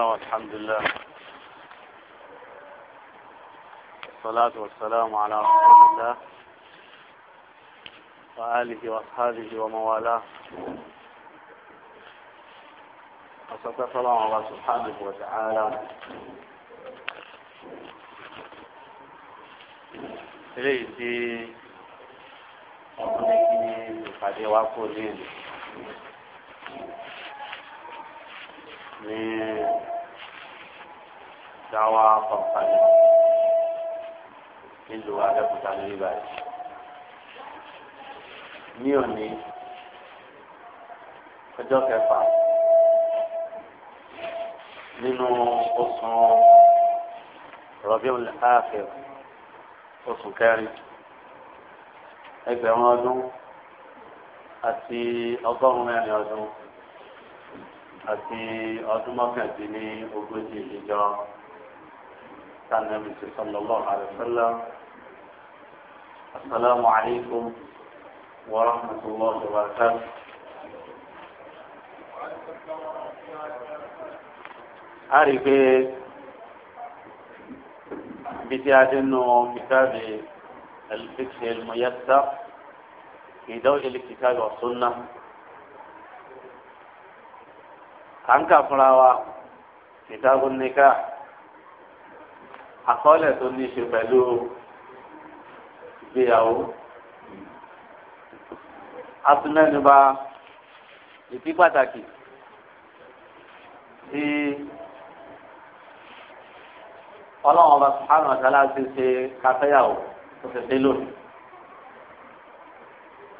الله والحمد لله والصلاة والسلام على رسول الله وآله وأصحابه وموالاه وصدق الله الله سبحانه وتعالى eléyìí tí ọdún ní ìpàdé wa dáwà kọ̀ǹpánì nílùú abẹ́kúta lórí báyìí. ní òní ọjọ́ kẹfà nínú oṣù Rabiul Akhir oṣù kẹrin ẹgbẹ̀rún ọdún àti ọgọ́rùn-ún mẹ́rin ọdún àti ọdún mọ́kàndínlógójì ìjọ. عن النبي صلى الله عليه وسلم السلام عليكم ورحمة الله وبركاته أعرف بتاعت أنه كتاب الفكه الميسر في دوج الكتاب والسنة كان كفراوة كتاب النكاح àkọọ́lẹ̀ tó ní í ṣe pẹ̀lú ìgbéyàwó atúmẹ́nuba ìdí pàtàkì tí ọlọ́run ọba sùhánù ọ̀tálá ti ṣe káfẹ́yàwó tó ṣe ṣe lónìí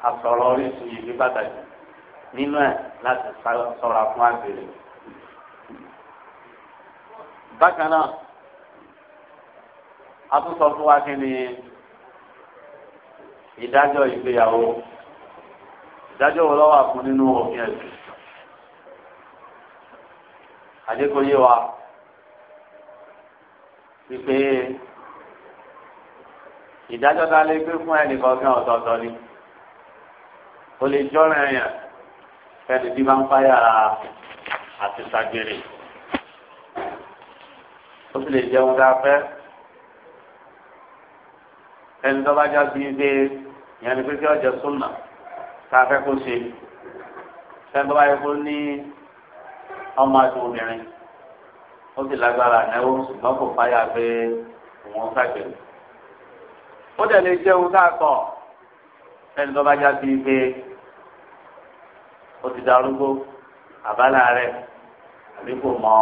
asọ̀rọ̀ orísun yìí ní pàtàkì nínú ẹ̀ láti sọ̀rọ̀ fún àgbèrè. bákan náà atúnṣọ fún wa kí ni ìdájọ́ ìgbéyàwó ìdájọ́ wo lọ́wọ́ àkún nínú òfin ẹ̀sìn àdékòyé wa wípé ìdájọ́ ta lè gbé fún ẹnì kọ̀ọ̀kan ọ̀tọ̀ọ̀tọ̀ ni o lè jọ́ràn ẹ̀yàn fẹ́ni bí máa ń fáyà àti ṣàgbèrè ó sì lè jẹun dáa fẹ́ ẹni tó bá já bíi pé ìyẹn ni pé kí ọjà súnà tá a fẹ́ kó ṣe ẹni tó bá yẹ kó ní ọmọ àti obìnrin ó sì lágbára náwó ṣùgbọ́n kò fáyà pé òun ṣàgbẹ̀. ó dẹ̀ lè jẹun tá a kọ̀ bíi pé ó ti darúgbó àbálà rẹ̀ àbí kò mọ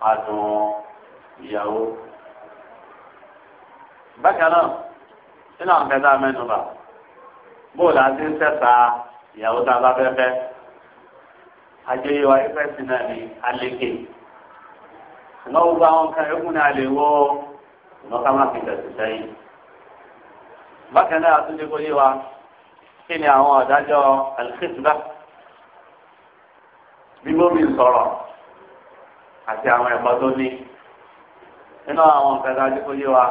adùn ìyàwó. bákan náà nínú àwọn kẹta mẹ́nuba bóòlù àti sẹ́sà ìyàwó tá a bá fẹ́ fẹ́ àjọyọ̀ ayífẹ́sì náà ní alékè ṣùgbọ́n gbogbo àwọn kan ẹ̀kún ní alẹ́ wọ́ ṣùgbọ́n ká má fi tẹ̀sí sẹ́yìn. bákan náà àtúndé kó yé wa kí ni àwọn ọ̀dájọ́ alikẹ́tìbá bíbómi sọ̀rọ̀ àti àwọn ẹ̀kọ́ tó ní nínú àwọn kẹta àti kó yé wa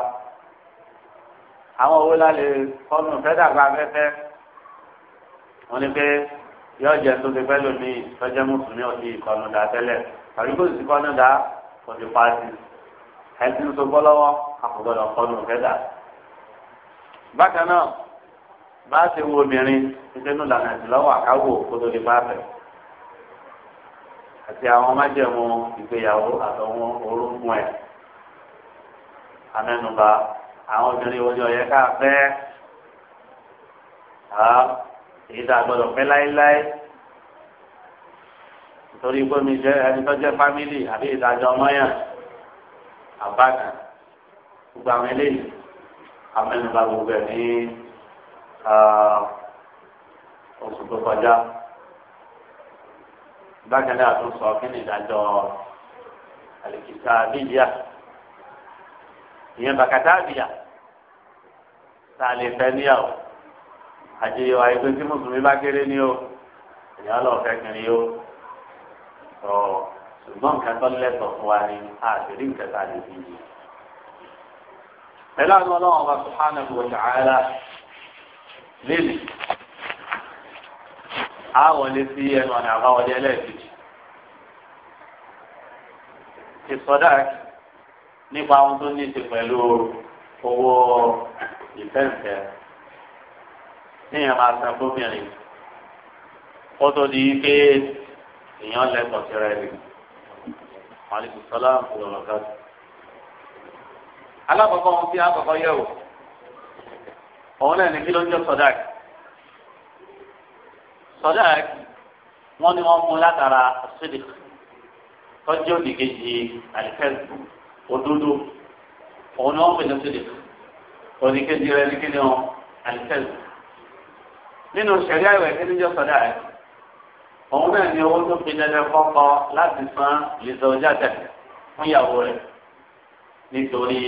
àwọn owó lálẹ́ kọ́nù fẹ́dà gba afẹ́fẹ́ wọn ni pé yóò jẹ tó ti fẹ́ lómi tọ́jẹ́ mùsùlùmí ọtí ìkọlù dá tẹ́lẹ̀ àbí kò sí kọ́nù dá kò ti paasi ẹtí tó bọ́ lọ́wọ́ àkùgbọ́dọ̀ kọ́nù fẹ́dà. bákan náà bá a ti wo obìnrin ìdẹ́nu lànà ìdílọ́wọ́ àkáwò kó tó di bá fẹ́ àti àwọn májẹ̀mú ìgbéyàwó àtọ̀wọ́n orúkún ẹ̀ amẹ́nuba àwọn obìnrin wo ni ọ̀yẹ́ ká fẹ́ èyí tá a gbọ́dọ̀ fẹ́ láéláé torí pé mi jẹ́ ẹni tó jẹ́ fámìlì àbí ìdájọ́ ọmọyàn àbákan gbogbo àwọn eléyìí amẹ́nuba gbogbo ẹ̀ ní oṣù tó kọjá bákan náà tún sọ kí ni ìdájọ́ àlèkìtà bíbíà ìyẹn bàkàtà àbíyà tá a lè fẹ́ níyàwó àjẹyọ àìpé tí mùsùlùmí bá kéré ní o ìyá lọ fẹ́ kiri o ọ ṣùgbọ́n nǹkan tó lẹ́tọ̀ fún wa ni àṣírí nǹkan tá a lè fi yìí. pẹ̀lú àwọn ọlọ́run ọba subhanahu wa ta'ala lélẹ̀ á wọlé sí ẹnu ọ̀nà àbáwọlé ẹlẹ́ẹ̀kejì. ìsọdá nípa ohun tó ní í ṣe pẹ̀lú owó ìfẹ́ǹfẹ́ níyàn máa san gómìnrin ó tó di pé èèyàn lẹ́tọ̀ọ́ sí rẹ̀ rí maaleykum salaam wa rahmatulah. alákọ̀ọ́kọ́ wọn fi àkọ́kọ́ yẹ̀ wò òun náà ní kí ló ń jẹ́ sọ́dáàkì sọ́dáàkì wọ́n ní wọ́n mú látara sídìkì tọ́jú òdìkejì àlìfẹ́ǹsì òdodo òun náà pè lọ́sẹ̀lẹ̀ oníkejì rẹ̀ ní kíni ọ́n àlìfẹ́lẹ̀ nínú sẹ̀rí àwẹ̀ kíni jọ sọ̀dá rẹ̀ òun náà ní owó tó fi dandan kọ́kọ́ láti san lìzọ jáde fún ìyàwó rẹ̀ nítorí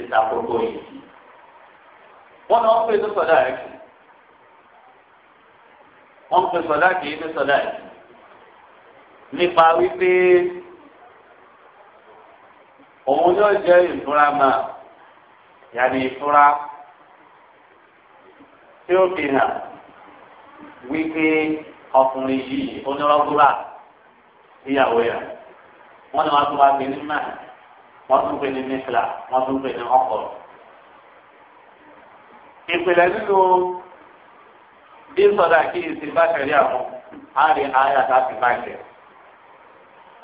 ìtakòkò yìí wọ́n náà pè tó sọ̀dá rẹ̀ kì wọ́n pè sọ̀dá kì í tó sọ̀dá rẹ̀ nípa wípé òun yóò jẹ́ ìfura máa yàrá ìfura tí ó fi hàn wípé ọkùnrin yìí onírọ́gbúrà ìyàwó yà wọ́n ní wọ́n tún wá gbé ní mẹ́rin wọ́n tún gbé ní mísìlá wọ́n tún gbé ní ọkọ̀rọ̀. ìpìlẹ̀ nínú bí sọ̀dà kí ìsìn bá tẹ̀lé àwọn á rí ayé àtàkùn bá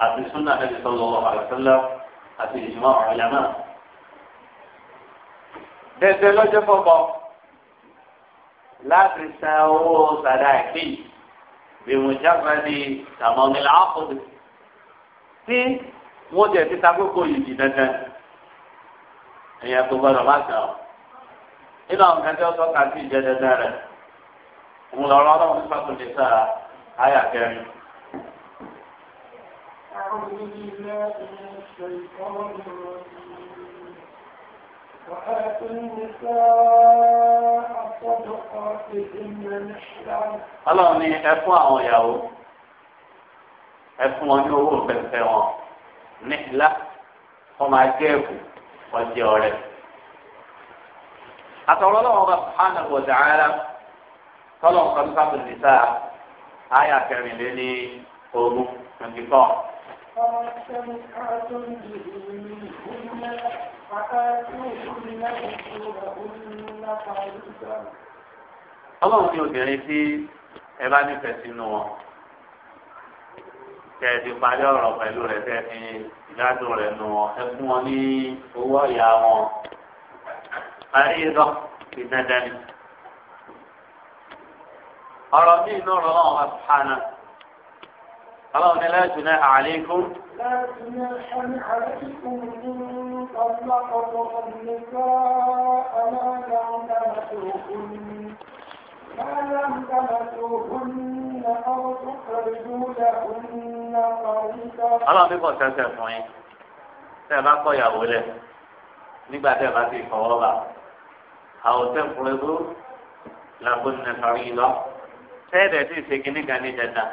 àti súnà ẹ̀dínlọ́wọ́ àlùfẹ́lẹ́ àti ìjùmọ̀ ọ̀rọ̀lẹ́ náà. Dẹ́dẹ́ lọ́jọ́ fọ́bọ̀ láti san owó sàdáàkì bìmùjáfẹ́lì tàmọ́nìlà ápòdì tí wọ́n jẹ́ títa kókó yìí di dandan. Ẹ̀yà tó gbọ́dọ̀ má sàn ọ́. Nínú àwọn kan tí wọ́n tọ́ka sí ìjẹ́ dandan rẹ̀, òun lọ́rọ́ ọlọ́run nípa tó lè sára áyà kẹrin. Jalita w jil Fajlako l nido Al padu or edhim men sida Kala oy ni이고 Kala oy niigo مستمتعتم به منهن فآتوهن أجورهن فريضة Ọlọ́run ní obìnrin tí ẹ bá nífẹ̀ẹ́ sínú wọn tẹ ẹ ti parí ọ̀rọ̀ pẹ̀lú rẹ̀ tẹ ẹ fi ìdájọ́ rẹ̀ nù wọn ẹ fún wọn ní owó ọ̀yà wọn parí ìdọ́ ti dandan ni. Ọ̀rọ̀ míì náà rọ̀ ọ́n wá sùpánà ọlọ́run ní lẹ́tù náà àlékún. ما لم تمسوهن أو تخرجوا لهن قريبا. ọlọ́run bí kò ṣẹ̀ṣẹ̀ fún yín tẹ́ ẹ bá kọ ìyàwó lẹ̀ nígbà tẹ́ ẹ bá ti fọwọ́ bá àwọn tẹ́ ń fúnra bó làbó nìkan rí lọ tẹ́ ẹ dẹ̀ ti ṣe kíní kan ní dandan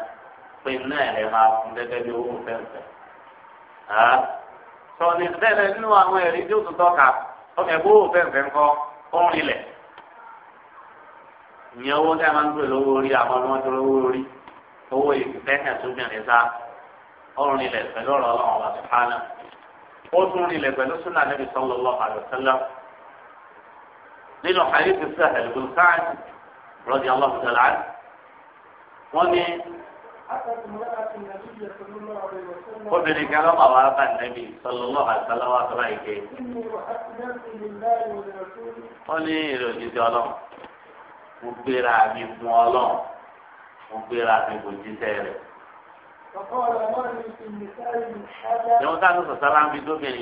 pin náà lè máa fún gẹ́gẹ́ bí owó fẹ́ǹfẹ́. sọ̀ni bẹ́ẹ̀ nínú àwọn ẹ̀rí tí ó tún tọ́ka ọmọ ẹ̀kọ́ owó fẹ́ǹfẹ́ ńkọ́ òun rilẹ̀. ìyẹn owó tẹ́ máa ń gbé lówó orí àwọn ọmọ tó lówó orí owó ìfẹ́hẹ̀ tó bìnrin sá òun rilẹ̀ pẹ̀lú ọ̀rọ̀ ọlọ́run wà sùpánà. ó tún rilẹ̀ pẹ̀lú súnà níbi sallallahu alaihi wasallam nínú hadith Sahl bin Sa'd radiyallahu ta'ala anhu wọ́n ní obìnrin kan lọ́mọ àwọn bá nẹ́bí sọlọ́lọ́ àtàlọ́wọ́ tó bá ike. wọ́n ní ìròyìn ti ọlọ́run mo gbéra mi fún ọlọ́run mo gbéra mi kò jíṣẹ́ rẹ̀. ìwọ́n ká ló sọ̀tà yẹn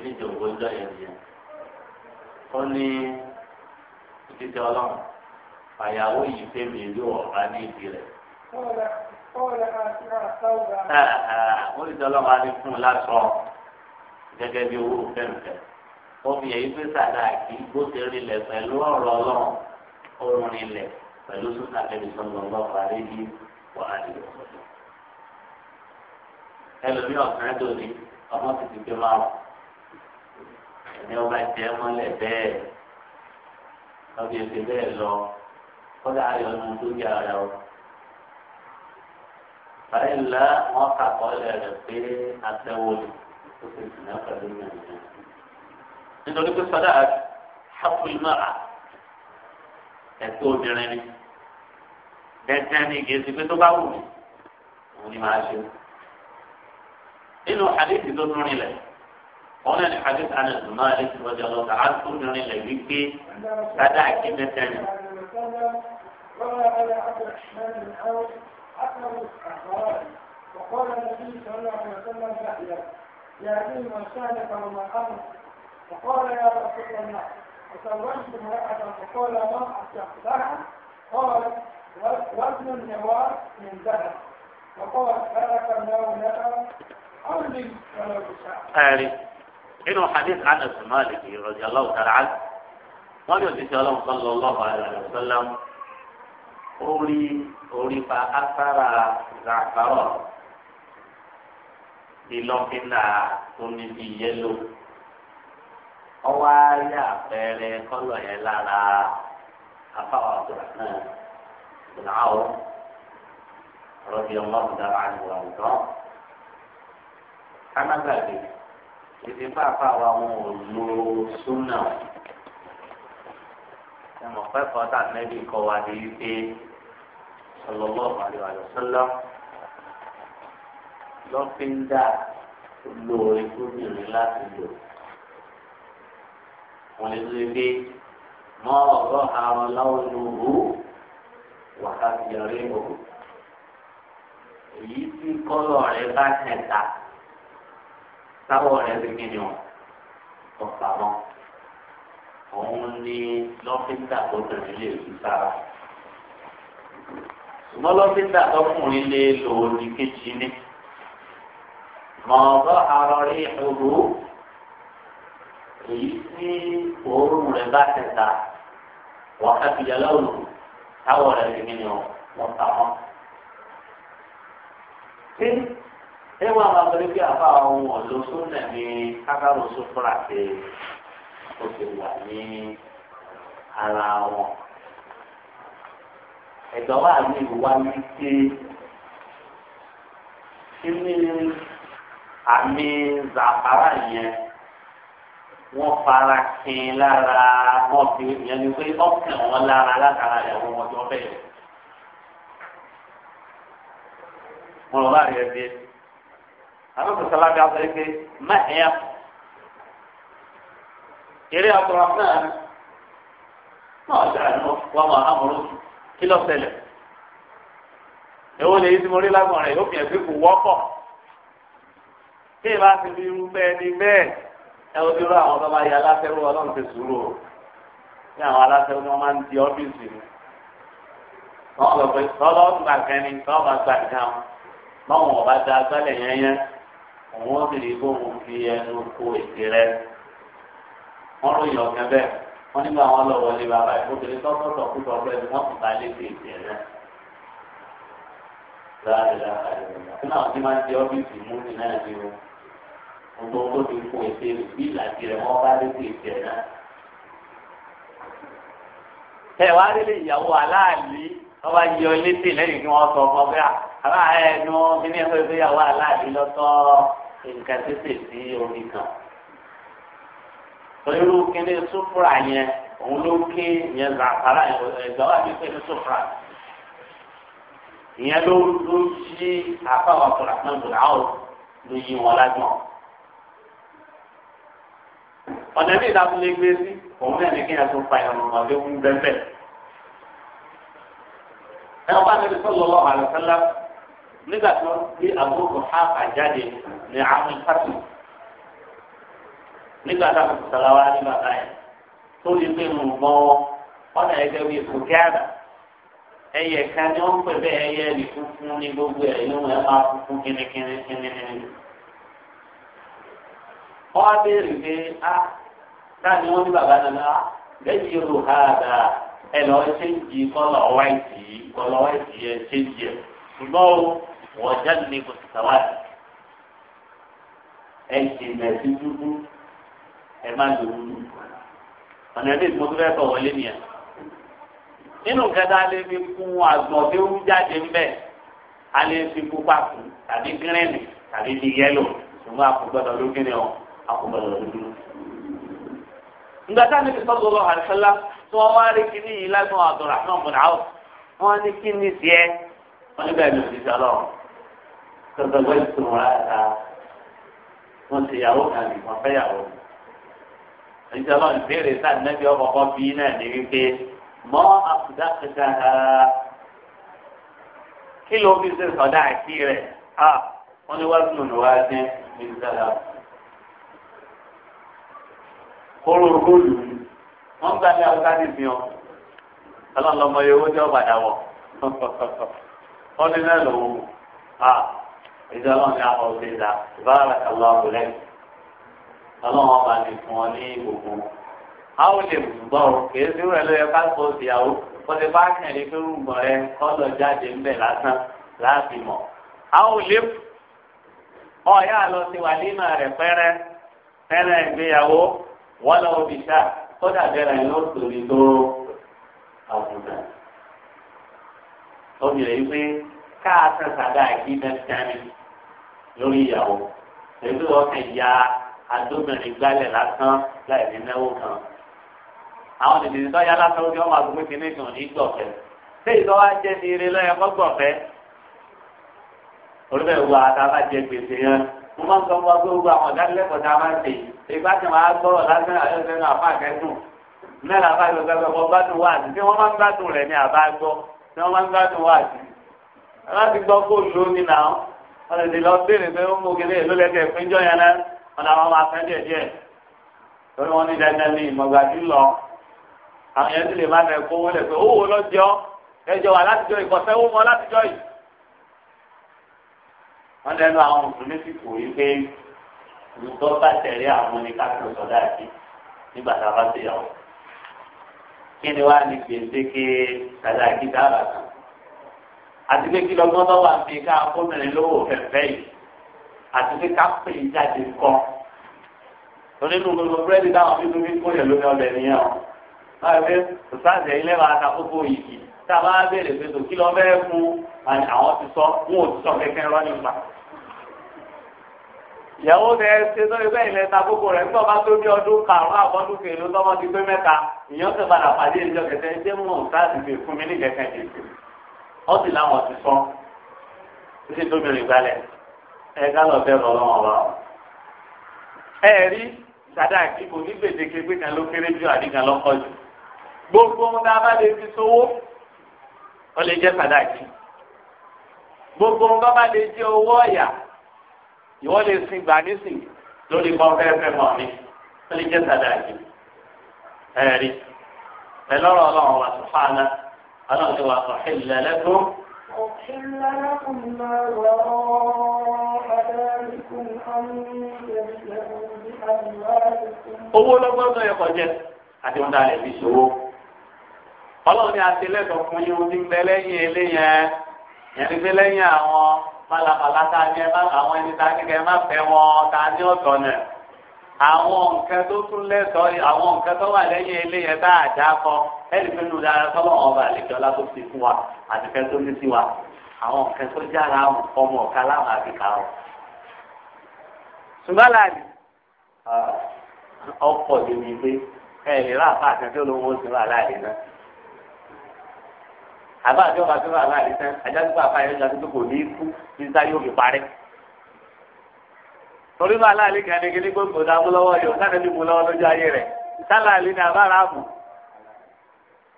ní kan ti yẹn ó ní títí ọlọ́run àyàwó yìí fẹ́ mi ìlú ọ̀gá ní ìdí rẹ̀. ó ní tọ́lọ́run á ní fún un lásọ gẹ́gẹ́ bí owó fẹ́ǹfẹ́ omi èyí fẹ́ sàdá kí bó ti rinlẹ̀ pẹ̀lú ọ̀rọ̀ ọlọ́run ó rinlẹ̀ pẹ̀lú súnà kẹ́mi sọ̀rọ̀ ọlọ́run àríyí wàhálì ọ̀sọ̀tọ̀ ẹlòmíràn kan dòní ọmọ ti ti gbé márùn ẹni ọba jẹ mọ́lẹ̀ bẹ́ẹ̀ lọ́bi ẹsẹ̀ bẹ́ẹ̀ lọ kọ́dà ayọ̀ ọdún tó yà ara o. báyìí ńlá wọn kà kọ́lẹ̀ rẹ̀ pé atẹ́wọ́ ni ó sì sìn náà pẹ̀lú nàìjíríà. nítorí pé sọ́dà hapun mara ẹ̀tọ́ obìnrin ni dẹ́tẹ́ ni gèésì pé tó bá wù mí òun ni màá ṣe. nínú àdéhùn tó tún rìn lẹ̀. wọn lẹni hadith anas malik rọjò lọta àtúntò ní ilẹ̀ wípé sada akíndẹ́tẹ́ ni. وقال النبي صلى الله عليه وسلم يا وما يا رسول الله أتزوجت امرأة فقال ما أصلحتها قال وزن النوار من ذهب وقال بارك الله لك أولي ولو بشعر inú hadith anas malik radiyallahu ta'ala anhu wọn yóò ti sọ Ọlọ́run sallallahu alaihi wasallam orí orí fa asara zafarọ ìlọpínà tóní bíi yẹlò ọwọ ayé àpẹẹrẹ kọlọ yẹn lára afáwà abdulrahman ìnáwó radiyallahu ta'ala anhu àwùjọ kánágàdé ìdí pàápàá wa wọn ò lo súnà ẹ mọ̀ pé kọ́tà nẹ́bí kọ́ wa ní pé sallallahu alaihi wasallam lọ́fíńdà lo ìkúbìnrin láti lò wọ́n lè lè dé mọ́ ọ̀rọ̀ àrùn láwùjọ wàhálà yàrá ìhòòhò èyí tí kọ́lọ̀ rẹ̀ bá tẹ̀ ta sáwọ́ rẹ̀ ti kí ni o ọ̀pamọ́ òun ni lọ́fíńdà tó tẹ̀lé lè fi sára ṣùgbọ́n lọ́fíńdà tọkùnrin lè lò ó ní kejì ní mọ̀ọ́bọ́ arọrí ìṣòro èyí tí òórùn rẹ̀ bá tẹ̀ta wákàtí yàlọ́ọ̀lù táwọ̀ rẹ̀ ti kí ni o ọ̀pamọ́ ẹ wọ́n àwọn akọ̀lẹ́ pé àbá ohun ọ̀lọ́ sóńdà ní kákàrò sófúra ṣe ó ti wà ní ara wọn. ẹ̀dọ́ wà ní ìwà wípé kí ni àmì zàfàrà yẹn wọ́n fara kín lára wọ́n fi yẹn ni pé ọ̀kẹ́ wọn lára látara ìyàwó wọn tó bẹ̀rẹ̀. mo lọ bá rí ẹ àwọn mùsàlá bí asọ ike mẹ́hìá eré àtọ̀rọ̀ náà náà dáa ní wọn máa hàmúrú kí ló ṣẹlẹ̀ èwo lè yí tí mo rí lágbọ̀n rẹ̀ yóò fi ẹ̀sìn kò wọ́pọ̀ kí ìbá ti fi irú bẹ́ẹ̀ ni bẹ́ẹ̀ ẹ wo ti rú àwọn bàbá yìí aláfẹ́rú ọlọ́run ti sùúrù o ní àwọn aláfẹ́rú wọn máa ń di ọ́fíìsì ni wọ́n lọ pé tọ́lọ́ gbàgẹ́ni tọ́ọ̀ bá gbàgán wọn wọn bá da agbálẹ̀ yẹn yẹn òun ó sì rí bóun fi ẹnu kó èdè rẹ wọn ròyìn ọkàn bẹ́ẹ̀ wọn nígbà wọn lọ wọlé bàbá ẹ obìnrin tọkọtọ kúkọ bẹ́ẹ̀ ni wọn kò bá lé sí èdè rẹ láàrínlá àìrìnà fún àwọn tí máa ń jẹ ọfíìsì mú ní náà ni o gbogbo tó ti kó èdè rẹ bí ìlàjì rẹ wọn bá lé sí èdè rẹ. ẹ wá rí lè yàwó aláàlí wọn bá yọ létí lẹ́yìn kí wọn sọ ọmọ bẹ́ẹ̀ àbá ẹnu kíní ẹ̀fọ́ ìgbéyàwó aláàbí lọ́tọ́ nǹkan títì sí omi kan. torí irú kíní súfúrà yẹn òun ló ké yẹn zàkàrà ẹ̀gbá wà ní pẹ̀lú súfúrà. ìyẹn ló ló yí àfáwọn abdulrahman bulahu ló yí wọn lágbọ̀n. ọ̀nà bí ìdábùlé gbé sí òun náà ní kí ẹ̀ tó fa ìrànlọ́wọ́ lé wú bẹ́ẹ̀ bẹ́ẹ̀. ẹ̀ wọ́n bá níbi sọ́lọ́lọ́ àlùfẹ́lẹ́ nígbà tí wọ́n gbé àbúrò hàfà jáde ní àmì pàtó nígbà tí a kò sọ̀rọ̀ wá nígbà báyìí tó lè gbé mu mọ́ ọ̀nà ẹgbẹ́ bíi fòkíàdà ẹyẹ kan ni wọ́n pè bẹ́ẹ̀ ẹyẹ ní funfun ní gbogbo ẹ̀ yóò ẹ máa funfun kínníkínní kínníkínní. wọ́n á béèrè pé a táà ni wọ́n ní bàbá náà náà lẹ́yìn irú ha dáa ẹ lọ́ọ́ ṣéǹjì kọ́lọ̀ wáìtì kọ́lọ̀ wáìtì yẹn ṣéǹjì ẹ̀ ṣùgbọ́n o wọ́jà ní kò sì sáwádìí ẹ jìnà sí dúdú ẹ má lò dúdú ọ̀nà ilé ìgbọ́n tó fẹ́ bọ̀ wọlé nìyẹn nínú kẹta lè fi kún àgbọ̀n tó ń jáde ńbẹ̀ a lè fi pupa kù tàbí gírínì tàbí di yẹ́lò ṣùgbọ́n àkùgbọ́dọ̀ ló gírí ọ àkùgbọ́dọ̀ ló dúdú. ìgbà táwọn ibi sọ́dọ̀ lọ àṣẹlá tí wọ́n wá rí kíní yìí lágbọ́n àdọ̀rà náà mọ̀nà áwọ̀ wọ́n ní kíní tiẹ̀ wọ́n níbẹ̀ ló ti sọ tọ́tọ́ wẹ́ẹ̀ tó wọ́n rárá wọ́n ṣe yàwó kan ní wọ́n fẹ́ yàwó. ìjọba ìbéèrè sáà nẹ́bí ọkọ̀ bí náà ní wípé mọ́ àkùdá kẹta kí ló fi ṣe sọ̀dá àti rẹ̀ a wọ́n ní wá sínú ní wá sí nígbàdà. kóró góòlù wọ́n gbà ní àwọn sáà nìfihàn ọlọ́run lọ́mọ yòówó tí wọ́n padà wọ̀ ní náà lòun ìjọ náà ní àwọn òbí ìlà ìbára kàlọ́ ọ̀gbọ̀lẹ́ ọlọ́run ọba ní fún ọ ní gbogbo. àwọn lè gbọ́ kìí sí rẹ̀ ló yẹ pásítọ̀ ìyàwó kó ti bá kẹ̀lé pé rúgbọ̀n rẹ kọ́ lọ jáde ńbẹ̀ lásán láti mọ̀. àwọn lè ọ̀yá lọ sí wàlímà rẹ̀ pẹ́rẹ́ pẹ́rẹ́ ìgbéyàwó wọ́n lọ òbí sá kó dàbẹ̀rẹ̀ ló tòlí tó àbùdá. obìnrin pé káàtà sàdá àkí mẹ́tẹ́ni lórí ìyàwó èyí wọ́n kàn ya adómìnrin gbálẹ̀ lásán láì ní náwó kan àwọn ènìyàn tó yá lásán ó ní ọmọ àgbo kìíní kan ní gbọ̀fẹ́ ṣé ìtọ́ wa jẹ́ ní eré lọ́yẹ kọ́ gbọ̀fẹ́ orí bẹ́ẹ̀ wà tá a bá jẹ gbèsè yẹn mo máa ń sọ fún wa pé gbogbo àwọn ìdánilẹ́kọ̀ọ́ tá a máa ń ṣe ìgbà tí màá gbọ́rọ̀ lásán àyọ̀sẹ́ náà fún àkẹ́dùn mẹ́rin àbá ìgbàgbọ́ gbádùn wá àti tí wọ́n máa ń gbádùn rẹ̀ ní àbá gbọ́ tí wọ́n máa ń gbádùn wá àti láti gbọ́ kó lò ó ní nà ó wọn lè ti lọ béèrè pé ó mú kele èlò lẹ́kẹ̀ péjọ yẹn lẹ wọn làwọn máa fẹ́ díẹ̀ díẹ̀ lórí wọn ní dandan ní ìmọ̀gbàdì lọ àwọn yẹn ti lè má fẹ́ kówó lẹ̀ pé ó wò lọ́jọ́ ẹjọ́ wà látijọ́ ìkọ̀sẹ́ ó mọ látijọ́ yìí wọn lẹnu àwọn mùsùlùmí sì kù yí pé olùtọ́ bá tẹ̀lé àwọn ní káfíń sọ̀dá àti nígbà tá bá ṣe yàwó kí àti pé kí lọ́gbọ́n tó wà fi ká gómìnà lówó fẹ̀fẹ́ yìí àti pé ká pè é jáde kọ́ onínú gbogbo búrẹ́dì táwọn fífi fi kó yẹn lómi ọbẹ̀ nìyẹn o báyìí pé òsáàsì ẹ̀yin lẹ́wọ̀n àtàkókò yìí tá a bá béèrè pé tò kí lọ́ bẹ́ẹ̀ fún àwọn ti sọ wọn ò ti sọ kẹ́kẹ́ rọ́ nípa. ìyàwó rẹ̀ ṣe sọ́yìn bẹ́ẹ̀ ilẹ̀ ta kókò rẹ̀ nígbà bá tó bí ọdún karùn-ún àbọ̀dún kèlú tọ́mọ́ ti pé mẹ́ta ìyàn ti padà pàdé ìjọ kẹ̀kẹ́ ṣé mú òsáàsì fi wọ́n sì ti sọ títí tóbìnrin gbalẹ̀ ẹ ká lọ bẹ́ẹ̀ lọ lọ́wọ́ wa ẹ rí sàdá àkíkò ní gbèdéke pé kan ló kéré jù àdìgàn lọ́kọ́ jù gbogbo ohun tá a bá lè fi sówó ó lè jẹ́ sàdá àkí gbogbo ohun tó bá lè jẹ́ owó ọ̀yà ìwọ lè sin gbà nísìn lórí kọ́fẹ́fẹ́ mọ̀ mi ó lè jẹ́ sàdá àkí ẹ rí ẹ lọ́rọ̀ ọlọ́run wà sùfáàná ọlọ́run ti wà ọ̀hìnlẹ̀ lẹ́kùn. ọ̀hìnlẹ̀ lẹ́kùn máa wà ọ́ adáríkùn owó lọ́gbọ́n tó yẹ kọjá àti wọn dalẹ̀ fi ṣòwò ọlọ́run ni àti lẹ́tọ̀ fún yín ti ń bẹ lẹ́yìn eléyẹn yẹn ti fi lẹ́yìn àwọn pálapàla tá a ní ẹ má àwọn ẹni tá a ní kẹ ẹ má fẹ́ wọn tá a ní ọ̀tọ̀ náà àwọn nǹkan tó tún lẹ́tọ̀ọ́ àwọn nǹkan tó wà lẹ́yìn eléyẹ bá a dá kọ ẹni pé nù dára tọ́lọ̀ ọba àlejòlá tó fi fún wa àti fẹ́ tó ní sí wa àwọn nǹkan tó jára ọmọ ọ̀ka láwọn àbíkà ọ̀. ṣùgbọ́n láàbì ọkọ̀ lè mi pé ẹ lè rà àbá àti ẹjọ́ lówó sí wà láàrin náà. àbá àti ọba sí wà láàrin náà ajá tó bá a fa ẹ̀yọ́ tó kò ní í kú ní sáyé òkè parẹ́ torí bá aláàlí kan ní kíní gbogbo dàmú lọ́wọ́ yóò sáré ní mu lójú ayé rẹ̀ sálàlí ni àbára àmù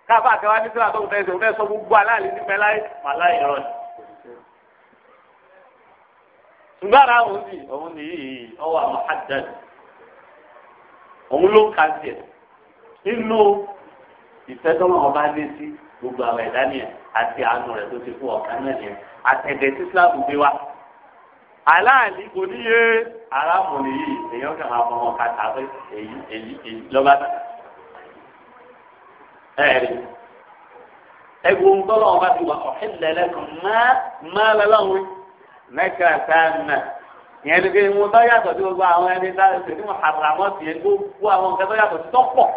káfá àtẹwá ní sílá tó ń fẹsẹ̀ ń fẹ́ sọ gbogbo aláàlí ní mẹ́láì màláì rọ̀ ni. ṣùgbọ́n àwọn òun ni òun ni yìí ọwọ́ àwọn àjẹjì òun ló ń ka tiẹ̀ nínú ìfẹ́sọ́nà ọba lé sí gbogbo àwọn ẹ̀dá nìyẹn àti àánú rẹ̀ tó ti fún ọ̀kan náà nìyẹn àtẹ̀dẹ̀ tí sílá gbé wa aláàlí kò níye arákùnrin yìí èèyàn kàn máa fọmọ kàtà pé èyí èyí èyí lọ́ba tà. ẹ̀rí ẹgbẹ́ ńgbọ́lọ́ ọba ti wà ọ̀hìnlẹ̀ lẹ́kùn máa máa lọ́lọ́run mẹ́kà sáànà ìyẹn ni pé mo bá yàtọ̀ sí gbogbo àwọn ẹni tá a ṣe ní àràmọ́ sí yẹn gbogbo àwọn nǹkan tó yàtọ̀ sí tọ́pọ̀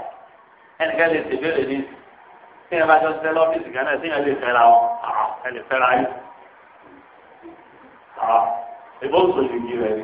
ẹnìkan lè ṣe ìbéèrè ní sí ẹ bá jọ ṣiṣẹ́ lọ́fíìsì kan náà sí ẹ lè fẹ́ra wọn ẹ lè fẹ́ra yín. ìbọn sọ̀rọ̀ ìdí rẹ̀ ni.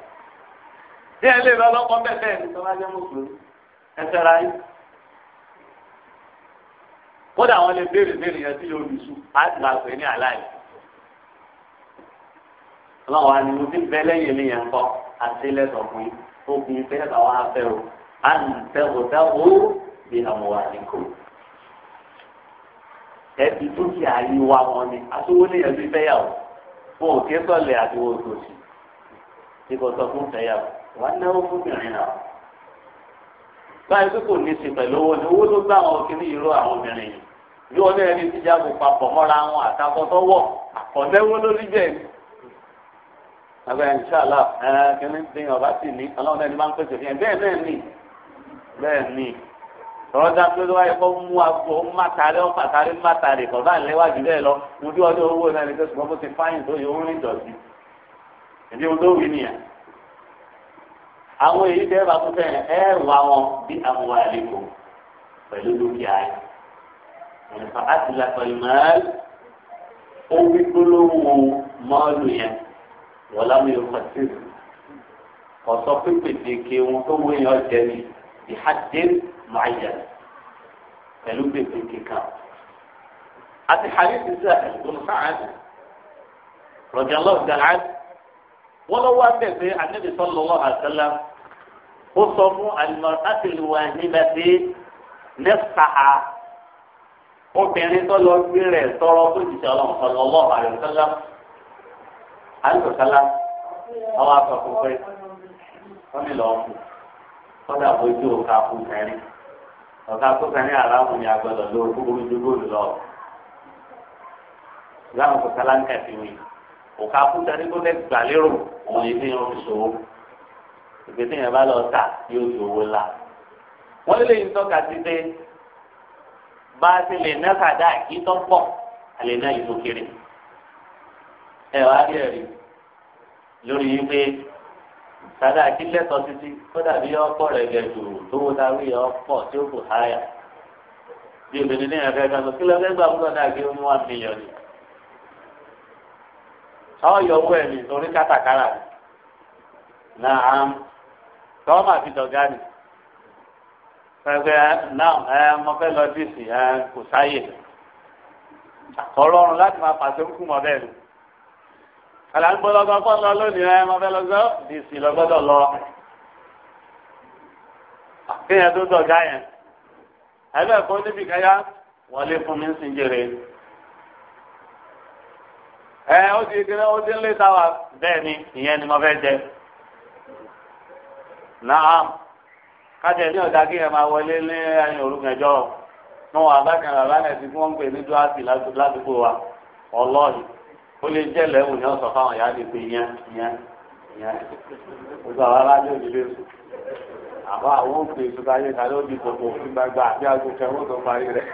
ní ẹ lè lọ lọ́kọ́ bẹ́ẹ̀ ní sọ́wọ́n ajẹ́ mùsùlùmí ẹsẹ̀ ra yín. kódà wọn lè béèrè béèrè yẹn sí yóò lùsù á ti máa pè ní aláì. ọlọ́wọ́ ni mo ti bẹ́ lẹ́yìn mi yẹn kọ́ àti lẹ́sọ̀ fún yín obìnrin fẹ́ bá wa fẹ́ o á nì tẹ́wọ̀ tẹ́wọ̀ bí àwọn wà ní kò. ẹbí dúkìá yìí wá wọn ni aṣọwó lè yẹn bí fẹ́yàwó wọn ò ké sọ̀lẹ̀ àti wọn ò tòṣì. Ibùsọ̀ fún fẹ́yàwó wọ́n náwó fúnbìnrin náà báyìí tó kò ní í ṣe pẹ̀lú owó ni owó ló gbá àwọn kiri ìró àwọn obìnrin yìí bí wọn náà ní ti jágò papọ̀ mọ́ra wọn àtàkọ́tọ́ wọ̀ àkọ́nẹ́wó lórí jẹ́ ni. àgbẹ̀ ìṣàlá kìíní ti ọba sì ní ọlọ́run náà ní máa ń pèsè fi hàn bẹ́ẹ̀ náà nì bẹ́ẹ̀ ni tọ́lọ́ dá pé wọ́n yẹ kó mú agbo mátàrí ọ̀pàtàrí mátàrí kọ̀ọ̀bá ìléwájú bẹ́ẹ̀ lọ mo bí ọdún owó náà àwọn èyí tẹ́ bá tún fẹ́ràn ẹ wà wọn bí àwọn àlejò pẹ̀lú dúkìá yìí. ẹ̀fà àti làkọ̀lì màálù ó wí gbólóhùn màálù yẹn wọ́n lámì yóò pàṣẹ. ọ̀sọ́ pípèsè ke ohun tó wé yẹn ọ̀jẹ̀ mi ìhàdé màáyà pẹ̀lú pèsè kíkan. àti hadithi sahel bin sa'ad radiyallahu ta'ala wọ́n lọ wá bẹ̀ pé anabi sallallahu alaihi ó sọ fún alimọ̀tàtì wàhíbàtì nẹ́fàá obìnrin tó lọ gbé rẹ̀ tọrọ fún ìṣẹ̀ ọlọ́run sọ̀rọ̀ ọlọ́run àyọ̀kọ́lá àyọ̀kọ́lá àwọn akọ̀kọ̀ pé wọ́n ní lọ́ọ́ fún kọ́dà bójú ọ̀ka fún kẹrin ọ̀ka fún kẹrin aráàlú ni agbọ́dọ̀ ló kúkúrú ju góòlù lọ. ìgbà wọn kò ń kẹfì ọ̀ka fún kẹrin tó lẹ́gbàá lérò òun ìdí irun ìṣòro ìgbésẹ̀ yẹn bá lọ tà yóò di owó ńlá wọ́n lè ń tọ́ka sí pé bá a ti lè náà kàdá kí tó pọ̀ àlè náà yìí tó kéré ẹ wá rí ẹ̀rí lórí yìí pé sádà kí lẹ́tọ̀ títí kódà bí ọ̀pọ̀ rẹ̀ gẹ̀ jù tó wọ́n ta wí ọ̀pọ̀ tí ó kù háyà bí obìnrin ní ẹ̀fẹ́ kan tó kí lọ́fẹ́ gbà fún ọ̀dà kí ó ní one million. ọ̀yọ̀ owó ẹ̀mí torí kátàkárà ni. naam tọ́ máa fi dọ̀gá ni pẹ̀pẹ́ náà ẹ mo fẹ́ lọ díìsì ẹ kò sáyè ọlọ́run láti máa pàṣẹ fún mọ bẹ́ẹ̀ ni alàgbọ́lọ́gbọ́ kọ́ lọ lónìí ẹ mo fẹ́ lọ sọ díìsì lọ́gbọ́dọ̀ lọ kéèyàn tó dọ̀gá yẹn ẹgbẹ́ kó níbi káyà wọlé fún mi ń sin jèrè ẹ ó ti ó ti ń lé bẹ́ẹ̀ ni ìyẹn ni mo fẹ́ jẹ. náà kájẹ ní ọ̀dà kí ẹ máa wọlé ní ẹyin òrùngẹjọ náà wà bá kan bàbá náà ti fún wọn pè ní dúrásì ládùúgbò wa ọlọ́ọ̀hìn ó lè jẹ́ lẹ́wù ní ọ̀sán fáwọn ìyá mi pé yẹn yẹn yẹn gbogbo àwọn aráàlú òdìlé sùn àwọn àwọn òkè ìṣúná ayé kan ló di gbogbo òfin gbàgbà àti aago kẹwọn tó parí rẹ.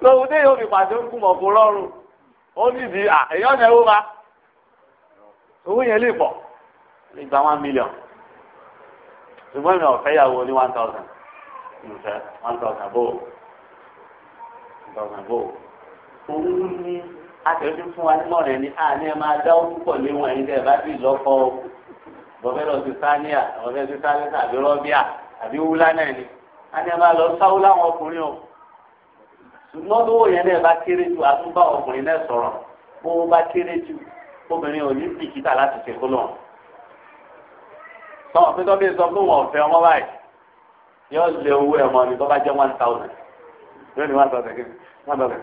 lóhun dé yóò fi pàṣẹ ń kú mọ̀kú lọ́rùn ó sì di à èyàn náà wó ma owó yẹn lè pọ̀ lè gba one million ṣùgbọ́n ìmọ̀ ọ̀fẹ́ yàwó ní one thousand ìfẹ́ one thousand bò one thousand bò òun ni akẹ́kọ̀ọ́ fún wa nímọ̀ rẹ̀ ni àní ẹ máa dáwọ́ púpọ̀ léwọ̀n ẹ̀yin tẹ́ bá sì lọ́kọ́ o bọ́fẹ́ sáníà bọ́fẹ́ sí sáníà àbí rọ́bíà àbí wúlá náà ni àní ẹ máa lọ sáwó láwọn ọkùnrin o ṣùgbọ́n tó wòye náà bá kéré jù àtúbà ọkùnrin náà sọ̀rọ̀ bó bá kéré jù obìnrin ò ní bìkítà láti ṣe kólọ̀ sọ̀rọ̀ pé tọ́bí sọ pé wọ́n fẹ́ ọmọ báyìí yóò lé owó ẹ̀ mọ́ ni tó bá jẹ́ one thousand lónìí one thousand kí one thousand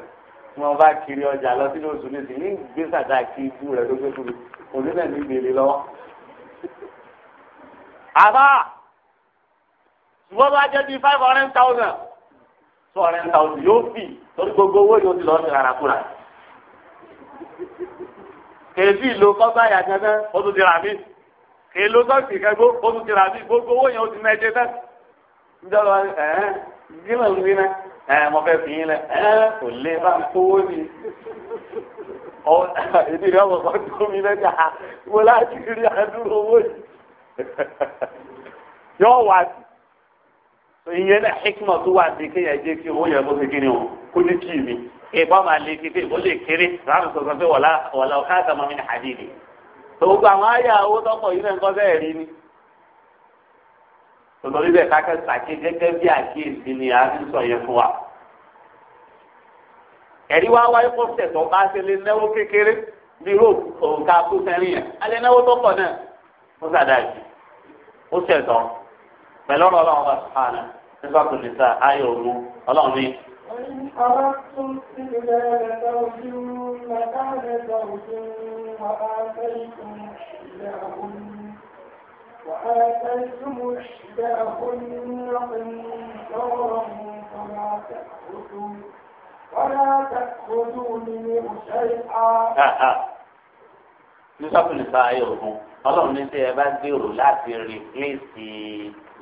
tí wọ́n bá kiri ọjà lọ sínú oṣù ní ìsìn ní gbèsè àti àti rẹ̀ ló gbé fún mi òní náà ní gbèrè lọ́wọ́. àbá ṣùgbọ́n bá jẹ́ bíi five hundred thousand. two thousand yóò fi torí gbogbo owó yóò ti lọ sí rárá kúrà kèéfì lo ó tún ti rà mí kèé lo kẹgbó ó tún ti rà gbogbo owó yẹn ó ti ẹ̀ẹ́n gílẹ̀ ń ẹ̀ẹ́n mo fẹ́ fi yín lẹ ẹ̀ẹ́n kò lè bá ń kówó ọ rẹ tó mi lẹ́jà wọlé àti rí owó yìí yọ wá sí. ìyẹn náà hikima tó wà ní kéèyàn jẹ́ kí owó yẹn bó ṣe kíni o kó ní kí mi ìbá máa lé kété ìbó lè kéré ráàmù sọ̀tọ̀ pé wàlá wàlá ọ̀ká àtàmọ́ mi ní àdìdì. gbogbo àwọn àyà owó tọ́pọ̀ yìí náà ń kọ́ bẹ́ẹ̀ rí ni. tòlórí bẹ́ẹ̀ ká kẹ́sàkí gẹ́gẹ́ bí àkíyèsí ni a ti sọ yẹn fún wa. ẹ̀rí wá wáyé kó tẹ̀sán bá ṣe lé náwó kékeré bí ró òǹkà pẹ̀lú ọ̀rọ̀ ọlọ́run ọba sùpàánà nígbà tó lè sa ayọ̀ òru ọlọ́run ní. وآتيتم إحداهن قنطارا فلا تأخذوا ولا تأخذوا منه شيئا ní sọ́kùnrin sáà yóò fún ọlọ́run ní sẹ́yìn bá gbèrò láti rìpléṣì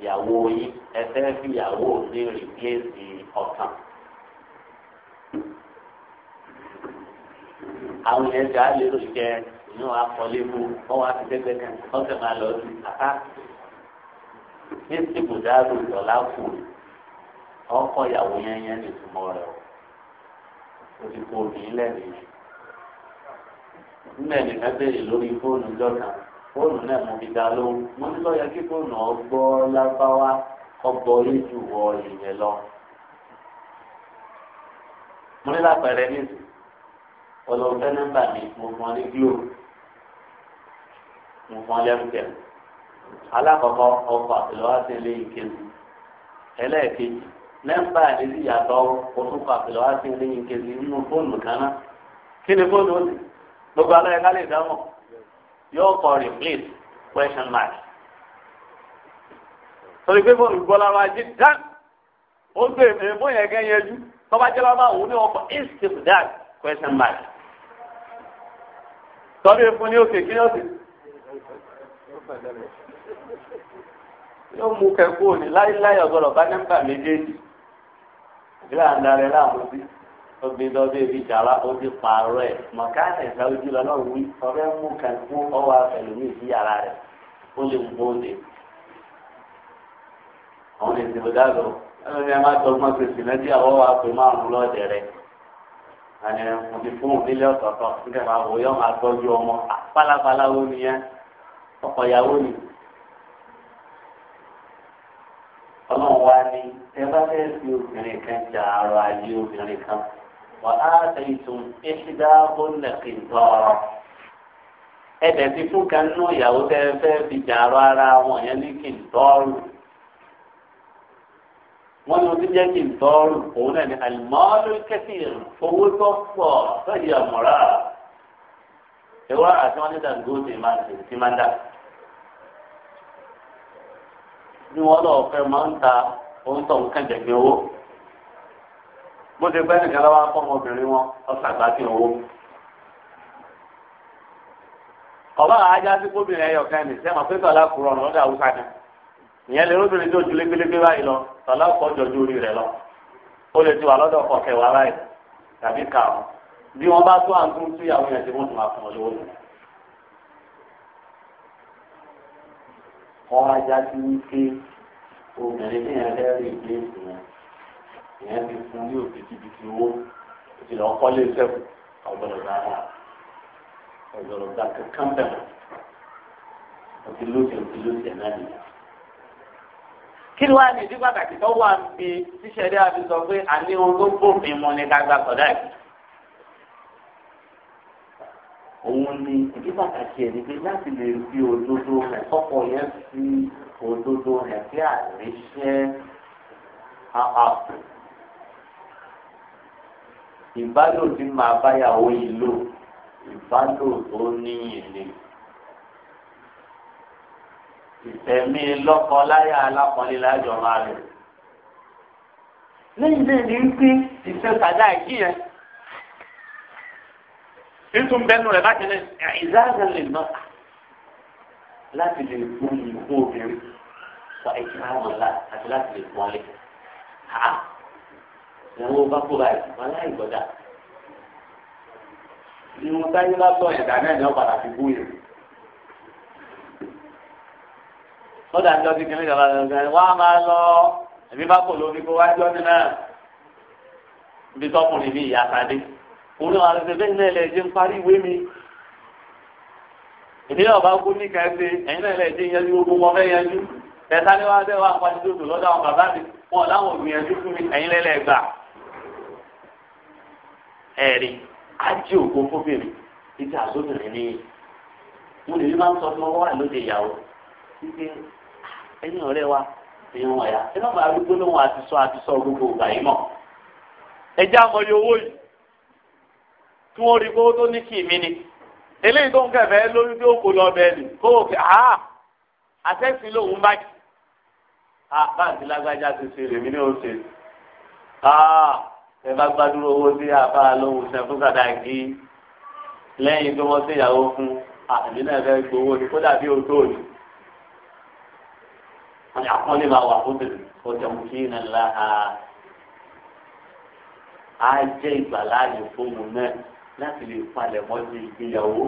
ìyàwó yín ẹ fẹ́ fi ìyàwó ní rìpíẹ́sì ọ̀kan. àwọn yẹn ti á lè lò jẹ inú akọlé mu wọn wá ti dẹgbẹ kan wọn sì máa lọ sí àká ní tìbùdárò ìdọ̀lá kù ọkọ ìyàwó yẹn yẹn ní ìtumọ̀ rẹ̀ o ti kó obìnrin lẹ́nu yìí. nígbà yẹn ká lórí fóònù jọ̀kan fóònù náà mo fi dá lóhùn mo ní lọ́ọ́ yẹ kí fóònù ọgbọ́ lábáwá ọgbọ́ lójú wọ ìyẹn lọ. mo ní lápẹẹrẹ nísì ọlọ́fẹ́ nọ́mbà mi mo fún ọ ní glo mo fún ọ lẹ́mùkẹ́ alákọ̀ọ́kọ́ ọkọ̀ àtìlọ́wá ti lé ìkéde ẹlẹ́ẹ̀kejì nọ́mbà àdéhùn ìyàtọ̀ òtúnkọ àtìlọ́wá ti lé ìkéde nínú fóònù kan náà kí ni fóònù ó sì gbogbo aláyẹ̀ká lè dámọ̀ yóò kọ replace question mark. sọ̀rọ̀ pé mo gbọ́ lára ajé dán ó gbé èèmọ̀ yẹn kẹ́ yẹjú tọ́ba jẹ́ lábá òun ní ọkọ̀ instead that question mark. sọ́bí fún ní òkè kí ni ó ti. yóò mú kẹ́kọ̀ọ́ ní láíláí ọ̀gọ́dọ̀ bá nẹ́mbà méjèèjì. ìgbéra ń darẹ̀ láàmú sí obìnrin tó bí ebi jàrá ó ti pààrọ̀ ẹ̀ mọ̀kánì ìsáwójú lọ́wọ́ wí ọ̀rẹ́ mú kan fún ọwọ́ ẹlòmíì sí yàrá rẹ̀ ó lè mú bóde. àwọn èsì ló dá lọ ẹlòmí ẹ má tọgbọ́n ṣe sì lẹ́tí àwọ̀ wa pé márùn-ún lọ́ọ̀dẹ̀ rẹ̀. àní mo ti fún òun nílé ọ̀tọ̀ọ̀tọ̀ nígbà máa wò yọ máa tọ́jú ọmọ pálápàlá wo nìyẹn ọkọ ìyàwó ni. ọlọ́run wá ní ẹ bá fẹ́ fi obìnrin kan jà àrò ayé obìnrin kan. وآتيتم إحداهن قنطارا ẹ̀bẹ̀ ti fún kan nínú ìyàwó tẹ́ ẹ fẹ́ fi jàrọ ara wọn yẹn ní kí n tọ́rù wọ́n ní wọ́n ti jẹ́ kí n tọ́rù òun náà ní àlùmọ́ọ́lù kẹ́sì owó tó pọ̀ sọ́yì àmọ́ra ìwọ àti wọn ní Dangote máa ṣe ti máa ń dà bí wọ́n lọ́ọ́ fẹ́ máa ń ta ohun tó ń kàn jẹ̀gbẹ́ owó bó ti gbẹ́ nìkan lọ́wọ́ akọ́mọbìnrin wọn ọ̀sàgbà ti wò. ọba àájá sí kóbìnrin ẹyọ kan ní sẹ́wọ̀n pé tọ́lá kúrọ̀ ọ̀nà lọ́dọ̀ àwùsá kan ìyẹn lè lóbìnrin tó ju lébelébe báyìí lọ tọ́lá ọkọ̀ jọjú orí rẹ̀ lọ ó lè ti wà lọ́dọ̀ ọkọ̀ kẹwàá báyìí tàbí kà ó bí wọ́n bá tó àǹtún sí àwọn èèyàn tí wọ́n tún máa fún ọ ìyẹn ti fún ní òbítíbitì owó ti lọ kọ́ lé sẹ́kù ọ̀gbọ̀dọ̀ dára ọ̀gbọ̀dọ̀ dá kankan bẹ̀rẹ̀ òtí lóṣè òtí lóṣè náà nìyẹn. kí ni wàá ní ìdí pàtàkì tó wà bí tíṣẹ̀rí àti sọ pé àní ohun tó gbòmìn mu ni ká gbà sọ̀dá yìí. òun ni ìdí pàtàkì ẹ̀ ní pé láti lè fi òdodo rẹ̀ tọ́pọ̀ yẹn fi òdodo rẹ̀ sí àríṣẹ́ àpapọ̀ ìbálò tí máa báyàwó yìí lò ìbálò tó níyìn ni. ìtẹ̀mí lọ́kọ-láyà alákọ̀ọ́lẹ̀ lájọ máa lò. lẹ́yìn náà ni wípé ìfẹ́ sàdá ìkí yẹn. títún bẹ́nu rẹ̀ bákan náà ìzáàzà lè nà láti lè fún ìfún obìnrin sọ ìkíra àmọ́lá àti láti lè pọ́nlé owó bá kó báyìí wọn láì gbọ́dọ̀ irun táyé bá sọ ẹ̀dá náà ni wọ́n padà fi bú yẹn. lọ́dà ń lọ sí kìnìún ìjọba lọ́dà wọ́n á máa lọ ẹ̀mí bá kò lórí kó wájú ọdún náà ibi tọkùnrin mi ìyá sadé òun àwọn àti bẹ́ẹ̀ náà lẹ́ẹ̀jẹ̀ ń parí ìwé mi. ìdílé ọba kú ní kẹsì ẹ̀yin náà lẹ́ẹ̀jẹ̀ yẹn ju gbogbo wọn fẹ́ yẹn ju ẹ̀ta ni wọ́n bẹ́ẹ̀ wá pàṣẹ tó lọ́dà àwọn bàbá mi wọn làwọn òbí ẹ̀rí ajé ògo fóbìnrin títí àzóbìnrin ní mo lè rí máa ń sọ fún ọwọ́ wà lóde ìyàwó títí ah, ẹni ọ̀rẹ́ wa èèyàn wọ̀nyá ẹ má bàa rúgbó àti sọ àti sọ gbogbo ìgbà yìí mọ̀ ẹ já owó yìí tí wọ́n rí kówó tó ní kì mi ni eléyìí tó ń kẹfẹ́ lórí tí ó lọ bẹ́ẹ̀ ni kó o fi àá ah, àtẹ́sí lòun bá jì àá bá lágbájá ti ṣe rèmi ní oṣù àá. Ah, ẹ bá gbádùn owó sí àfa lóhùn sẹ fún sàdáàkì lẹ́yìn tó wọ́n ṣèyàwó fún àbí náà fẹ́ gbowó ni kódà bí o tó ni wọn àkọọ́lẹ̀ máa wà fún bèrè ó jẹun kí iná ńlá ha á jẹ́ ìgbàláàyè fóònù náà láti lè palẹ̀ mọ́ sí ìgbéyàwó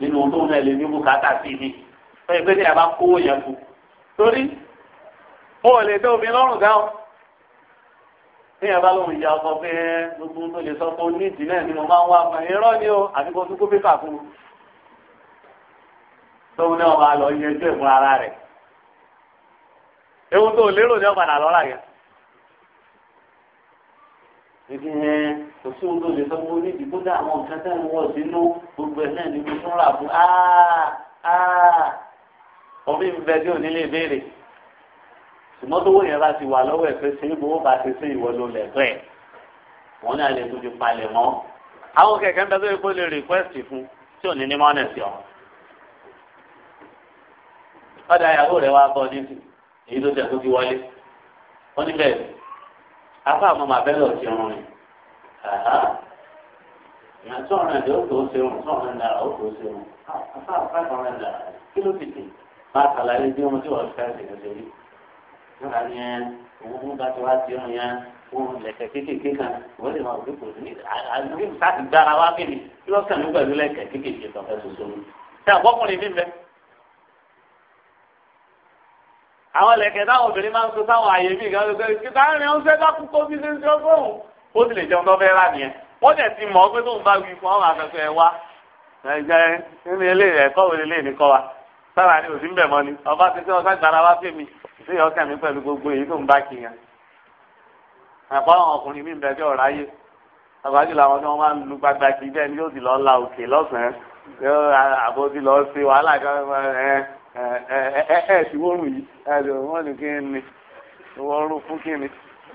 nínú tó náà lè ní bùkátà sí ni fẹ́ẹ́ pé ní a bá kówó yẹn fún torí mo lè dé obìnrin lọ́rùn gan-an téèyàn bá lóun ìyá ọkọ pé gbogbo tó lè sọ pé ó ní ìdílé ni mo máa ń wá ọmọ irọ́ ni o àti kó tún kó pépà fún un tóun náà máa lọ yanjú ẹ̀ fún ara rẹ̀ ewu tó lérò ní ọ̀padà lọ́la yẹn ibi yẹn kò sí ohun tó lè sọ pé ó ní ìdìbò dá àwọn nǹkan tẹ́ ń wọ̀ sínú gbogbo ẹ̀ náà ni mo tún rà áá áá òbí mi bẹ tí ò ní lè béèrè tòmọ́tòwó yẹn bá ti wà lọ́wọ́ ẹ̀ pé ṣé ìbò bá ti ṣe ìwọ ló lẹ̀tọ́ ẹ̀ wọ́n ní alẹ́ tó ti palẹ̀ mọ́. àwọn kẹ̀kẹ́ ń bẹ tó yẹ kó lè rìkwẹ́sì fún tí ò ní ní mọ́nẹ̀ sí ọ. ọ̀dà ìyàwó rẹ̀ wá bọ́ ní èyí tó tẹ̀ tó ti wọlé. wọ́n ní bẹ́ẹ̀ afá àmọ́ màá bẹ́ẹ̀ lọ sí ọrùn rẹ̀. ìyàn tó ọ̀rìn àdé ó tó ṣe òun tó ọ̀rìn náírà yóò rà ní ẹ òun mú bàtà wá sí òun yẹn òun lẹ̀kẹ̀ kéékèèké kan wọ́n lè máa wípò ní àdúgbò sáà ti gbára wá kéde kí wọ́n kàn ní pẹ̀lú lẹ̀kẹ̀ kéékèèké kan fẹ́ soso mi. ṣé àbọ́kùnrin mi bẹ́? àwọn lẹ̀kẹ̀ táwọn obìnrin máa ń so táwọn àyè mí kan lóṣèlú kí táwọn ènìyàn ń ṣe bá kúkó bí ṣe ń ṣe ọgbọ́n ó sì lè jẹun tó fẹ́ rà nìyẹn wọ́n dẹ̀ ti mọ̀ pé tóun bá wí fún àwọn afẹ́fẹ́ ẹ ẹ̀jẹ̀ nínú ilé ẹ̀kọ́ òun ilé nìkan wa sára ni òsínbẹ̀ mọ́ ni ọba ti sẹ́ ọ ìṣe ọkàn mi pẹ̀lú gbogbo èyí tó ń bá kiri yẹn ẹ̀pọ̀ àwọn ọkùnrin mi ń bẹ bí ọ̀rọ̀ ayé àgbájú làwọn tí wọ́n máa ń lu gbagba kiri bẹ́ẹ̀ ni yóò ti lọ la òkè lọ́sàn-án àbò ti lọ ṣe wàhálà kan ẹ ẹ ẹ ti wọ́rùn yìí ẹ ẹ wọ́n ní kí ni wọ́n rún fún kí ni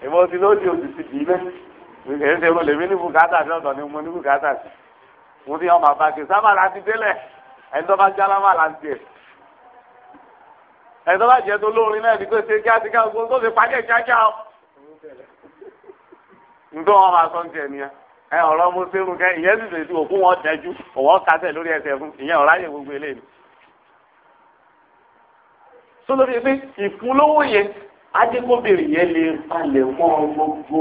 ìbọn ti lóde òsì ti dì í lẹ́yìn kìí ṣe mo lè mí ní bùkátà sí ọ̀dọ̀ ni mo ní bùkátà sí mo ní ọmọ àbákẹ́ sábà láti délẹ̀ ẹni bá jálámà láti tiẹ̀ ẹ̀tọ́ bá jẹ́ tó lóorin náà ni ṣe kíá ti ká gbogbo tó fi pàdé kíákíá o. ǹdọ́ wọn máa sọ ní tiẹ̀ nìyẹn ẹ ọ̀rọ̀ mo sẹ́rù kẹ́ ìyẹn sì lè òkú wọn dẹ́jú òwò kásẹ̀ lórí ẹsẹ̀ fún ìyẹn ọ̀rọ̀ ayé gbogbo eléyìí. sólórí pé ìfúnlówó yẹn adékòbèrè yẹn lè palẹ̀ mọ́ gbogbo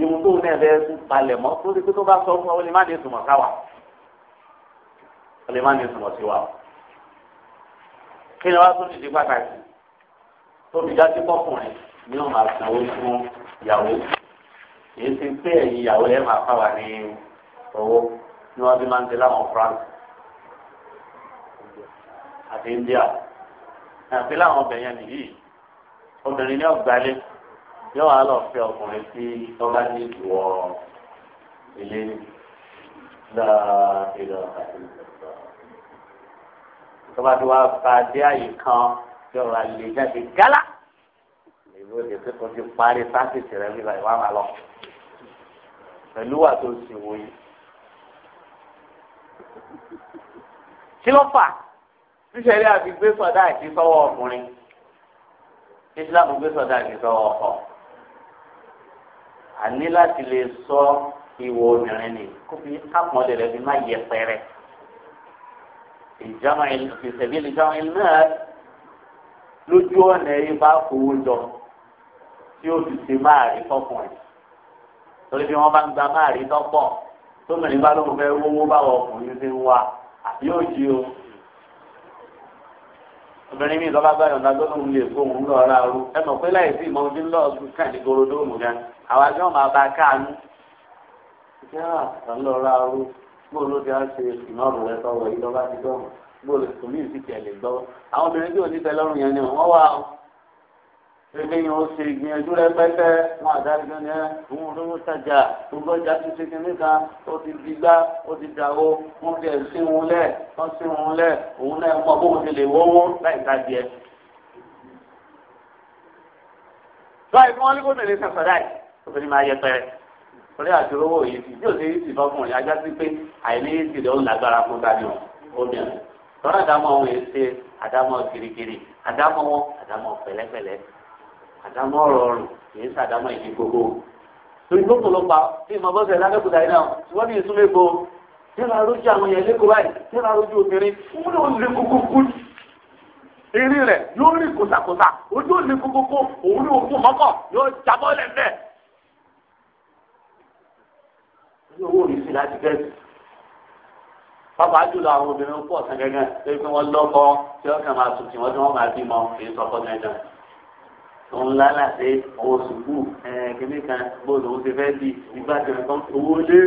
ìhun tó náà bẹ́ẹ̀ tún palẹ̀ mọ́ tó ti pé tó bá sọ fún ọ kí ni wàá tún ti di pàtàkì tóbi jáde pọ́kùnrin ni wọ́n máa sanwó fún ìyàwó èyí ti pé ẹ̀yìn ìyàwó ẹ̀ máa fà wá ní owó ni wọ́n fi máa ń tẹ láwọn France àti India àti láwọn ọbẹ̀ yẹn nìyí obìnrin ní ọ̀gbálẹ̀ yóò wá lọ fẹ́ ọkùnrin tí ọba ní ìwọ ilé ní ìlà ìlà àti ìlà tọ́ba tí wàá fa dé àyè kan tí ọ̀rọ̀ àlè jáde gálà ìlú òde pé kò parí sáfìsì rẹ nígbà ìwà máa lọ pẹ̀lú wà tó sì wòye. kí ló fà níṣẹ́lẹ̀ àti gbé sọ̀dá àti sọ́wọ́ ọkùnrin Islam gbé sọ̀dá àti sọ́wọ́ ọkọ àní láti lè sọ ìwọ obìnrin ni kó fi ápọn lè rẹ fi má yẹpẹrẹ ìjàmà ìfẹsẹ̀bí ìjàmà náà lójú ọ̀nà yìí bá fowó jọ tí ó ti ṣe máa rí fọkùnrin torí bí wọ́n bá ń gba máa rí tọ́pọ̀ tómìnrin bá lóun fẹ́ wówó báwọ̀ ọkùnrin ṣe ń wá àbí òjì o obìnrin mi lọ́ba gbàdọ̀ náà gbọ́dọ̀ lè kó òun lọ ra ooru ẹ mọ̀ pé láì sí ìmọ̀ ojú ńlọ ọdún kàn ní gorodóòmù gan àwa gbọ́n máa ba káàánú ìjọba lọ ra ooru gbóòló ti á ṣe ìmọ̀rùn rẹ sọ̀rọ̀ yìí lọ́ba ti dọ́rùn gbóòló tòmíì sì tẹ̀lé gbọ́ àwọn obìnrin tí ò ní tẹ́lọ́rùn yẹn ni wọ́n wà ó ṣèké yẹn ó ṣe ìgbìyànjú rẹ pẹ́pẹ́ wọn àdáni gan ni ẹ òun olówó tajà gbogbo ọjà ti ṣe kí nìkan ó ti di gbá ó ti dàwó wọn ti ẹ̀ sí wọn lẹ̀ wọn sí wọn lẹ̀ òun náà mọ bóun ti lè wọ́wọ́ láì ká jẹ. báyìí wọn ní kó tẹ̀lé sàfàdà yìí obìnrin máa yẹ pẹ́rẹ́ torí àjòrówó yìí ti yóò ṣe yìí fọkùnrin ajá sí pé àìní yìí ti lọ́ọ́ lágbára fún tani o obìnrin tọ́lá àdámọ́ wọn yìí ṣe àdámọ́ kirikiri àdámọ́ wọn àdámọ́ pẹ̀lẹ́pẹ̀lẹ́ àdámọ́ rọrùn yìí ṣe àdámọ́ ìdí gbogbo torí gbogbo ló pa tí ìmọ̀ bọ́sẹ̀ lábẹ́kúta yìí náà wọ́n ní ìsúnlé bo tẹ́lá lójú àwọn yẹn lẹ́kọ̀ọ́ báyìí tẹ́lá lójú obìnrin fún lóun lé kúkú kú eré rẹ̀ yóò rí kòsàkòsà ojú ò lé kókókó òun ní owó yìí sì láti gẹ̀ẹ́sì. pápá jùlọ àwọn obìnrin pọ̀ sàn gẹ́gẹ́ lórí pé wọ́n lọ́kọ tí wọ́n kàn máa sùn tí wọ́n tí wọ́n máa bímọ kì í sọkọ gẹ́gẹ́. òun lálà pé òun sùkú kìnnì kan gbọ́dọ̀ òun ti fẹ́ di ìgbà tí wọ́n owó lé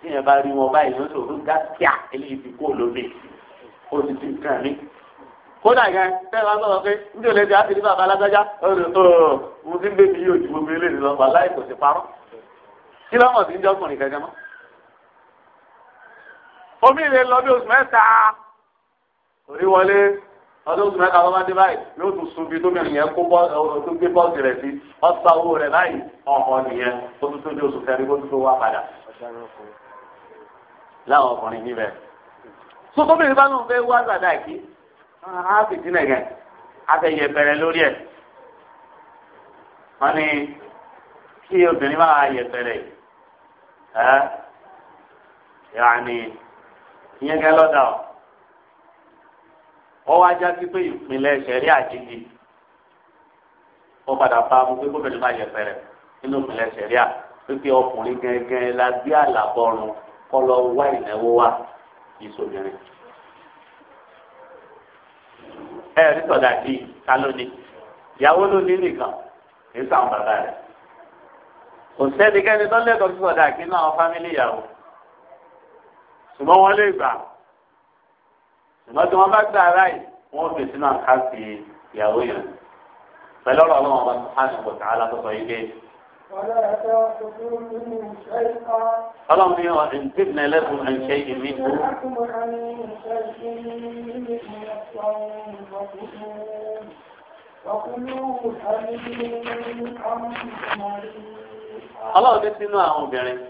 tí yẹn bá rí wọn báyìí lóṣù òun gáàkíà eléyìí ti kó lómi ó ti ti kàn mí kódà yẹn tẹ́lá sọ̀rọ̀ pé níjẹ́ olè ti á ti ní bàbá alágbájá ọ̀rọ̀ ọ̀rọ̀ mo ti ń bèbí yóò ju gbogbo eléyìí lọ wà láì parọ́ kí lọ́mọ̀ sí ń jọ́kùnrin kẹ̀kẹ́ mọ́ omi ìlẹ̀ lọ bí oṣù mẹ́ta orí wọlé ọdún oṣù mẹ́ta lọ́wọ́ dé báyìí yóò tún sun bí tómi ìyẹn kó bọ́ tó gbé bọ́ọ̀sì rẹ̀ sí ọ̀sán owó rẹ̀ báyìí ọ̀hún nìyẹn ó tún tó di oṣù kẹrin ó tún tó wá padà láwọn ọkùnrin níbẹ̀. sọ́kọ́ mi bá lóun fẹ́ wá gbàdá kí á fi dín ẹ̀gẹ́ á fẹ́ yẹ bẹ̀rẹ̀ lórí ẹ̀ wọ́n ní kí obìnrin máa yẹ bẹ̀rẹ̀ ìyẹn kẹ lọ́dà ọ̀ ọ wá já sí pé ìpínlẹ̀ sẹ̀rí àjèjì ó padà bá mu pé gómìnà máa yẹ fẹ́rẹ̀ nínú ìpínlẹ̀ sẹ̀rí à pípé ọkùnrin gẹ́gẹ́ la bí àlàbọ̀rùn kọ́ lọ wá ìnáwó wá ìṣòbìnrin. ẹ ẹ nítọ̀dà di ta lónìí ìyàwó lónìí nìkan kì í sàn bàbá rẹ̀ kò sẹ́nikẹ́ni tó lẹ́kọ̀ọ́ sí sọ̀dà kí náà ìyàwó ṣùgbọ́n wọ́n lè gbà ṣùgbọ́n tí wọ́n bá gbà ráì wọ́n fi sínú àkáǹtì ìyàwó yẹn pẹ̀lú ọ̀rọ̀ ọlọ́run ọba sùhánù kò tààlà tó sọ yìí dé. ọlọ́run ní ọ̀rìn tí ìdílé lẹ́kùn ẹ̀ ìmí kú. ọlọ́run ní sínú àwọn obìnrin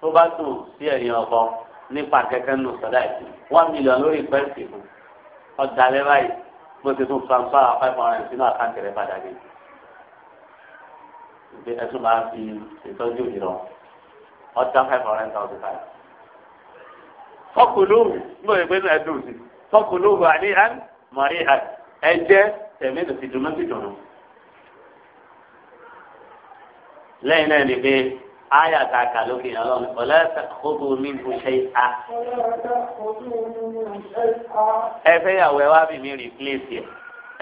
tó bá tù sí ẹ̀yìn ọkọ nípa kẹ̀kẹ́ nù sọ̀dá yìí one million lórí pẹ́ǹsì fún ọ̀dà lẹ́bà yìí bó ti tún transfer five hundred sínú àkáǹtì rẹ̀ padà dé. ìgbé ẹtún máa fi ìtọ́jú ìrọ̀ ọ̀dà five hundred thousand five. fọkùlùmù ní òye pé ní ẹdùn sí fọkùlùmù àní àn mọ̀rí àn tẹ̀mí ti dùnú ti dùnú. lẹ́yìn náà ni pé aya ta kà lókè yẹn lọ́nà ọ̀lẹ́ kótó mi kò ṣe a. ẹ fẹ́ yàwó ẹ wá bí mi rìpléṣì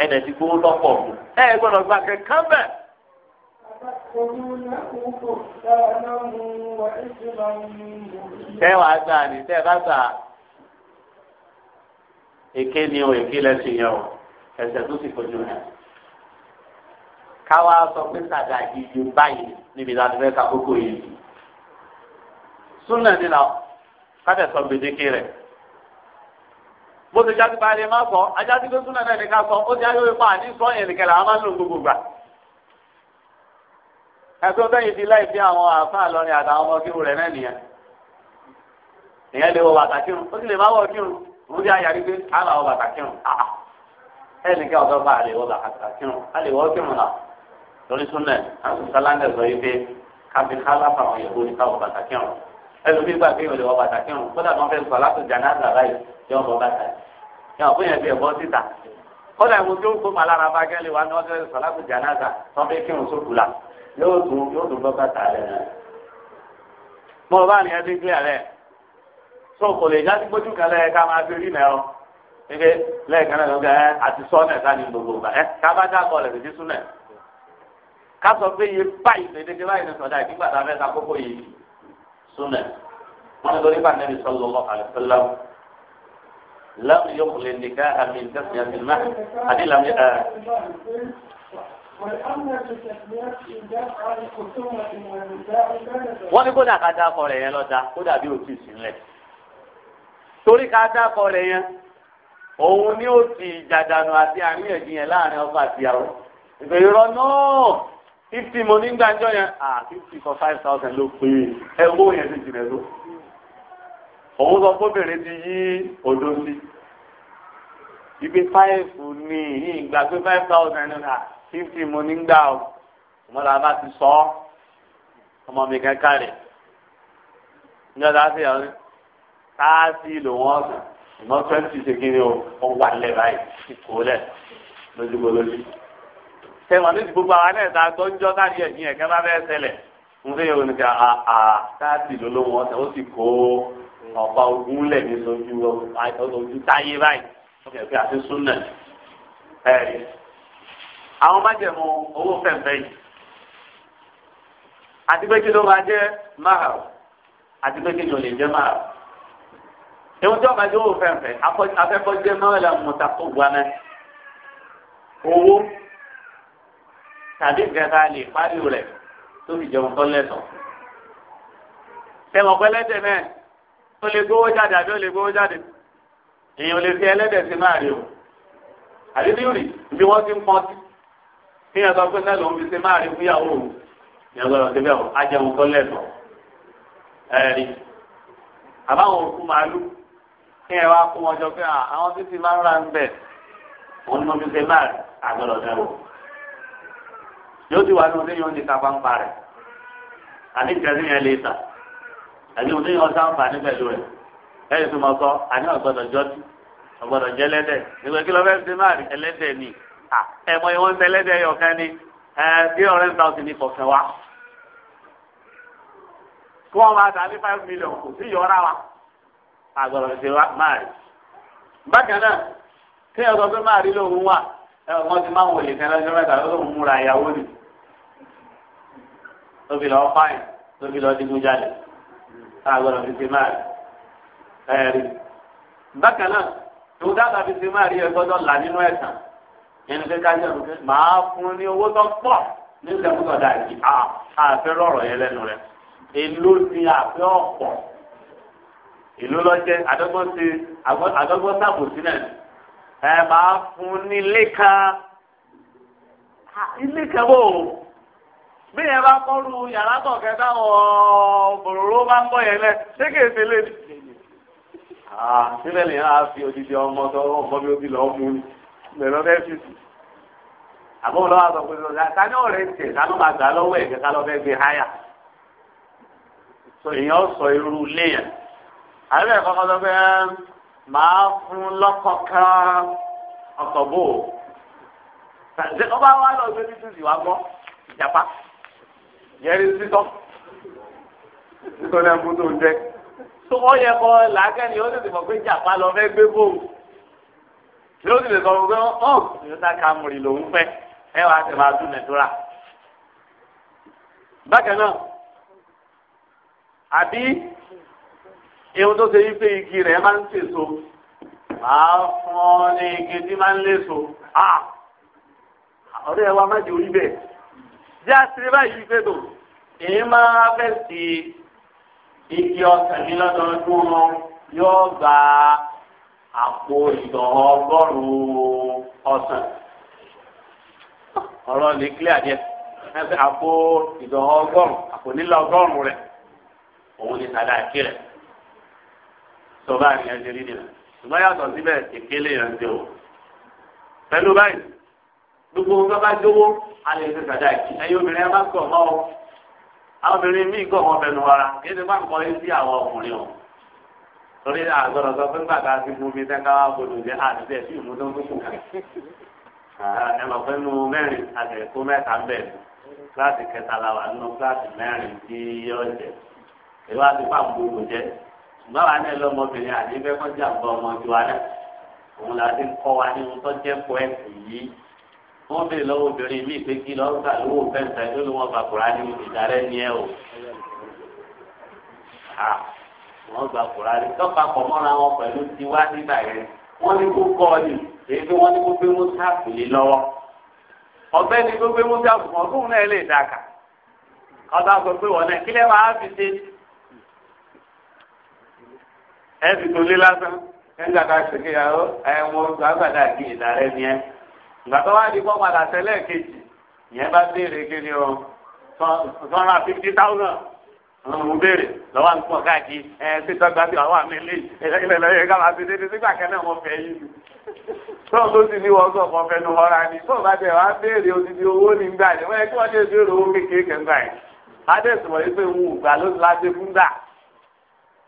ẹ ẹ ti gbówó lọ́pọ̀ mu ẹ gbọ́dọ̀ gba kankan bẹ̀. tẹ́wàá gbà ní tẹ́ bá gbà èké ni o èké lẹ́sìn yẹn o ẹsẹ̀ tó ti fojú rẹ̀ káwa sọ pé sàdá ìdí báyìí níbi láti fẹ́ kakókò yìí súnà nínà kátẹ̀sọ gbèdéke rẹ̀ bó ti jáde bá lè má sọ ajásí pé súnà náà nìkan sọ ó ti ayé wípé àní sọ yẹn nìkan làwọn máa ń lò gbogbo gbà ẹgbẹ́ bẹ́yìn ti láì fi àwọn àáfàá lọ́rin àtàwọn ọmọ kírun rẹ̀ náà nìyẹn ìyẹn lè wọ bàtà kírun ó sì lè má wọ kírun òun ti àyàrí pé àlà wọ bàtà kírun ah, ah. ẹnìkan ọ̀dọ́ bá a wọ bàtà kírun a wọ kírun náà lórí súnlẹ̀ àtúntàláńdẹ̀ sọ yìí pé káfí kálápà àwọn yòókù ní káwọn bàtà kírun ẹlò bí gbàgbé ìwé wọ bàtà kírun kódà wọn fẹ́ sọ láti jàǹdà àgbàrá yìí yọ bọ bàtà yìí fún yẹn bí ẹ̀bọ síta kódà ìwé tó ń kó malára bá gẹ́lẹ́ wa ní wọ́n fẹ́ sọ láti jàǹdà àgbà wọn fẹ́ kírun sókù la yóò tún yóò tún bọ́ bàtà rẹ̀ náà. mo bá ní ẹbí gbé rẹ̀ tó kò lè jáde gbójú kan lẹ́yìn ká máa fi rí mẹ́rọ lẹ́yìn kan náà lọ́gẹ́ àti sọ́ọ̀nẹ̀ sáà ní gbogbo ẹ̀ ká bá dákọ̀ lẹ̀ kásọ pé iye báyìí dédédé báyìí lọ́sọ̀ dá ìdígbà tá a fẹ́ ta kókó yìí súnà wọn ní lórí bàtà níbi sọlọ lọ àlùfẹlẹ lẹ́nu yóò kò lè nìkà àmì ìdẹ́sìn àmì náà àti làmì ẹ̀. wọ́n ní kódà ká dákọ̀ rẹ̀ yẹn lọ́dà kódà bí o ti sìn lẹ̀ torí ká dákọ̀ rẹ̀ yẹn òun ni ó ti jàdánù àti àríyànjiyàn láàrin ọkọ àtìyàwó ìgbèrò náà fifty mo ní gbàjọ yẹn ah fifty for five thousand ló pé ẹ owó yẹn ti jìnà tó òun sọ fóbìnrin ti yí odò sí ibi five ní ìgbà pé five thousand náà fifty mo ní gbà ó ọmọdé bá ti sọ ọ ọmọ mi kan kárẹ̀ níjọ́ tá a sì yàrá táàsì lòun ọ̀sán ìmọ̀ twenty ṣe kí ni o ó wà lẹ̀ báyìí kò lẹ̀ lójúgbò lójú sẹ́wọ̀n ní gbogbo àwọn náà ta tó ń jọ́ káàdì ẹ̀jìn ẹ̀kẹ́ bá fẹ́ ṣẹlẹ̀ ń fẹ́ yóò ní ká àà káàdì lólóhùn ọ̀sẹ̀ ó sì kó ọ̀pá ogun lẹ̀ ní sojú ojú táyé báyìí ọkẹ́ pé àti súnà ẹ̀rí. àwọn májẹ̀mú owó fẹ̀fẹ̀ yìí àti pé kí ló máa jẹ́ máàrù àti pé kí ló lè jẹ́ máàrù. ìwọ́n tí wọ́n máa jẹ́ owó fẹ̀fẹ̀ afẹ́kọ́ jẹ́ máàrù làmùtàkùn tàbí kẹta lè parí rẹ̀ tó fi jẹun tó lẹ́tọ̀. Tẹ̀wọ̀n pẹ́ lẹ́dẹ̀ náà ó lè gbówó jáde àbí ó lè gbówó jáde. Èèyàn lè fi ẹlẹ́dẹ̀ sí máa rí o. Àbí ní rì bí wọ́n ti ń pọ́n sí. Kí ni ọ̀sán pé náà lòun fi ṣe máa rí fúyàwó òun? Ìyẹn gbọ́dọ̀ síbẹ̀ o, á jẹun tó lẹ́tọ̀. Ẹ̀rí. Àbáwọn òkú màálù kí ẹ wá kó wọn jọ pé àwọn títí máa ń ra ń bẹ̀. Òun ni mo fi ṣe máa rí àgbọ̀dọ̀ náà yóò ti wà ní ọdún yóò ní kápá ń parẹ́ àní ìjẹsí yẹn lè tà àní ọdún yóò sáǹfà ní pẹ̀lú rẹ̀ ẹ̀yìn tó mọ sọ àní ọ̀gbọ́dọ̀ jọ́tí ọ̀gbọ́dọ̀ jẹ́ lẹ́dẹ̀ ìgbẹ́ kí ló fẹ́ ṣe máa rí ẹlẹ́dẹ̀ ni ẹ mọ ìwọ́n ṣe lẹ́dẹ̀ yọ̀kan ni three hundred thousand ní kọ̀ọ̀kan wa kí wọ́n máa tà ní five million kò sí yọ̀ọ́ra wa àgbọ̀dọ̀ ṣe máa rí bákan náà kí ọ̀dọ́ tó máa rí lóhun wà ẹ̀ wọ́n ti máa wòye kan lọ́jọ́ mẹ́ta lọ́dún tóbi lọ fáyìn tóbi lọ digun jalè káàgbọ́dọ̀ fi ṣe máa ẹ̀rí. bákan náà tó dábàá fi ṣe máa rí ẹ gbọ́dọ̀ là nínú ẹ̀sán ẹni pé kájọ rẹ máa fún ní owó tó pọ̀ ní ìṣẹ́kùtọ̀ dàjí àfẹ́ rọ̀rọ̀ yẹn lẹ́nu rẹ̀ èló ti àfẹ́ ọ̀pọ̀ èló lọ́jẹ́ àdọ́gbọ́n sàbò sílẹ̀ ẹ máa fún ní kan ilé kan bò bí yẹn bá kọ́lu yàrá kọ̀ọ̀kẹ́ táwọn bòròró bá ń bọ̀ yẹn lẹ ṣé kìí ṣe lé síbẹ̀ lèyàn á fi odidi ọmọ tó ọmọ bí ó ti lọ́ọ́ mú ni bẹ̀rẹ̀ bẹ́ẹ̀ fi sùn. àbúrò lọ́wọ́ sọ pé sọ ta ọ̀rẹ́ tiẹ̀ ta ló máa gbà lọ́wọ́ ẹ̀ kẹta lọ́fẹ́ gbé háyà. èèyàn sọ irú ilé yẹn. kọ́kọ́ sọ pé máa fún lọ́kọ̀ọ̀kan ọ̀tọ̀ bò ó. ọba yẹri sítọ́ nítorí ẹ̀kú tó ń jẹ́ tó wọ́n yẹ kọ́ làákẹ́ni ó tètè mọ̀ pé jàpá lọ fẹ́ gbé bóòlù tí ó sì lè sọ fún pé ọ́ toyota camry lòún fẹ́ ẹ wàá tẹ̀ máa dún nẹ̀dúrà bákan náà àbí ihun tó ṣe wípé igi rẹ̀ máa ń sèso máa fún ọ ní igi tí máa ń léso ọ̀rẹ́ ẹ wá má jẹ́ orí bẹ́ẹ̀ já sílẹ̀ báyìí fẹ́ tó èyí máa fẹ́ sí igi ọ̀sẹ̀ ní lọ́dọọdún wọn yóò gba àpò ìdàn ọgọ́rùn-ún ọ̀sán ọ̀rọ̀ lè clear díẹ̀ ẹgbẹ́ àpò ìdàn ọgọ́rùn-ún àpò nílà ọgọ́rùn-ún rẹ̀ òun ni sàdáàkì rẹ̀ sọ báyìí ẹ̀ ṣe rí nìyẹn ṣùgbọ́n yàtọ̀ síbẹ̀ ìkéle yẹn ń jẹ́ o pẹ̀lú báyìí gbogbo nǹkan bá dówó a lè ṣe sàdáàkì ẹ̀yin obìnrin ẹ má kọ̀ mọ́ o àwọn obìnrin míì kọ̀ wọ́n bẹnu wara kí ni bá ń kọ́ sí àwọn ọkùnrin o torí àgọ́dọ̀ sọ pé gbàgbà ti mú mi tẹ́ka wá gbọdọ̀ jẹ́ àtijọ́ sí ìmúdó tó kù kan ẹ mọ̀ pé nu mẹ́rin àtẹ̀kọ́ mẹ́ta ń bẹ̀ kíláàsì kẹta la wà nínú kíláàsì mẹ́rin tí yọ jẹ èyí wá ti jẹ ṣùgbọ́n wa ní ẹlọ́mọbìnrin àdébẹ́kọ́jà gbọ́ ọmọ tiwa náà òun là ti kọ́ wa ní ohun tó jẹ́ pọ́ẹ́sì yìí wọ́n bèèrè lọ́wọ́ obìnrin mi pé kí lọ́ọ́ gbà lówó fẹ́ǹsà ẹ̀ wọn gbàkúrà ní ìdárẹ́ ní ẹ o. wọ́n gbàkúrà ní tọ́pa pọ̀ mọ́ra wọn pẹ̀lú tiwa nígbà yẹn wọ́n ní kó kọ́ ọ ní èyí tí wọ́n ní kó gbé lọ́wọ́. ni kó gbé mọ́tàkù mọ́ náà lè dàkà. ọba sọ pé náà ìgbà tó wá di pọ́ padà tẹ́lẹ̀ kejì ìyẹn bá béèrè kí ni o sọ́nà fifty thousand mo béèrè lọ́wọ́ ń pọ̀ káàkiri ẹ ṣe tọ́gbà bí àwọn àmì lè ilẹ̀ lọ́yẹ̀ ká máa fi dédé sígbà kẹ́nà wọn fẹ́ yìí tọ́ọ̀ tó sì ní wọ́n sọ̀ kan fẹnu ọ̀ra ni tọ́ọ̀ bá tẹ̀ wá béèrè odidi owó ní gbà ní wọ́n yẹ kí wọ́n dé béèrè owó kékeré kẹ́ńgbà yìí adẹ́sùn wọ̀nyí pé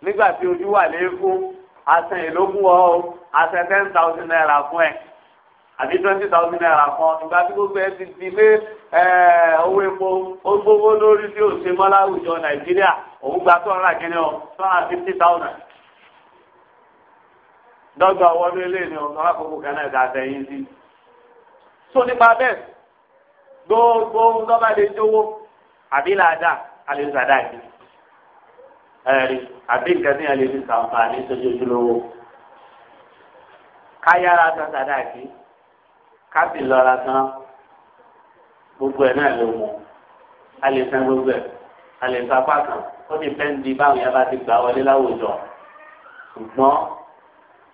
ń gbà àbí twenty thousand naira kan ìgbà tí gbogbo ẹ ti di pé owó epo ó gbówó lórí tí ò ṣe mọ́ láwùjọ nàìjíríà òun gba tó ọ̀rà kìíní o two hundred fifty thousand dọ́gba ọwọ́ lélẹ̀ ni ọ̀sán àkókò kan náà ìdá àtẹ̀yìn sí. so nípa bẹ́ẹ̀ gbogbo ohun tó bá lè jówó àbí làádá àlèzàdá yìí ẹ̀rí àbí nǹkan ní àlèzàdá àǹfààní tó jojúlówó káyára àtàtàdá kábì lọ́ra gan gbogbo ẹ̀ náà ló mọ̀ a lè san gbogbo ẹ̀ a lè san apá kan ó ti fẹ́ ń di báwọn yẹn bá ti gbà wọlé láwùjọ ṣùgbọ́n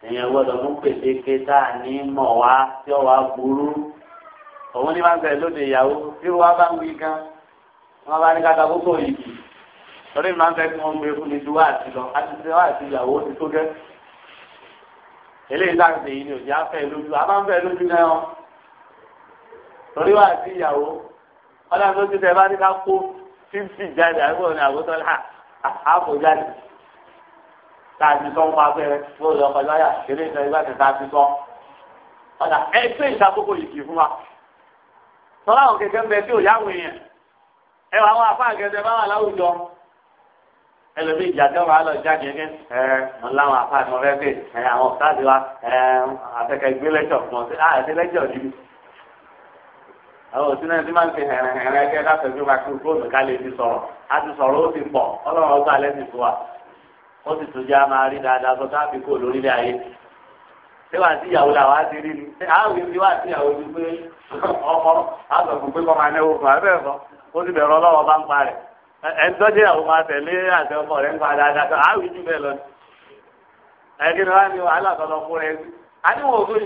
èèyàn gbọ́dọ̀ mú pèsèké tá a ní mọ̀ wá tí ó wá burú òun ní máa ń bẹ̀rẹ̀ lóde ìyàwó tí wọ́n bá ń wí gan wọ́n bá ní káta gbogbo yìí torí máa ń fẹ́ kí wọ́n gbé fún mi ju wá àti lọ àti ti wá àti ìyàwó ti tó gẹ́ eléyìí láti ṣèyí ni òjì afẹ́ lójú a máa ń fẹ́ lójú náà torí wà sí ìyàwó ọlọ́run tó ti sẹ́ bá ní ká kó fífi jáde àbúrò ní àbúrò náà àbò jáde tá ti sọ fún abẹ́rẹ́ fún olùkọ́ lọ́yà eré ìtọ́ ìgbà tẹ̀sán ti sọ ọ̀dà ẹ pé ìsàkókò yìí kì í fún wa tọ́lá kẹ̀kẹ́ ń bẹ tí ò yáwó yẹn ẹ wà wọn àfa àgẹ́sẹ̀ bá wà láwùjọ ẹlòmíì ìjàdọ́ wa lọ jáde ẹgẹ́ ẹ mọ láwọn àfa àti wọn fẹ́ pé ẹ àwọn ọ̀tá àwọn òsín náà ti máa ń fi hẹ̀rẹ̀ hẹ̀rẹ̀ ẹgbẹ́ látọ̀jú máa kí fóònù ká lè fi sọ̀rọ̀ a ti sọ̀rọ̀ ó ti pọ̀ ọlọ́run ọgbà alẹ́ fún wa ó sì tún já máa rí dáadáa sọ káàpì kò lórílẹ̀ ayé ṣé wàá sí ìyàwó làwọn á ti rí ni àwọn ìwé wàá sí ìyàwó ju pé ọkọ àgbàkùn pé kọ́ máa fún ó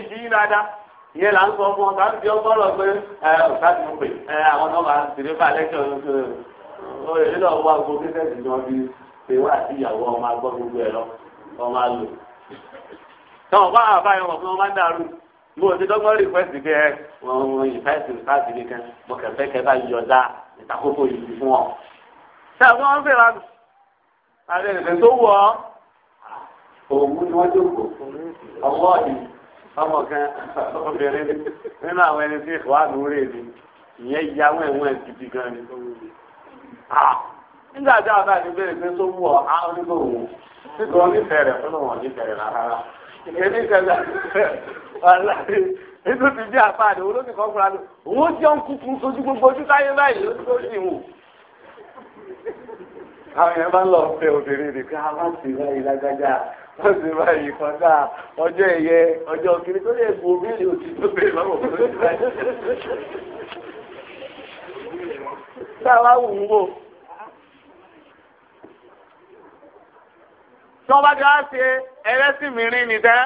bẹ̀rẹ̀ bá ń ń ìyẹn là ń sọ fún ọ sáà ti ọgbọ́rọ̀ pé ẹ ọ̀sá ti pè ẹ àwọn náà máa fà lẹ́kọ̀ọ́ ọ èyí lọ wá gbogbo kíkẹ́sì ni wọ́n fi pè wá sí ìyàwó ọmọ agbọ́ gbogbo ẹ̀ lọ ọmọ àlò. tọ́wọ́ bá àbá yẹn wọ̀ fún ọmọ dàrú bí o ti dọ́gbọ́n rìkwẹ́sì kẹ́ wọn ìfẹ́sì sáàtì nìkan mo kẹfẹ́ kẹfà yọjá ìtakókò yìí fún ọ. sẹ́wọ́n wọ́n fẹ́ ọmọ kan obìnrin nínú àwọn ẹni tí ìwà àdúrà ni ìyẹn ya wẹ̀wẹ̀ gidi gan ni. nígbà tí a bá ti bẹ̀rẹ̀ tó wù ọ́ á onígbò nígbà wọn nífẹ̀ẹ́ rẹ̀ fún wọn nífẹ̀ẹ́ rẹ̀ rárá. èmi kẹta wàhálà ètò ti bí àpáàdé olóòtú kan fúnra lò òun ó jẹ́ kúkú sojú gbogbo ojú táyé báyìí ló tó sì wù. àwọn yẹn bá ń lọ fẹ́ obìnrin nìkan wọ́n sì máa yìí kan dáa ọjọ́ ẹ̀yẹ ọjọ́ kiri tó yẹ gbòó bí ìlú ti tó bẹ̀rẹ̀ lọ́wọ́ fún mi. táwa wù ú wò. tọ́ba ti wá ṣe ẹlẹ́sìn mìíràn nìtẹ́.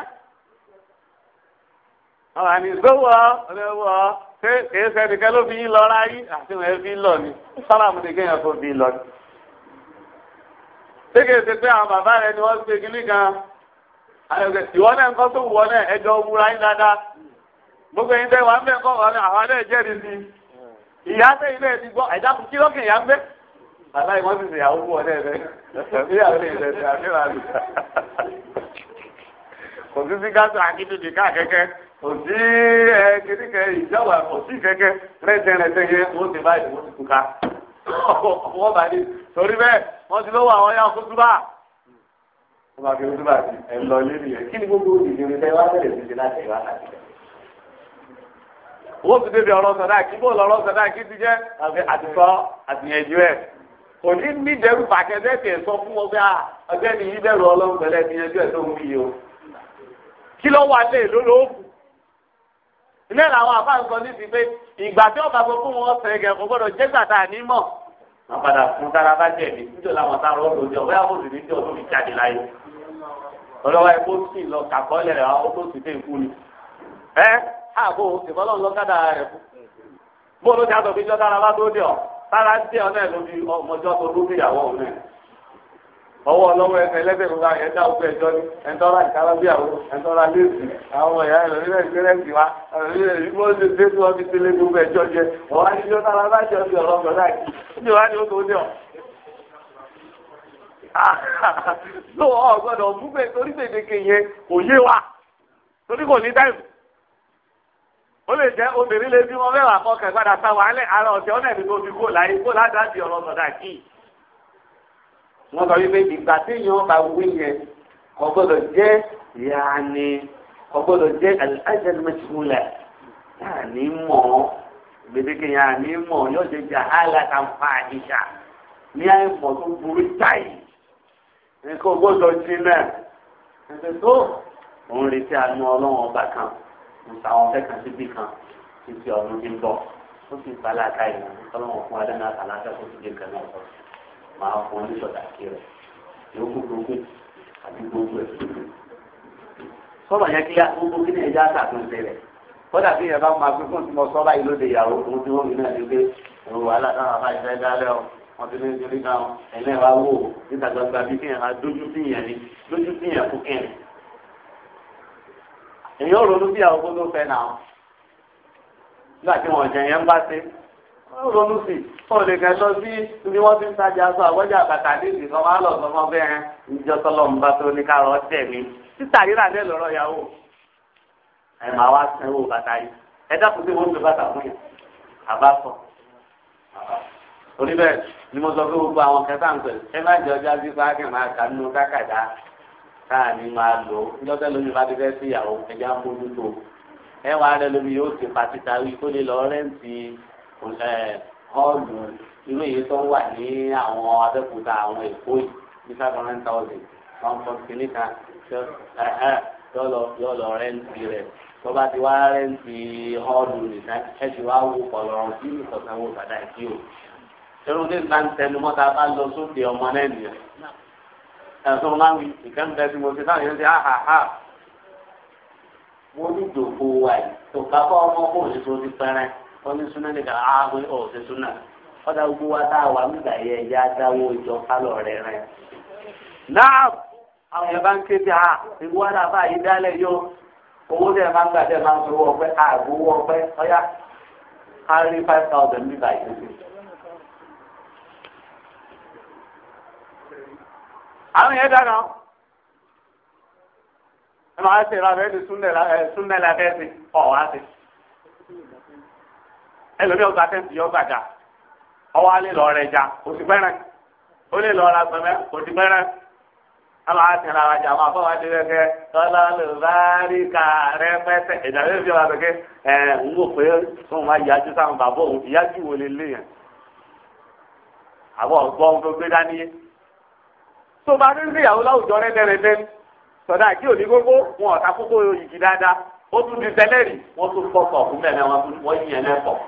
àwọn àmì ìgbówó ọlẹ́wọ́ ṣé èé sẹ́ni kẹ́ ló fi yín lọ́ra yín àti wọ́n ẹ fi lọ ni sálàmù ni kéèyàn kò fi lọ ni. Sékè ṣe pé àwọn bàbá rẹ ni wọ́n ṣe kínní kan. Ìwọ náà ń kọ́ tó wù ọ náà ẹjọ́ Gbogbo ẹ̀yin tẹ́ wà ń bẹ̀ kọ́ ọ̀rọ̀ àwọn náà jẹ́rìí sí. Ìyá ti gbọ́ ẹ̀dá kí lọ́kàn ìyá ń bẹ́. Bàbá ìwọ́n ti ṣèyàwó wọ̀ náà rẹ̀. Ìyàwó lè rẹ̀ ṣe àfihàn rẹ̀. Kò sí sí gáàsì àkíndùdì káàkẹ́kẹ́. Kò sí kìnnìkẹ́ ìjọba kò sí kẹ́kẹ́ rẹ̀ tẹ́rẹ̀ wọ́n ti lọ́wọ́ àwọn yá kútúbà. wọ́n máa fi kútúbà sí ẹ̀ lọ lé nìyẹn kí ni gbogbo ìdílé tẹ́ wá tẹ̀lé sí ti láti ìwà láti owó ti débi ọ̀rọ̀ sọ̀dá kí bó lọ́rọ̀ sọ̀dá kí ti jẹ́ àtìsọ́ àtìyànjú ẹ̀ kò ní ní dẹrù bàtẹ bẹ́ẹ̀ sọ fún wọn pé ọjọ́ ni yí dẹrù ọlọ́run pẹ̀lẹ́ ìyẹnjú ẹ̀ tó ń wí o kí ló wà lé lólóòkù ilé wọn padà fún tára bá jẹ̀bi nítorí àwọn tára ọ̀dọ̀ jẹ ọ̀bẹ́ àwọn òṣèlú tí ọdún fi jáde láyé ọlọ́wọ́ ẹ kó sì lọ kàkọ́lẹ̀ rẹ̀ ó tó sì dé ikú ni ẹ àbò ìbọ́lọ́ lọ́kadà rẹ̀ fún bó ló ti àtọ̀ fi jọ́ tára bá tó dé ọ tára ń dé ọ náà lójú ọmọjọ́ tó lóbi ìyàwó òun náà ọwọ́ ọlọ́wọ́ ẹ̀fẹ̀ ẹlẹ́fẹ̀ gbogbo àwọn ẹ̀dá òkú ẹ̀jọ́ ni ẹ̀ńtọ́ra ìkálábíàwó ẹ̀ńtọ́ra léèsì àwọn ẹ̀yà ẹ̀rọ̀lẹ́ ìgbẹ́rẹ́sì wa ẹ̀rọ̀lẹ́ ìgbọ́nsẹ̀ tí wọ́n fi tẹ́lẹ̀ gbogbo ẹ̀jọ́ jẹ ọ̀wá ní tí ó tára bá ọ̀sẹ̀ ọ̀rọ̀ ó lè jẹ́ obìnrin lè bí wọn mẹ́wàá gbàdá sáwọn alẹ́ ara ọ̀sẹ̀ ọ̀nà ìdìbò fi kó láyé kó ládàá di ọ̀rọ̀ ọ̀sọ̀dà kìí wọ́n sọ wípé ìgbà tí yẹn bá wí yẹn kò gbọ́dọ̀ jẹ́ yaani kò gbọ́dọ̀ jẹ́ alájẹmẹsùlẹ̀ yaani mọ̀ gbèdéke yaani mọ̀ yóò jẹ́ jahala kan fa ìṣà ní àìmọ̀ tó burú táyì ní kò gbọ́dọ̀ jinlẹ̀ ẹ̀sẹ̀ tó òun retí àánú ọlọ́run ọba kan nta àwọn fẹ́ kan síbi kan títí ọdún tí ń bọ̀ ó sì bá láàká ìlànà ọlọ́run fún adé náà àlàáfíà tó ti dé nǹkan náà sọ̀rọ̀ máa fún ọ ní sọ̀dàkì rẹ̀ yóò kú gbogbo àti gbogbo ẹ̀. sọ̀rọ̀ yẹn kí gbogbo kí ni ẹja ṣàtúnṣe rẹ̀ kódà bí yẹn bá máa fi fún ìmọ̀ sọ́ba yìí lóde ìyàwó ohun tí wọ́n fi náà ní pé òun wàhálà táwọn afá ìfẹ́ dálẹ́ ọ wọ́n ti ní nítorí náà ẹ̀lẹ́ wa wò ó níta gbangba bí kí yẹn dójú sí yẹn ni dójú sí yẹn fún kẹ́ẹ̀. èyí ò ronú bí ronú sí wọn lè kẹ́ lọ sí ibi wọ́n ti ń tajà sọ àwọ́jà bàtà nídìí kan wá lọ sọ fún bẹ́ẹ̀ ìjọ sọlọ ń bá tó ní ká lọ tẹ̀ mí títà rírà dé lọ́rọ̀ yàwó ẹ̀ máa wá sanwó bàtà yìí ẹ dákun sí wọn fi bàtà fún yìí àbá sọ orí bẹ́ẹ̀ ni mo sọ pé gbogbo àwọn kẹta ń pẹ̀lú ẹ má jẹ ọjà bí báàgì máa kà nínú kákàdá káà ní máa lò ó lọ́sẹ̀ lómi bá ti fẹ́ sí ìyàwó ẹja ń bójú tó ẹ wàá rẹ lómi yóò ti lọ họ́ọ̀lù irú èyí tó wà ní àwọn abẹ́kúta àwọn èkó yìí ní five hundred thousand one point kìíní kan yóò lọ rẹ́ǹtì rẹ̀ tó bá ti wá rẹ́ǹtì họ́ọ̀lù nìkan ẹ ti wá wò kọ̀lọ́rọ̀ sí ìkọ̀sánwó bàdá ìkí o. ṣẹ́nu ní ìgbà ń tẹnu mọ́ta bá lọ sóde ọmọ náà nìyẹn. ẹ̀sùn máa ń wí ìkẹ́ńbẹ́ tí mo ti sáwọn yẹn ti háhàhà mo ní ìdòkó wa yìí tó ká ọmọ kò ní tó ti pẹ́rẹ́ wọ́n ní súnà nìkan ààbò ah, ọ̀ ṣe súnà ọ̀dà gbogbo wa tá a wà nígbà yẹ ẹ̀yà dáwọ́ ìjọ pálọ̀ rẹ̀ rẹ̀. náà àwọn yẹn bá ń ké sí a ah, ìlú wa náà báyìí dálẹ̀ yó owó tẹ̀ máa ń gbà tẹ̀ máa ń sọ owó ọpẹ́ àgbo ah, owó ọpẹ́ ọ̀yá kárí five thousand nígbà yìí. àwọn yẹn dáná ẹ máa ń ṣe ìlànà ẹ̀ ṣúnlẹ̀ la fẹ́ ṣe ọ̀ wá ṣe ẹlòmíì ọgbà tẹ́ǹtì yọ gbàjà ọwọ́ alẹ́ lọ rẹ̀ jà òsì pẹ́rẹ́ ó lè lọ ra pẹ̀mẹ́ òsì pẹ́rẹ́ àmà á tẹ̀lé àwọn àjàmọ́ àfọwọ́ adé rẹ̀ tọ́lá ló bá rí ká rẹ̀ pẹ́tẹ́ ìjà lè fi wà pẹ́kẹ́ ẹ̀ ń wò pé fún wa ìyájú sáwọn bàbá òun ìyájú wo lè lé yẹn àbọ̀ ọ̀gbọ́n ohun tó gbé dání yé tó bá rí ìyàwó láwùjọ rẹ̀ dẹ́rẹ́dẹ́ sọ̀dá kí òní gbogbo wọn ọ̀tá kókó yìí dáadáa ó tún di tẹ́lẹ̀rì wọ́n tún fọ́kọ̀ ọ̀kú mẹ́rin wọn yìnyẹn lẹ́kọ̀ọ́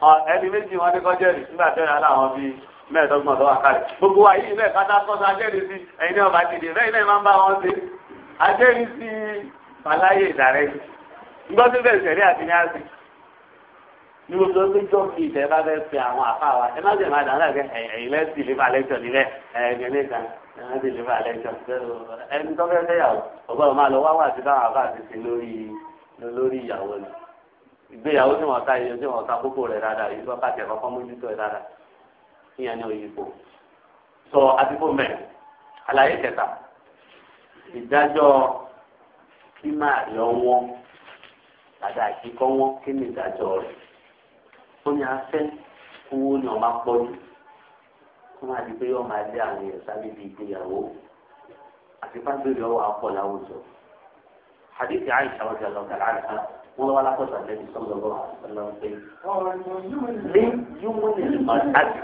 ẹni méjì wọn ní kọjá ẹ̀rí nígbà tẹ́lẹ̀ aláwọ̀ bíi mẹ́ẹ̀ẹ́dọ́gbọ̀n tó wà kárí gbogbo wa yìí náà kátà sọ́sọ́ sí ẹ̀yin náà bá bẹ́ẹ̀ náà máa ń bá wọn ṣe ajẹ́rìí sí fàlàyé ìdàrẹ́ gbọ́ sí bẹ́ẹ̀ sẹ̀rí àti ní àṣì ní gbogbo pé jọ́ fi ìtẹ́ bá fẹ́ fi àwọn àfa wa ẹ má sì máa dàn láàgbé ẹ̀yìn lẹ́sì lébà lẹ́sọ̀ níbẹ̀ ẹ̀yìn lẹ́sì lébà lẹ́sọ̀ ẹni tó fẹ́ fẹ́ yàwó ọgbọ́n máa lọ wá wà sí báwọn àfa àti sí lórí ìyàwó ni ìgbéyàwó tí wọ́n ta iye tí wọ́n ta kókó rẹ̀ dáadáa yìí lọ́ka tẹ̀ kọ́kọ́ mójútó rẹ̀ dáadáa ìyẹn ní òyìnbó sọ àdìgbò mẹ́ àlàyé kẹta ìdájọ́ kí máa yọ wọn tàbí àkíkọ́ wọn kí ni ìdájọ́ rẹ̀ ó ní afẹ́ owó ni ọ̀ma pọ́jú kó máa di pé yọ́ máa lé àwọn èèyàn sábẹ́ di ìgbéyàwó àti fáńgbé lọ́wọ́ àpọ̀ láwùjọ. حديث عائشة رضي الله تعالى عنها wọn wá lápẹ̀sà lẹ́bi sọ́dọ̀ lọ́wọ́ àtàlà ń pè ní yúmọ́ ní ìmọ̀láti.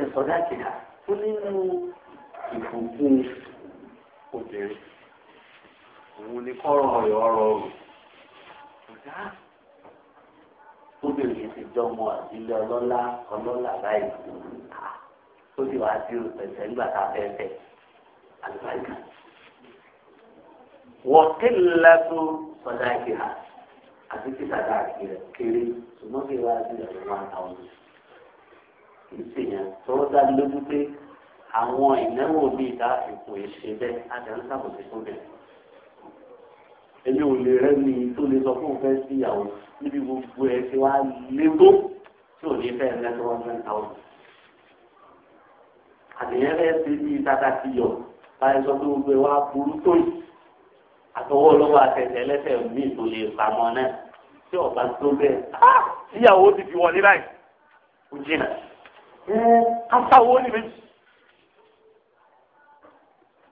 ẹ̀sọ́ láti hà ó nínú ìfòkú obìnrin òun ni kọ́rọ̀ ọ̀yọ́ ọ̀rọ̀ ọ̀rọ̀ obìnrin yìí ti jọmọ àbílẹ̀ ọlọ́lá ọlọ́lá báyìí ó sì wá sí ìrùpẹ̀sẹ̀ nígbà tá a fẹ́ fẹ́ àlùbáyìí wọ́kìlẹ́tù sọ̀dáàkì ha àti tí sàdáàkì rẹ̀ kéré ṣùgbọ́n kí wàá di ẹ̀rọ wa àwọn kì í ṣe yẹn tó dá lójú pé àwọn ìnáwó bíi ta ètò ìṣe bẹ́ẹ̀ àti àwọn sábòsí tó bẹ̀rẹ̀. èmi ò lè rẹ́ni tó lè sọ fún òfẹ́ sí ìyàwó níbi gbogbo ẹ̀ tí wàá lé tó tí ò ní fẹ́ lẹ́tọ́ one hundred thousand. àtìyẹn fẹ́ ṣe bíi tata ti yọ báyìí sọ pé gbogbo ẹ̀ wàá burú tó yìí àtọwọ́ olówó àtẹ̀tẹ̀ ẹlẹ́sẹ̀ mi tó lè pamọ́ náà tí ọba tó bẹ́ẹ̀ ìyàwó ah, ti fi wọlé báyìí kò jìnnà kásáwó ní méjì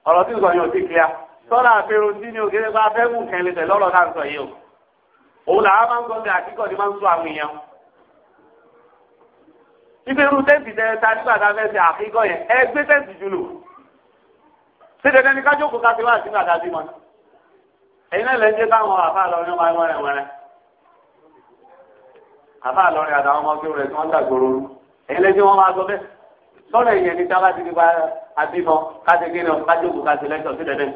ọ̀rọ̀ tí n sọ yóò ti kíá sọ́dọ̀ àfẹ́rò tí ní òkèlè bá fẹ́ mú kẹ́lẹ́ tẹ̀ lọ́rọ̀ náà sọ yìí o òun làwọn máa ń sọ pé àkíkọ̀ ni máa ń sọ àwọn èèyàn ìbẹ̀rù tẹ́ǹtì tẹ́ ta nígbà tá a fẹ́ ṣe àkíkọ̀ yẹn ẹ gbé tẹ́ǹtì jùlọ ṣé tẹ́tẹ́ ní kájókòó ká ti wá sí ẹ̀yin náà lẹ́jẹ́ táwọn àfa máa ń wẹ̀rẹ̀ wẹ̀rẹ̀ àfa àtàwọn ọmọ kí wọ́n ń dàgbòrò rú ẹ̀yin lẹ́jẹ́ wọn máa sọ bẹ́ẹ̀ sọ́rọ̀ ẹ̀yìn ẹni tí a bá ti di pa abímọ káṣe kí ni ọ káṣe òkú káṣe lẹ́tọ̀ sí dẹ́dẹ́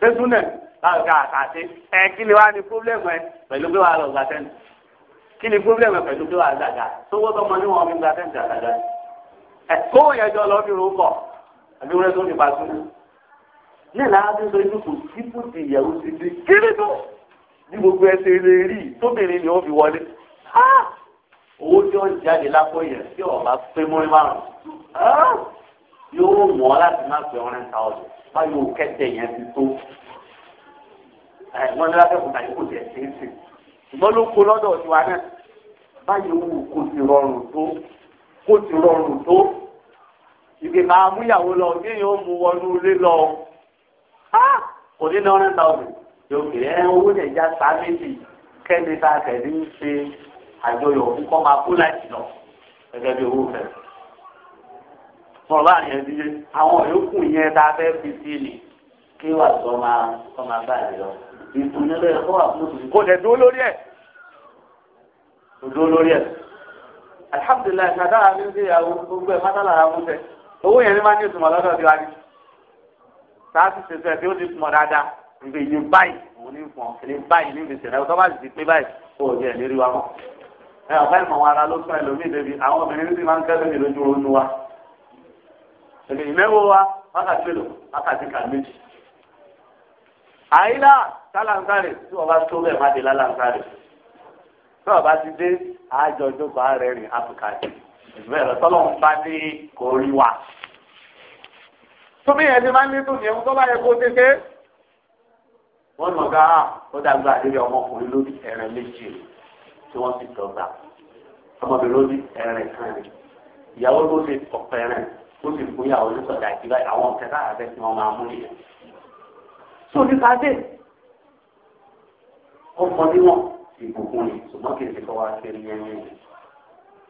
ṣéṣú nẹ̀ láǹkà àkàṣe ẹ kí ni wá ní pírọ́blẹ́mù ẹ pẹ̀lú pé wàá lọ gba tẹ́ǹtì kí ni pírọ́blẹ́mù ẹ pẹ̀lú pé wàá gbàgbà sówó tọmọ ní wọn fi gba tẹ́ǹtì àgbàgbà ẹ kó yẹn lọ fi rò pọ̀ àbí wọ́n rẹ́ tó ti pa ní ìlànà tó yẹ kó sípò ti ìyàwó ti di tó ní gbogbo ẹsẹ̀ rẹ rí tóbìnrin ni ó fi wọlé owó tí ó jáde lápò yẹn tí ọba pé mọ́ márùn yóò wọ́n láti má pé ọ̀rẹ́ ta ọ̀dọ̀ báyọ̀ kẹ́tẹ̀ yẹn ti tó ẹ̀gbọ́n ní lákẹ́kọ̀ọ́ tàbí kò jẹ́ sí ṣùgbọ́n ló kó lọ́dọ̀ tiwa náà báyọ̀ wù kó ti rọrùn tó kó ti rọrùn tó ìgbìmọ̀ àmúyàwó lọ kéèyàn ó mu wọnú ilé lọ kò ní lọ rẹ́ta ọ̀gbìn yóò kéré ẹ̀ owó lè já sá méjì kẹ́ni tá a ń ṣe àjọyọ̀ fún kọ́ máa kú láti lọ gẹ́gẹ́ bí owó fẹ́. sọ̀rọ̀ láàrin ẹbí àwọn yòókù yẹn tá fẹ́ fi sí ni kí wà sọ máa kọ́ máa bá àlè lọ. ìtùnú rẹ̀ kọ́ wà fún òṣèlú. kò dẹ̀ dúró lórí ẹ̀. kò dúró lórí ẹ̀. alihamudulilayi sàdára mi ń ṣe ìyàwó gbogbo ẹ̀ mátàlá sáàsì ṣe sẹ́ẹ̀ tí ó ti mọ̀ dáadáa ìgbè yìí báyìí òun ní fún ọ kìlì báyìí ní ìgbésẹ̀ náà tọ́ba ti pé báyìí kó o jẹ́ ìlérí wa mọ́. ẹ ọ̀gá ìmọ̀ wọn ara ló sọ ẹlòmíì débi àwọn obìnrin ti máa ń kẹ́lẹ́ mi lójú oorun wa. èmi ìmẹ́wò wa wákàtí èlò wákàtí kà méjì. àyílà sálàǹkárì tí wọ́n bá tó bẹ́ẹ̀ má di lálàǹkárì. tí wọ́n bá ti dé àjọ ìjókòó ààrẹ rìn áfíríkà súnmí yẹn ti máa ń létò ní ẹ̀hún tó bá yẹ kó tètè. wọ́n mọ̀ ká ó dàgbà àdébí ọmọkùnrin lórí ẹ̀rẹ̀ méjì tí wọ́n ti dọ̀gba ọmọbìnrin lórí ẹ̀rẹ̀ kan rẹ̀ ìyàwó ló ti ọ̀pẹ̀ rẹ̀ ó sì fún ìyàwó ní sọ̀dà ìdíbà àwọn kẹta àbẹ́ tí wọ́n máa mú nìyẹn. sọ ní sáté ó mọ níwọ̀n ìbùkún ni ṣùgbọ́n kì í ṣe kọ́ wa ṣe ní ẹ̀yìn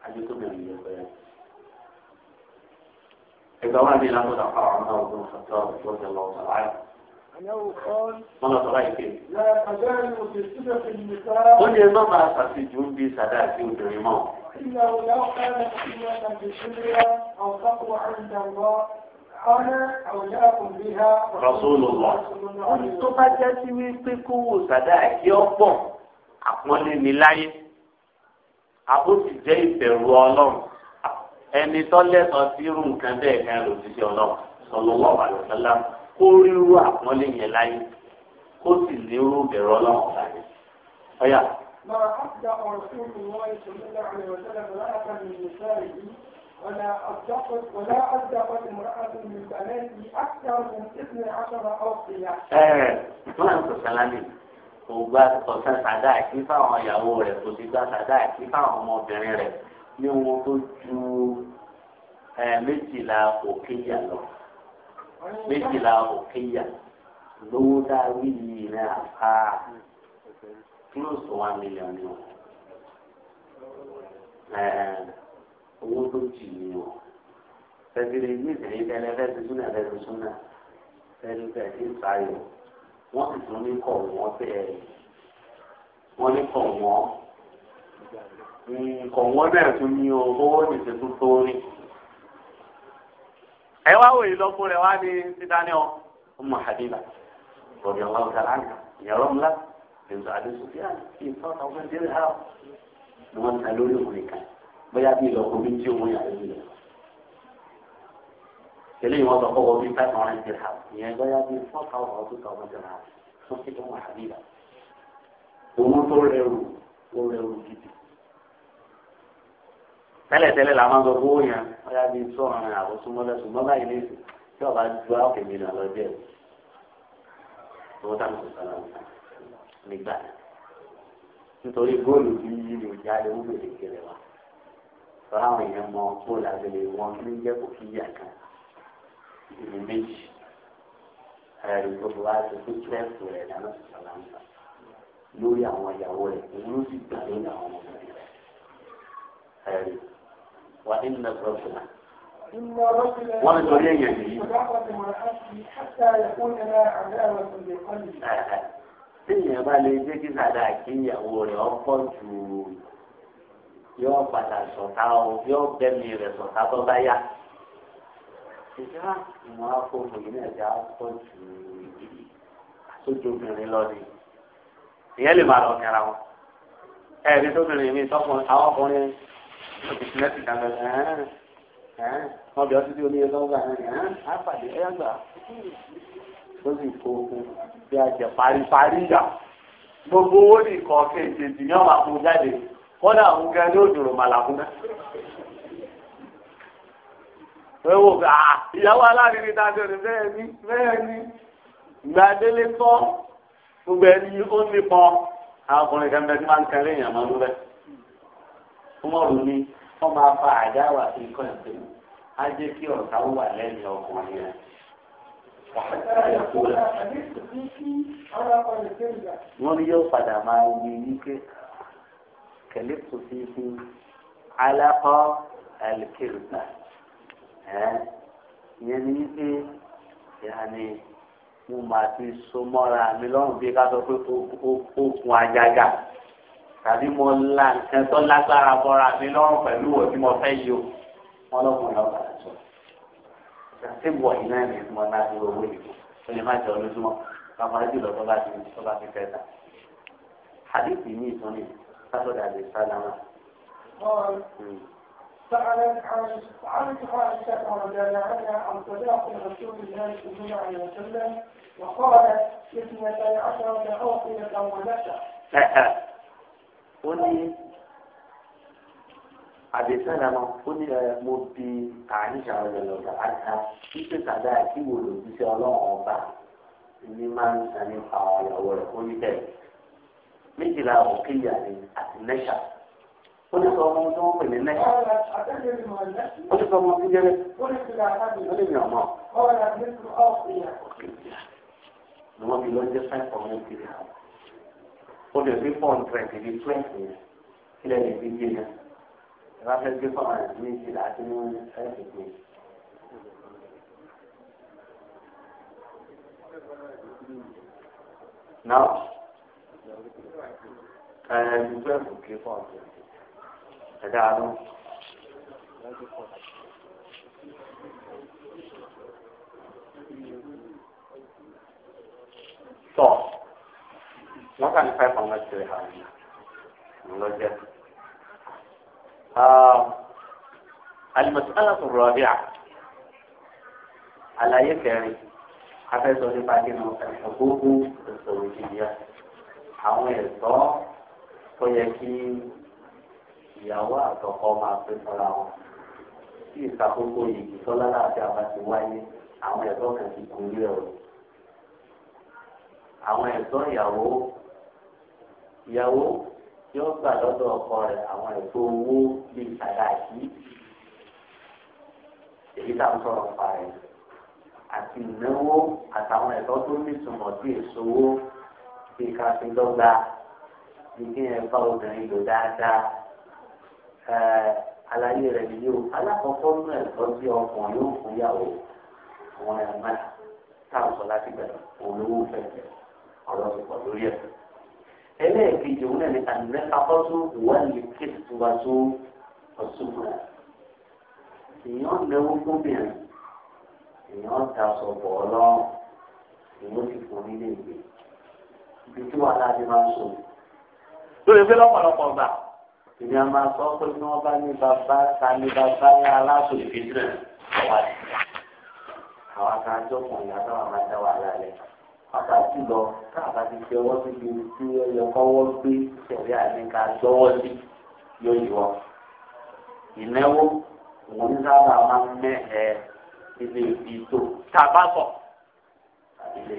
àjẹsọ́bìnrin yẹn bẹ́ẹ̀ ẹgbẹ́ wa ní lábọ́dà fáwọn ọmọ ogun ṣàtọ́ ìjọba lọ́wọ́ láyé. Wọ́n lọ sọ́ra ìpè. Ó ní ẹgbẹ́ máa ṣàṣejù ń bí sàdá àti obìnrin mọ́. Rasulullah. Ó ní tó bá jẹ́ sí wípé kó wò sàdá àti ọ̀pọ̀ àpọ́nlé ni láyé. Àbó ti jẹ́ ìbẹ̀rù Ọlọ́run ẹni tó lẹ́tọ̀ọ́ sí irú nǹkan bẹ́ẹ̀ kan ló ti ṣe ọlọ́run sallallahu alaihi wasallam kó ríru àpọ́nlé yẹn láyé kó sì lérò bẹ̀rẹ̀ ọlọ́run láyé. ọ̀yà. máa àgbà ọ̀rọ̀ fún mi wọ́n ìṣòlélẹ̀ àrẹ̀ ọ̀sẹ̀lẹ̀ bọ̀lá àkàmì ìṣẹ́ yìí ولا أصدقت ولا أصدقت امرأة من بناتي أكثر من اثني عشر أوصية. إيه، ما أنت سلامي. kò gbà kọ̀ọ̀sán sàdáàkì fáwọn ìyàwó rẹ̀ kò sì gbà sàdáàkì fáwọn ọmọbìnrin rẹ̀ ní wọn tó ju méjìlá òkèèyà lọ méjìlá òkèèyà lówó dáwí yìí náà pa close one million ni owó tó jì ní wọn fẹsẹ̀rẹ̀ ní ìsẹ̀yìn tẹ́lẹ̀ fẹ́sẹ̀ súnà fẹ́sẹ̀ súnà fẹ́sẹ̀ fẹ́sẹ̀ sáyọ̀ wọ́n sì tún ní kọ̀ wọ́n bẹ́ẹ̀ wọ́n ní kọ̀ wọ́n nǹkan wọn náà tún ní o owó nìṣẹ́ tó tó ní. ẹ wá wòye lọ́kùn rẹ̀ wá ní sítáni ọ ọmọ àdínà rọ̀bì ọ̀la ọ̀gá àná ìyàrá ńlá èso àdéṣòfíà kí n tọ́ta ọgbẹ́ délé ha ni wọ́n ta lórí òun nìkan bóyá bí ìlọ́kùn bí tí òun yà lórí rẹ̀ eléyìí wọn sọ fọwọ́ bíi five hundred dirham ìyẹn gbọ́dọ̀ bíi four thousand two thousand dirham tó fi tó wọn àbílà òun tó rẹrù ó rẹrù gidi tẹ́lẹ̀tẹ́lẹ̀ la máa ń sọ fún òyìn ọ̀yà bíi sọ ọ̀rìn àbọ̀súnmọ́lẹ̀ ṣùgbọ́n báyìí lè sùn tí ọba ju áwòkè mi lọ jẹ́ owó táwọn sọ̀rọ̀ náà nígbà nítorí góòlù bí yí ni òjá lè wúlò lè kéré wa tọ́lá àwọn èèyàn mọ góòlù àgbèlè wọn ní jẹ́ kó kí yà kan ìlú méjì ẹ̀rù gbogbo wa ti fún tírẹ́sì rẹ̀ dáná sọ̀rọ̀ náà lórí àwọn ìyàwó rẹ̀ òun sì gbà lórí àwọn ọmọ rẹ̀ wà nínú ẹgbẹ́ wọ́n ní torí èèyàn yìí. téèyàn bá lè dé kí sàdá kí rẹ̀ ọ̀pọ̀ jù yóò padà sọ̀tá o yóò bẹ́mi rẹ̀ sọ̀tá tó bá yá. ìjọba ìmọ̀ àkókò yìí náà já pọ̀ jù sójóbìnrin lọ ìyẹn lè máa lọ kẹra wọn ẹ̀ẹ́dẹ́gbẹ̀rin mi sọ́kùnrin àwọn ọkùnrin bìsínẹ́sì kan lọ́wọ́ wọ́n bí ọtí tí oníye lọ́wọ́ àwọn èèyàn á pàdé ẹ̀yà gbà ó sì kó ogun bí a jẹ paríparí yà gbogbo owó ní ìkọ̀ kéèké jì ní ọ̀mà fún jáde kọ́dà òun gan ní òjòrò màlàkún náà. ẹ wò pé ìyàwó aláàrin ta ṣe bẹ́ẹ̀ ni bẹ́ẹ̀ ni gbàdélé tọ́ gbogbo ẹni ó nípọn àwọn ọkùnrin kan bẹ́ẹ̀ tí máa ń kẹrin èèyàn máa Umaru ni wọ́n máa fa àdáwà sí ikọ́ ẹ̀sìn. Á jẹ́ kí ọ̀tá wà lẹ́yìn ọkùnrin rẹ̀. Wọ́n ní yóò padà máa wí wípé kẹ̀lé kò sí fún alákọ̀ àlùkìrìtà. Ìyẹn ni wípé ìhà ni mo máa ti so mọ́ra mi lọ́rùn bí ká sọ pé ó kun ajága tàbí mo la nǹkan tó lágbára bọ́ra mi lọ́rùn pẹ̀lú òbí mo fẹ́ yí o wọn lọ́kùnrin lọ́ba àjọ ṣàtìbù ọ̀yìn náà ní ìmọ̀ náà ti owó ìbò ó lè má jẹ olójúmọ́ bàbá jùlọ tó bá ti tó bá ti fẹ́ ta hadithi ní ìtàn ní sátọ̀dà lè sá lára. Hmm. سألت عن سألت عائشة رضي الله عنها عن صداق رسول الله صلى الله عليه وسلم وقالت اثنتي عشرة أوقية ولدت ó ní àdìsánamọ ó ní mo bi àyíṣà rẹ lọ́dọ̀ àdá títí sàdá kí wo lòdì sí ọlọ́run ọba ní máa ń san nípa ọ̀yàwó rẹ̀ kó ní bẹ́ẹ̀ méjìlá òkèèyà ni àti nẹ́ṣà ó ní sọ ọmọ tó ń pè ní nẹ́ṣà ó ní sọ ọmọ tó jẹ́rẹ́ ó ní mi ọmọ ni wọ́n fi lọ́jọ́ fẹ́ ọmọ ìgbéyàwó. o lè fi four hundred twenty kílẹ̀ lè fi gbé náà ẹ bá fẹ́ gbé four hundred méjì láti ní ẹ̀sìn pé. náà ẹ̀ ẹ̀ twelve wọ́n kàn five hundred three hundred lọ́jọ́. alimọ̀síkálà tó rọ̀ bí a àlàyé kẹrin afẹ́sọ nípa nínú ẹ̀kọ́kọ́ ìṣòro ìjìyà àwọn ẹ̀tọ́ tó yẹ kí ìyàwó àtọkọ máa pé fúnra wọn tí ìsàkóso yìí tọ́lá láti abàtì wáyé àwọn ẹ̀tọ́ kan ti kú rí ẹ̀rọ àwọn ẹ̀tọ́ ìyàwó ìyàwó yóò gbà lọ́dọ̀ ọkọ rẹ̀ àwọn ètò owó bíi sàdáàkì èyí tá à ń sọ̀rọ̀ pa rẹ̀ àti ìnáwó àtàwọn ẹ̀tọ́ tó nítumọ̀ sí ìṣòwò bí ká fi dọ́gba bí kí ẹ bá obìnrin lò dáadáa àlàyé rẹ̀ ni yóò alákọ̀ọ́kọ́ nínú ẹ̀tọ́ tí ọkùnrin yóò fún yàwó àwọn ẹ̀ma tá à ń sọ láti bẹ̀rẹ̀ olówó fẹ̀fẹ̀ ọ̀rọ̀ ti pọ̀ lórí ẹ̀fẹ̀ ẹlẹ́ẹ̀kejì òun náà ni ànẹ́fàkọ́sọ wọlé kẹsìtìwàsọ ọ̀ṣunfúnra èèyàn náwó gómìnà èèyàn ta sọ̀bọ̀ ọlọ́run èèyàn ti fún nílé ìgbé ibi tí wàhálà ti máa ń sọ. lórí pé lọ́pọ̀lọpọ̀ gbà èmi a máa sọ pé bí wọ́n bá ní bàbá ta ní bàbá yá aláṣọ ìfẹ́sẹ̀ ọ̀wá àwọn àtàjọ́ kan ìyá táwọn máa dá wàhálà lẹ́yìn pàtàkì lọ káàbá ti fi ọwọ́ síbi tí ó yẹ kọ́wọ́ gbé tẹ̀lé àníkà gbọ́wọ́ sí yóò yíwọ́. ìnáwó òun ní sábà máa ń mẹ́ ẹ ilé ibi tó tàbá sọ tàbí lé.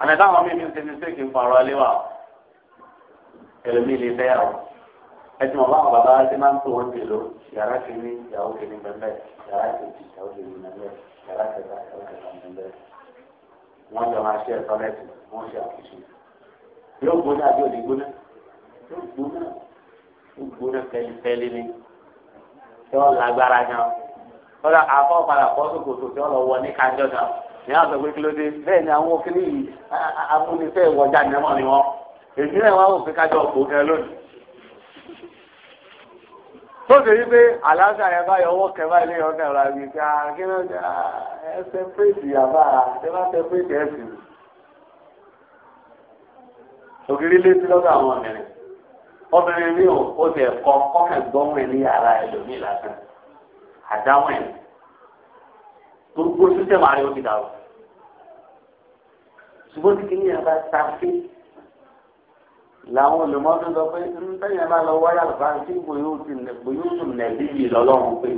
àná táwọn mímí ti ní sèkì ń pààrọ̀ ẹlẹ́wà ẹlòmíì lè fẹ́ ọ. ẹ ti mọ̀ bá àwọn bàbá ti máa ń tó wọn dè ló yàrá kìíní ìyàwó kìíní bẹ́ẹ̀ yàrá kejì ìyàwó kìíní bẹ́ẹ̀ yàrá kẹta ìyàwó kẹta bẹ́ẹ̀ wọ́n jọ máa ṣe ẹ̀tọ́lẹ́tì wọ́n ṣe àkíṣe. yóò gbóná àbí òní gbóná yóò gbóná yóò gbóná fẹ́lifẹ́li ni tí wọ́n lágbára gan. kọ́dà àfọ́ padà kọ́ sókòtò tí wọ́n lọ wọ ní kanjọ́ náà ní àwọn àgbẹ̀ kí ló dé bẹ́ẹ̀ ni àwọn òfin yìí amúnifẹ́ ìwọjà nẹ́mọ̀ ni wọ́n èyí náà wọ́n á wò pé kájọ òkú kẹ lónìí tó ṣe yí pé àlàáfíà yẹn báyọ̀ ọwọ́ kẹfà ilé yọ̀ ọ̀kẹ́ ọ̀rọ̀ àbí ká kí ló dé ẹsẹ̀ péjì àbá ẹbá tẹ péjì ẹ̀sìn. ògiri létí lọ́dọ̀ àwọn obìnrin obìnrin mi ò ó ti ẹ̀kọ́ kọ́kẹ́gbọ́n ní yàrá ẹlòmíì lásán àdáwọn ẹ̀ gbogbo sísẹ̀mù àríwó ti dàrú ṣùgbọ́n tí kìnìyàn bá ta sí làwọn olùmọ́tò sọ pé ntẹ́yìn mm, bá lọ wáyà lọ́ba tí bòyóòtù nẹ̀bí yìí lọ́lọ́run pé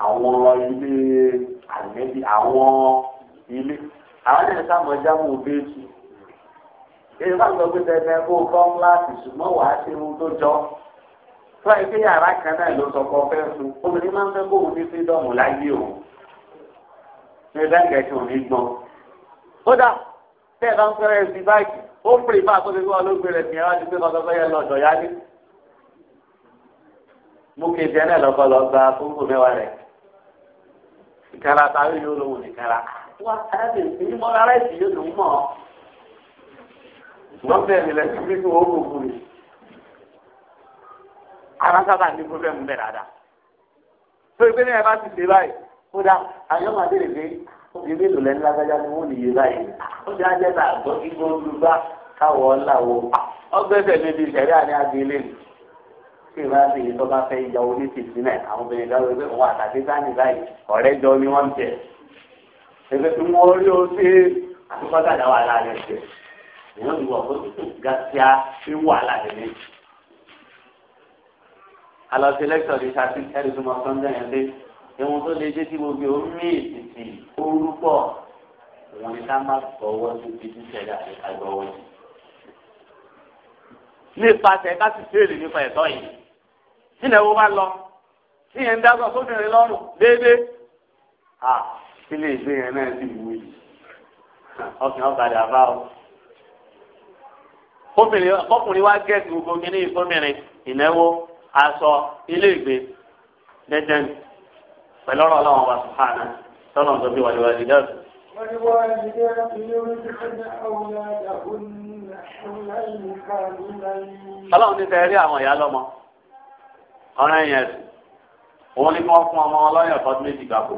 àwọn ilé àgbẹ̀bí àwọn ilé àwọn ilé sàmọ́jáwò bẹ́ẹ̀tù èyí bá sọ pé tẹ̀lé kó kọ́ láti ṣùgbọ́n wàá ṣe ohun tó jọ fún ẹ pé yàrá kan náà ló sọ kọ́ fẹ́ fún obìnrin máa ń fẹ́ kóhun ní fídọ́ọ̀mù láyé o ní bẹ́ẹ̀ kẹ́kẹ́ òní gbọ́n kódà tẹ́ẹ̀ bá ń fẹ́rẹ́ sí báyìí ó pè fún àkóso ìwọ olóògbé rẹ̀ tìyẹn wá ju pé kọ́kọ́ fẹ́ yẹ lọ́dọ̀ yá ní. mú kí ìfẹ́ náà lọ́kọ́ lọ gba fúnkù mẹ́wàá rẹ̀ ìkara táwọn yóò lówó nìkara wá sáyẹ́dì èyí mọ́ ara ẹ̀sìn yóò lò ń mọ̀ wọ́n bẹ̀rẹ̀ mi lẹ́sìn bí wọ́n kò kú ara sábà ní pọ́fẹ́mù bẹ̀rẹ̀ àdá. tó ìpínlẹ̀ yẹn bá ti dé báyìí kódà àyọ̀mọ̀dé lè obìnrin mélòó lẹ́nu lágbájá ni wọ́n nìyí báyìí ó ti ajẹ́ náà gbọ́ kí gbóòdù bá káwọ̀ ọ́là wo ọgbẹ́sẹ̀ níbi ìṣẹ̀rí àní agbélé ni tí ìbá ti yìí tó bá fẹ́ ya oní tìtì náà àwọn obìnrin dáwọ́ ẹgbẹ́ òun àtàkì sáni báyìí ọ̀rẹ́ jọ ni wọ́n ń jẹ ẹgbẹ́ tí wọ́n rí o sí àtúkọ́tàdá wà láàrin ẹ̀jẹ̀ èèyàn ti wọ̀ fún gàtíà fi wà láàrin ẹ̀jẹ̀ alọ́sí lẹ́kítọ̀ ní ẹ̀wọ̀n tó lè dé tí gbogbo ẹ̀ ó mí ètìtì orúkọ òun ni ká má gbọ́wọ́ síbi títẹ̀lé àti ká gbọ́wọ́ sí. nípasẹ̀ ká sì fèrè nípa ẹ̀tọ́ yìí sílẹ̀ wo bá lọ tí yẹn ń dágbà sóbìnrin lọ́rùn déédéé à sílé ìgbé yẹn náà sì wú yìí ọkùnrin ọ̀kadà bá o kọkùnrin wa gẹ̀ẹ́sì gbogbo kínní ìfọ́mìnrin ìnáwó aṣọ ilé ìgbé dẹ́dẹ́ni pẹ̀lú الله الله سبحانه، sùhánà tọ́lọ̀ tó bí wàlúwà lè dẹ́rù. ọlọ́run ti fẹ́ rí àwọn ìyá lọ́mọ ọ̀rọ̀ ẹ̀yìn ẹ̀sìn òun ni wọ́n fún ọmọ ọlọ́yìn ọ̀tọ́ tó méjì gbàgbó.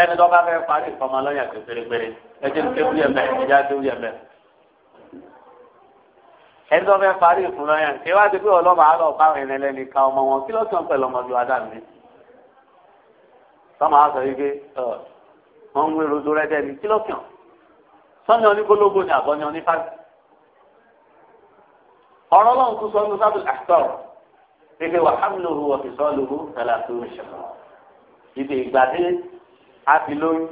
ẹni tó bá fẹ́ parí ìfọmọ ọlọ́yìn àti pérépéré ẹ jẹ́ kébúlì ẹni tó fẹ́ parí ìfúnná yẹn kí wá ti pé ọlọ́mọ àlọ́ báwọn ẹni ẹlẹ́ni ka ọmọ wọn kí ló tún pẹ̀lú ọmọdé wa dàbí. sọmọ àṣọ yìí pé wọn ń wérò dúró ẹdẹ ni kí ló kàn sọnyọ onígbólógbò ni àbọ̀nyọ onífàgbé. ọ̀rọ̀ lọ́hùn kú sọ́nu sábìlì àtọ́rọ̀ pépé wà hámìlòhù ọ̀fìsọ́lùhù tẹ̀lá tó ń ṣe. ibi ìgbà tí a fi lóyún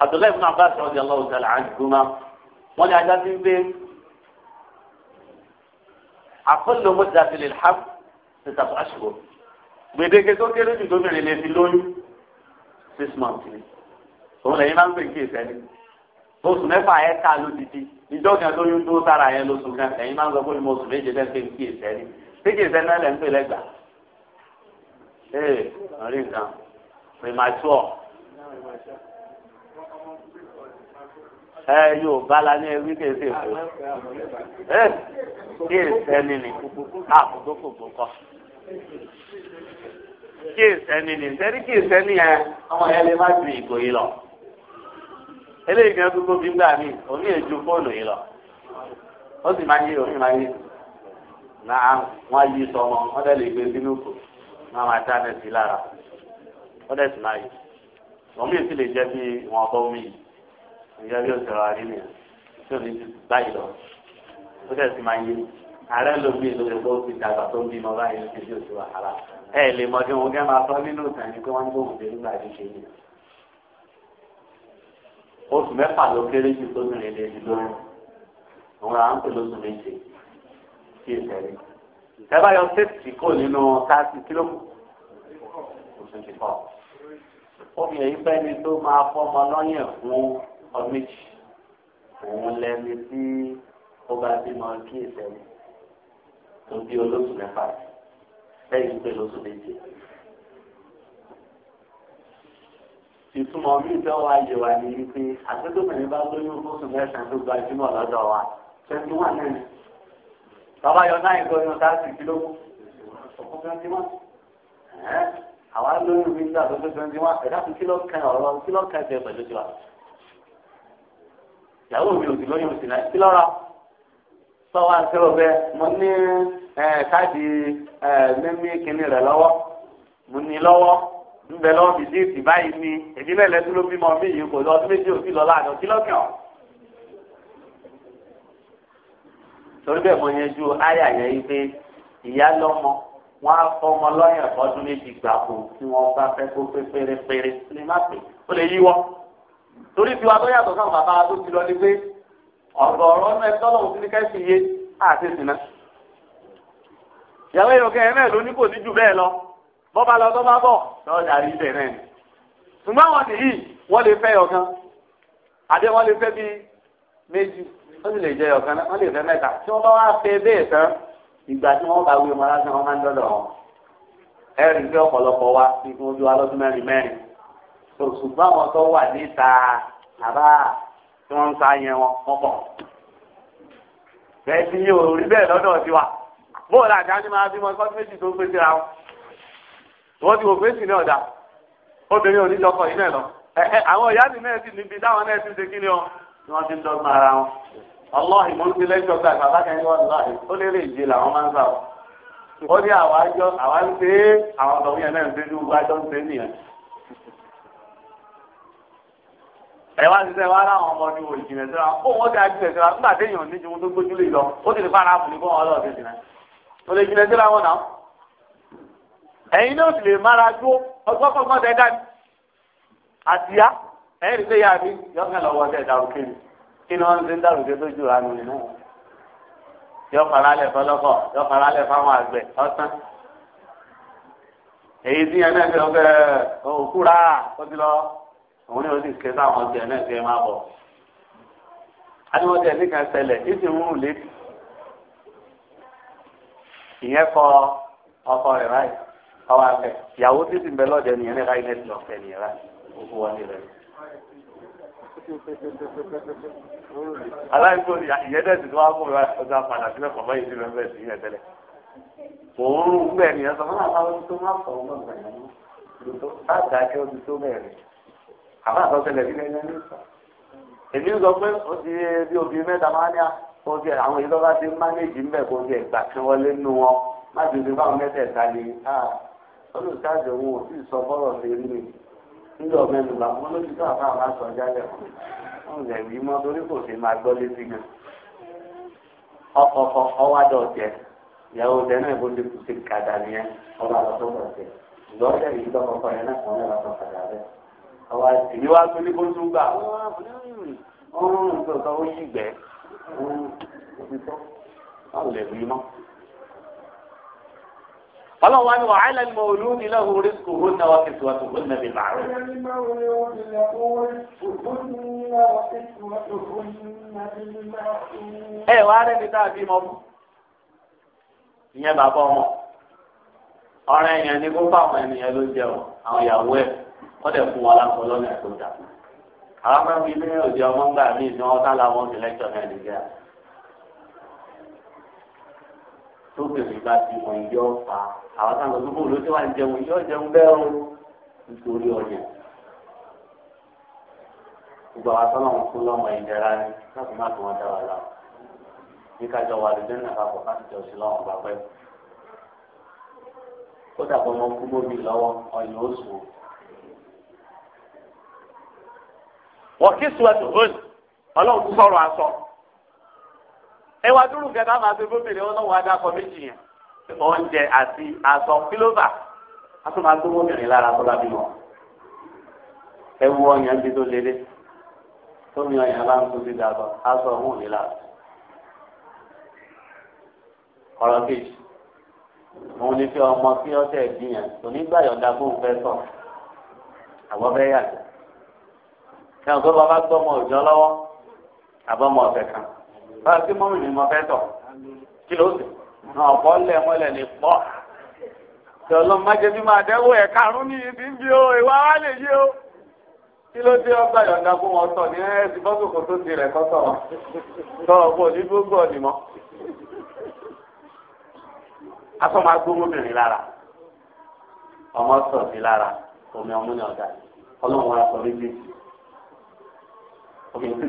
abdullahi ibn abbas radiyallahu ta'ala anhuma wọn ni ajá ti ń gbé àkọlù mọ́tàtì lè ha títà tó aṣọ gbèdéke tó kéré jù lóbìnrin lè fi lóyún six months ni òun lẹ́yìn máa ń gbé kí ìfẹ́ ni oṣù mẹ́fà ẹ̀ ká lódìdí ìjọ kan lóyún tó sára yẹn lóṣù kan lẹ́yìn máa ń sọ pé oṣù méje lẹ́ fi kí ìfẹ́ ni kí ìfẹ́ náà lẹ́ ń ee ọ̀rí nǹkan premature. ẹ yóò bá la ní ẹbí kèsì èkó ẹ kí ìsẹni ni àkókò kọ kí ìsẹni ni ìsẹni kí ìsẹni yẹn ọmọ yẹn lè má ju ìgò yìí lọ eléyìí kan gbogbo bí gbà mí òní èjú fóònù yìí lọ ó sì máa yí òní máa yí náà wọn yí sọmọ wọn dẹ lè gbé sínú kù máa máa nẹsí lára wọn dẹ sì máa yí òní èsì lè jẹ bí ìyá bí òṣèlú àárín mi tí òní ti báyìí lọ ó dẹ̀ sì máa ń yé ààrẹ ló bí ìlú ẹ̀kọ́ ti dàgbà tó ń bí mọ báyìí lóṣèlú tí òṣèlú wàhálà ẹ lè mọ kí wọn kẹ́ máa sọ nínú ìtàn ni pé wọ́n ń gbóhùn dé nígbà tí ṣe yìí oṣù mẹ́fà ló kéré jù tó nìrìn lè di lórí òun là ń pè lóṣù méje sí ẹ bá yọ sẹ́ẹ̀tì kò nínú táàtì kílómù oṣù tí kọ́ ó fi èyí fẹ́ni tó máa fọ́ ọmọ lọ́yẹ̀ fún ọdún méjì òun lẹni tí ó bá bímọ kí ìsẹ̀yìn tó bí olóṣù mẹ́fà lẹ́yìn pé lóṣù méje. ìtumọ̀ mi ìfẹ́ wa yẹ wa ni wípé àtẹ́tọ́bìnrin bá lóyún lóṣù mẹ́sàn-án tó gba ìjùmọ̀ lọ́dọ̀ wa twenty one nine bàbá yọ náà ìgbọ́ inú táàsì kìlógún ọkùnrin twenty one àwa lóyún mi nígbà tó tó twenty one ẹ̀dá kìlọ̀ kan ọ̀rọ̀ kìlọ̀ kan ẹ̀fẹ̀ pẹ̀lú tiwa ìyàwó mi ò sì lóyún sí náà lọ́ra sọ́wọ́ àṣírò mo ní káàdì mímí kinní rẹ̀ lọ́wọ́ mo ní lọ́wọ́ ń bẹ lọ́wọ́ mi dé báyìí ni ìdílé lẹ́tú ló bímọ mí yìí kò lọ ọdún méjì òsì lọ láàdọ̀ kí lọ́kàn ọ̀. torí bẹ́ẹ̀ mo yanjú áyà yẹn yìí pé ìyá lọ́mọ wọ́n á fọmọ lọ́yàn ọdún méjì gbàgbó tí wọ́n bá fẹ́ kó pé pérépéré ní má pè ó lè yíwọ́ torí tiwa tó yàtọ̀ sáwọn bàbá tó ti lọ ní pé ọ̀rọ̀ ọ̀rọ̀ náà ẹ̀tọ́ lọ́wọ́ sí ní kẹ́sì yé àti ìsìnà. ìyàwó èèyàn kẹrin náà ló ní kò ní jù bẹ́ẹ̀ lọ bọ́ bá lọ tó bá bọ̀ lọ́ọ́ darí ibẹ̀ náà ni. ṣùgbọ́n àwọn nìyí wọ́n lè fẹ́ ọ̀kan àbí wọ́n lè fẹ́ bíi méjì wọ́n sì lè jẹ ọ̀kan náà wọ́n lè fẹ́ mẹ́ta tí wọ́n bá wá fẹ́ bẹ́ẹ̀ tán ìgbà tí wọ́n bá wí ọmọ lásán wọn máa ń dọ́dọ̀ wọn. ẹ̀rì ń fẹ́ wọ́n bí wa lọ́dún mẹ́rin mẹ́rin ṣùgbọ́n àwọn tó wà níta àbá tí wọ́n ń sa yẹn wọn pọ̀. bẹ́ẹ̀ ti yí òòrí bẹ́ẹ̀ lọ́dọ̀ sí wa bóò là dání máa bímọ ẹ̀kọ́ méjì tó gbé síra wọn. wọ́n ti wò pé ní ọ̀dà obìnrin oníjọkọ̀ yìí náà lọ. àwọn ìyá mi náà sì níbi táwọn náà ti ṣe kí ni ọ ni wọ́n ti ń dọ́gba ara wọn. ọlọ́ọ̀hìn mo ń ti lẹ́jọ́ gbà bàbá kẹ́hìn wọn ó lérè ìje làwọn máa ń sà ó ní àwọn àjọ àwọn ń ṣe é àwọn ọ̀dọ́ ẹ ṣiṣẹ́ wá láwọn ọmọ ọdún òjìnlẹ̀ sọ́ra ó wọ́n dáa jùlẹ̀ sọ́ra nígbà téèyàn ní ju ohun tó gbójúlé lọ ó sì ní fara àbùnú fún ọlọ́ọ̀ tó jìnà ó lè jìnlẹ̀ sọ́ra wọn náà ẹ̀yin náà sì lè mára dúró ọgbọ́kọ̀gbọ́n tẹ dání àtìyá ẹ̀yin rí pé yá mi lọ́wọ́ tẹ dàrú kéde kí ni wọ́n ti ń dàrú kéde ojú òun ni wọ́n sì kẹta àwọn tẹ̀ náà fẹ́ máa bọ̀. adúmọ̀tẹ̀ nìkan ṣẹlẹ̀ títí ń rùn létí. ìyẹn kọ ọkọ rẹ̀ ráì ọwọ́ afẹ́ ìyàwó títí ń bẹ lọ́dẹ nìyẹn ní ráì nẹ́tì lọ́fẹ́ nìyẹn ráì gbogbo wọn ní rẹ̀. aláìsí òní ìyẹn dẹ́sì tó wá fún mi ọjà padà sílẹ̀ pọ̀ báyìí sí mẹ́fẹ́ sí ìyẹn tẹ́lẹ̀. òun rùn bẹ́ẹ̀ nìyẹn sọ fún àwọn tó má sọ àbá àtọ́sẹ̀lẹ̀ bí lẹ́yìn ẹni sọ. èmi ń sọ pé ó ti bí obìnrin mẹ́ta máa ní kó àwọn èyí tó ti mánéjì ńbẹ̀ kó tiẹ̀ gbà kí wọ́n nu wọn má ti fi báwọn mẹ́tẹ̀ẹ̀ta lè ká olùsáàjọ wọn ò sì sọ bọ́rọ̀ sí rí mi nílò mẹ́nu bá wọn lójú tó àbá àwọn aṣọ jálẹ̀ wọn lè rí mọ́ torí kò sí máa gbọ́ létí gan. ọkọ̀ọ̀kọ̀ ọwádọ̀ jẹ ìyàwó jẹ náà bó ti kàdà nìyẹn ọba àlọ́ tó bọ̀ jẹ ìgbọ́ èmi wá tó ní kó tún gbà ọrùn nǹkan ó yí gbẹ ọrùn òtítọ́ báwo lè rí mọ́. Ọlọ́run wa ni wà á lẹ́nu mọ olú ní lọ́hùn orí kò hó náà wá fi tùwà tó hó náà fi bàárẹ̀. Ẹ wá rẹ́ni tá a bí mọ fún. Ìyẹn bàbá ọmọ. Ọ̀rẹ́ yẹn ni kó fáwọn ènìyàn ló jẹ o, àwọn ìyàwó ẹ̀ wọ́n dẹ̀ fún wa lápò lọ́nà ìkọjà. àwọn máa ń fi ilé òde ọmọ ńgbà míì ní wọ́n sálà wọn sí lẹ́kṣọ̀ náà nìyẹn. tó bèrè bá ti wọn yọ fa àwọn sáà lọ́dún bò ló ti wà ń jẹun yọ jẹun bẹ́ẹ̀ o nítorí ọ̀yẹ̀. gbogbo àwọn sọ́nà ń fún lọ́mọ ìjẹra ni láti má fi wọn dá wa lọ. kájọ wà lóde náà papọ̀ káti jọ sí lọ́wọ́ bàbá ẹ̀. kódà bọ́ ọmọ kú mọ́bì lọ́wọ́ ọ̀yọ́ oṣù wọ́n kí sùwẹ́tù hóni ọlọ́run tún sọ̀rọ̀ aṣọ. ẹ wá dúró kẹta máa ṣe gómìnà wọn náà wá dákọ méjì yẹn oúnjẹ àti aṣọ kílóbà aṣọ máa gbé gómìnà lára tó bá bímọ. ẹ wú ọyàn bí tó lélẹ̀ tómi ọyàn bá ń tó sí dàgbà aṣọ òun ò ní lára. ọ̀rọ̀ kejì òun ni fi ọmọ kí ọ̀sẹ̀ gbìyànjú onígbà yọ̀ǹda fún un fẹ́ sọ àgbọ̀ fẹ́ yàtọ̀ ẹ ò pé bàbá gbọ́ ọmọ òjò lọ́wọ́ àbọ̀ ọmọ ọ̀sẹ̀ kan báyọ̀ kí mọ́mì ni mo fẹ́ tọ̀ kí ló sì náà ọ̀pọ̀ lẹ̀ mọ́lẹ̀ ní pọ̀ tí ọlọ́run má jẹ́ bí máa dẹ́wọ́ ẹ̀ karùn-ún ní ibi ń bí o ìwà wa lè yí o kí ló dé ọgbà yọ̀ǹda fún wọn sọ ní ẹ̀ẹ́dì bọ́sùkù tó ti rẹ̀ kọ́ sọ̀rọ̀ sọ̀rọ̀ bó ní gbogbo ọ̀nì mọ́. aṣọ máa gbóngbó mìíràn lára ọmọ sọ̀tì lára omi ọmú ni ọ̀gá ọlọ́run wa sọ méjèèjì obìnrin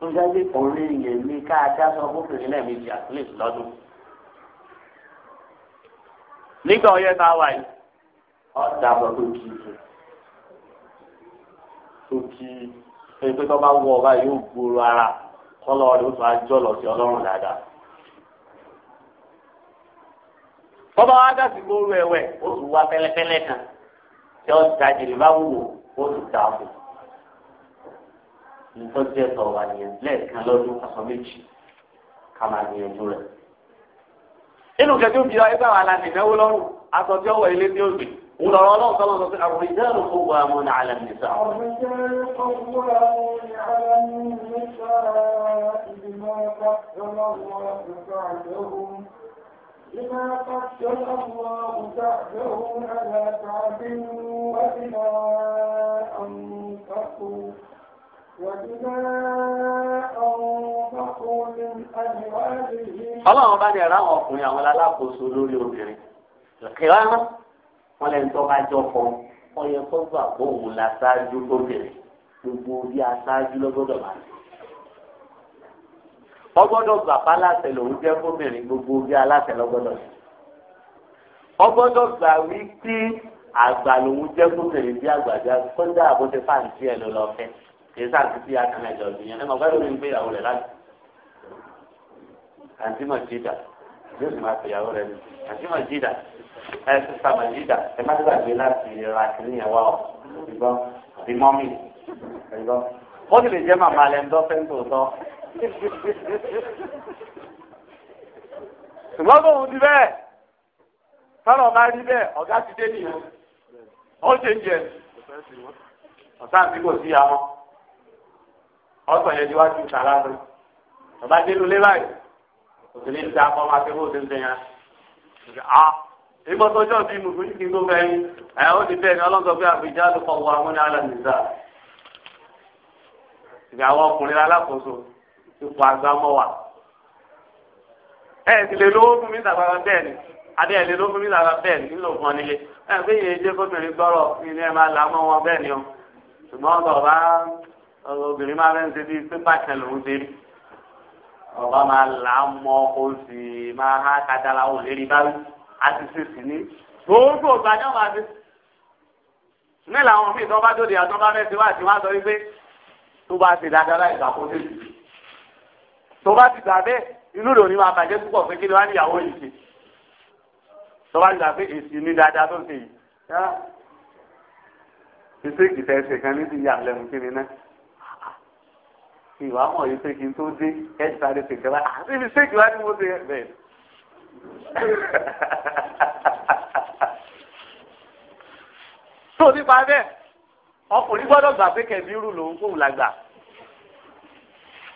ń jáde orí yẹn ní ká dá sọ fóbìnrin lẹ́ẹ̀mejì at least lọ́dún. nígbà ọyẹ tá a wà yìí ọ̀dà bọ̀ kì í ṣe tó kì í pé tó bá wọ ọba yóò gbòòrò ara kọ́lọ́ rẹ̀ ó tún á sí ọlọ́run dáadáa. bọ́bá wa dá sí gbòòrò ẹ̀wẹ̀ ó tún wá pẹ́lẹ́pẹ́lẹ́ kan tí ó dajìrì bá wù ó tún dà á fún nǹkan jẹ́ tọ̀ wà nìyẹn lẹ́ẹ̀kan lọ́dún aṣọ méjì ká máa gbìyànjú rẹ̀. inú kẹjọ bí ọ ẹgbẹ́ wa la ní ìnáwó lọ́rùn aṣọ tí ó wọ ilé ní òbí ولو الله صلى الله عليه وسلم الرجال قوامون على النساء الرجال قوامون على النساء بما قدم الله بعدهم بما قدم الله بعدهم على تعب وبما أنفقوا ọlọ́run bá ní ẹ̀rọ àwọn ọkùnrin àwọn alákòóso lórí obìnrin kìlá wọn lẹ́nu tó bá jọ fún wọn yẹ kó gbà pé òun la ṣáájú lóbìnrin gbogbo bí aṣáájú lọ́gbọ́dọ̀ máa ní. ọgbọ́dọ̀ gbàpá láṣẹ lòun jẹ́ fóbìnrin gbogbo bí aláṣẹ lọ́gbọ́dọ̀ ní. ọgbọ́dọ̀ gbà wí pé àgbà lòun jẹ́ fóbìnrin bí àgbàjá kọ́ńdà àbóṣe fáǹtì ẹ̀ ló lọ fẹ́ kì í sáà ti fi akànnà ìjọ sí yẹn ẹ mọ̀ báyìí lóyún gbéyàwó rẹ̀ láti àǹtí mọ̀ jídà yóò sì máa fìyàwó rẹ̀ ní àǹtí mọ̀ jídà ẹ ti sàmọ̀ jídà ẹ má ti gbàgbé láti ra kìnìún yẹn wá ọ ìgbọ́ àti mọ́mì ìgbọ́ ó sì lè jẹ́ màmá rẹ̀ ń dọ́ bẹ́ẹ̀ sọ́nà bá rí bẹ́ẹ̀ ọ̀gá ti dé nìyẹn ó ṣe ń jẹ ọ̀sán àti kò sí àmọ́ ọ̀sán yẹn ti wá ju sàrà rẹ̀ bàbá dénú lé báyìí òsì ní ìta ọmọ máa fi bóòsì ń tẹ̀ yẹn. ìbọn ah, tọjọ́ bíi mùsùlùmí kì í gbófẹ́ yín ẹ̀ ó ti bẹ́ẹ̀ ni ọlọ́sọ pé àbíjá ló kọ̀ wọ amúnà alàmìsà. ìgbà àwọn ọkùnrin alákòóso ipò àgbámọ́ wà. ẹ ti lè lówó fún mi sàgbàgbà bẹ́ẹ̀ ni adé ẹ̀ lè lówó fún mi sàgbàgbà bẹ́ẹ̀ ni nílò fún ọ nílé ẹ fi yẹn jẹ́ kóbìnrin gbọ́rọ̀ ní ẹ máa làámọ́ wọn bẹ́ẹ̀ ni o ṣùgbọ́n ọ̀gá obìnrin máa fẹ́ ń ṣe bíi pépà kan lòún ṣe rí ọba máa là á mọ kó sì máa há kadàlà ò lérí bá rí a ti ṣe sì ní gbogbo ìgbàjọ́ máa ṣe. ní làwọn míì tó bá dòde àtọ́ bá fẹ́ ṣe wá sí wá sọ wípé tó bá ti dáadáa láì gbà kó tẹ̀sí. tó bá ti gbà bẹ́ẹ̀ inú ìròyìn máa bàjẹ́ púpọ̀ pé kí ni wá níyàwó yìí ṣe. tó bá ti gbà pé èsì ní dáadáa tó ṣe yìí. ìṣèkìtẹ̀ ẹsẹ̀ kan ní ti kí ni náà ìwà mọ̀ yìí pé kí n tó dé ẹ̀jẹ̀ sáré ṣe ìjọba àti ah, ibi ṣéèkì wá ní mo ṣe bẹ́ẹ̀. tó nípa bẹ́ẹ̀ ọkùnrin gbọ́dọ̀ gbà pé kẹ̀mí rù lòun kóun la gbà.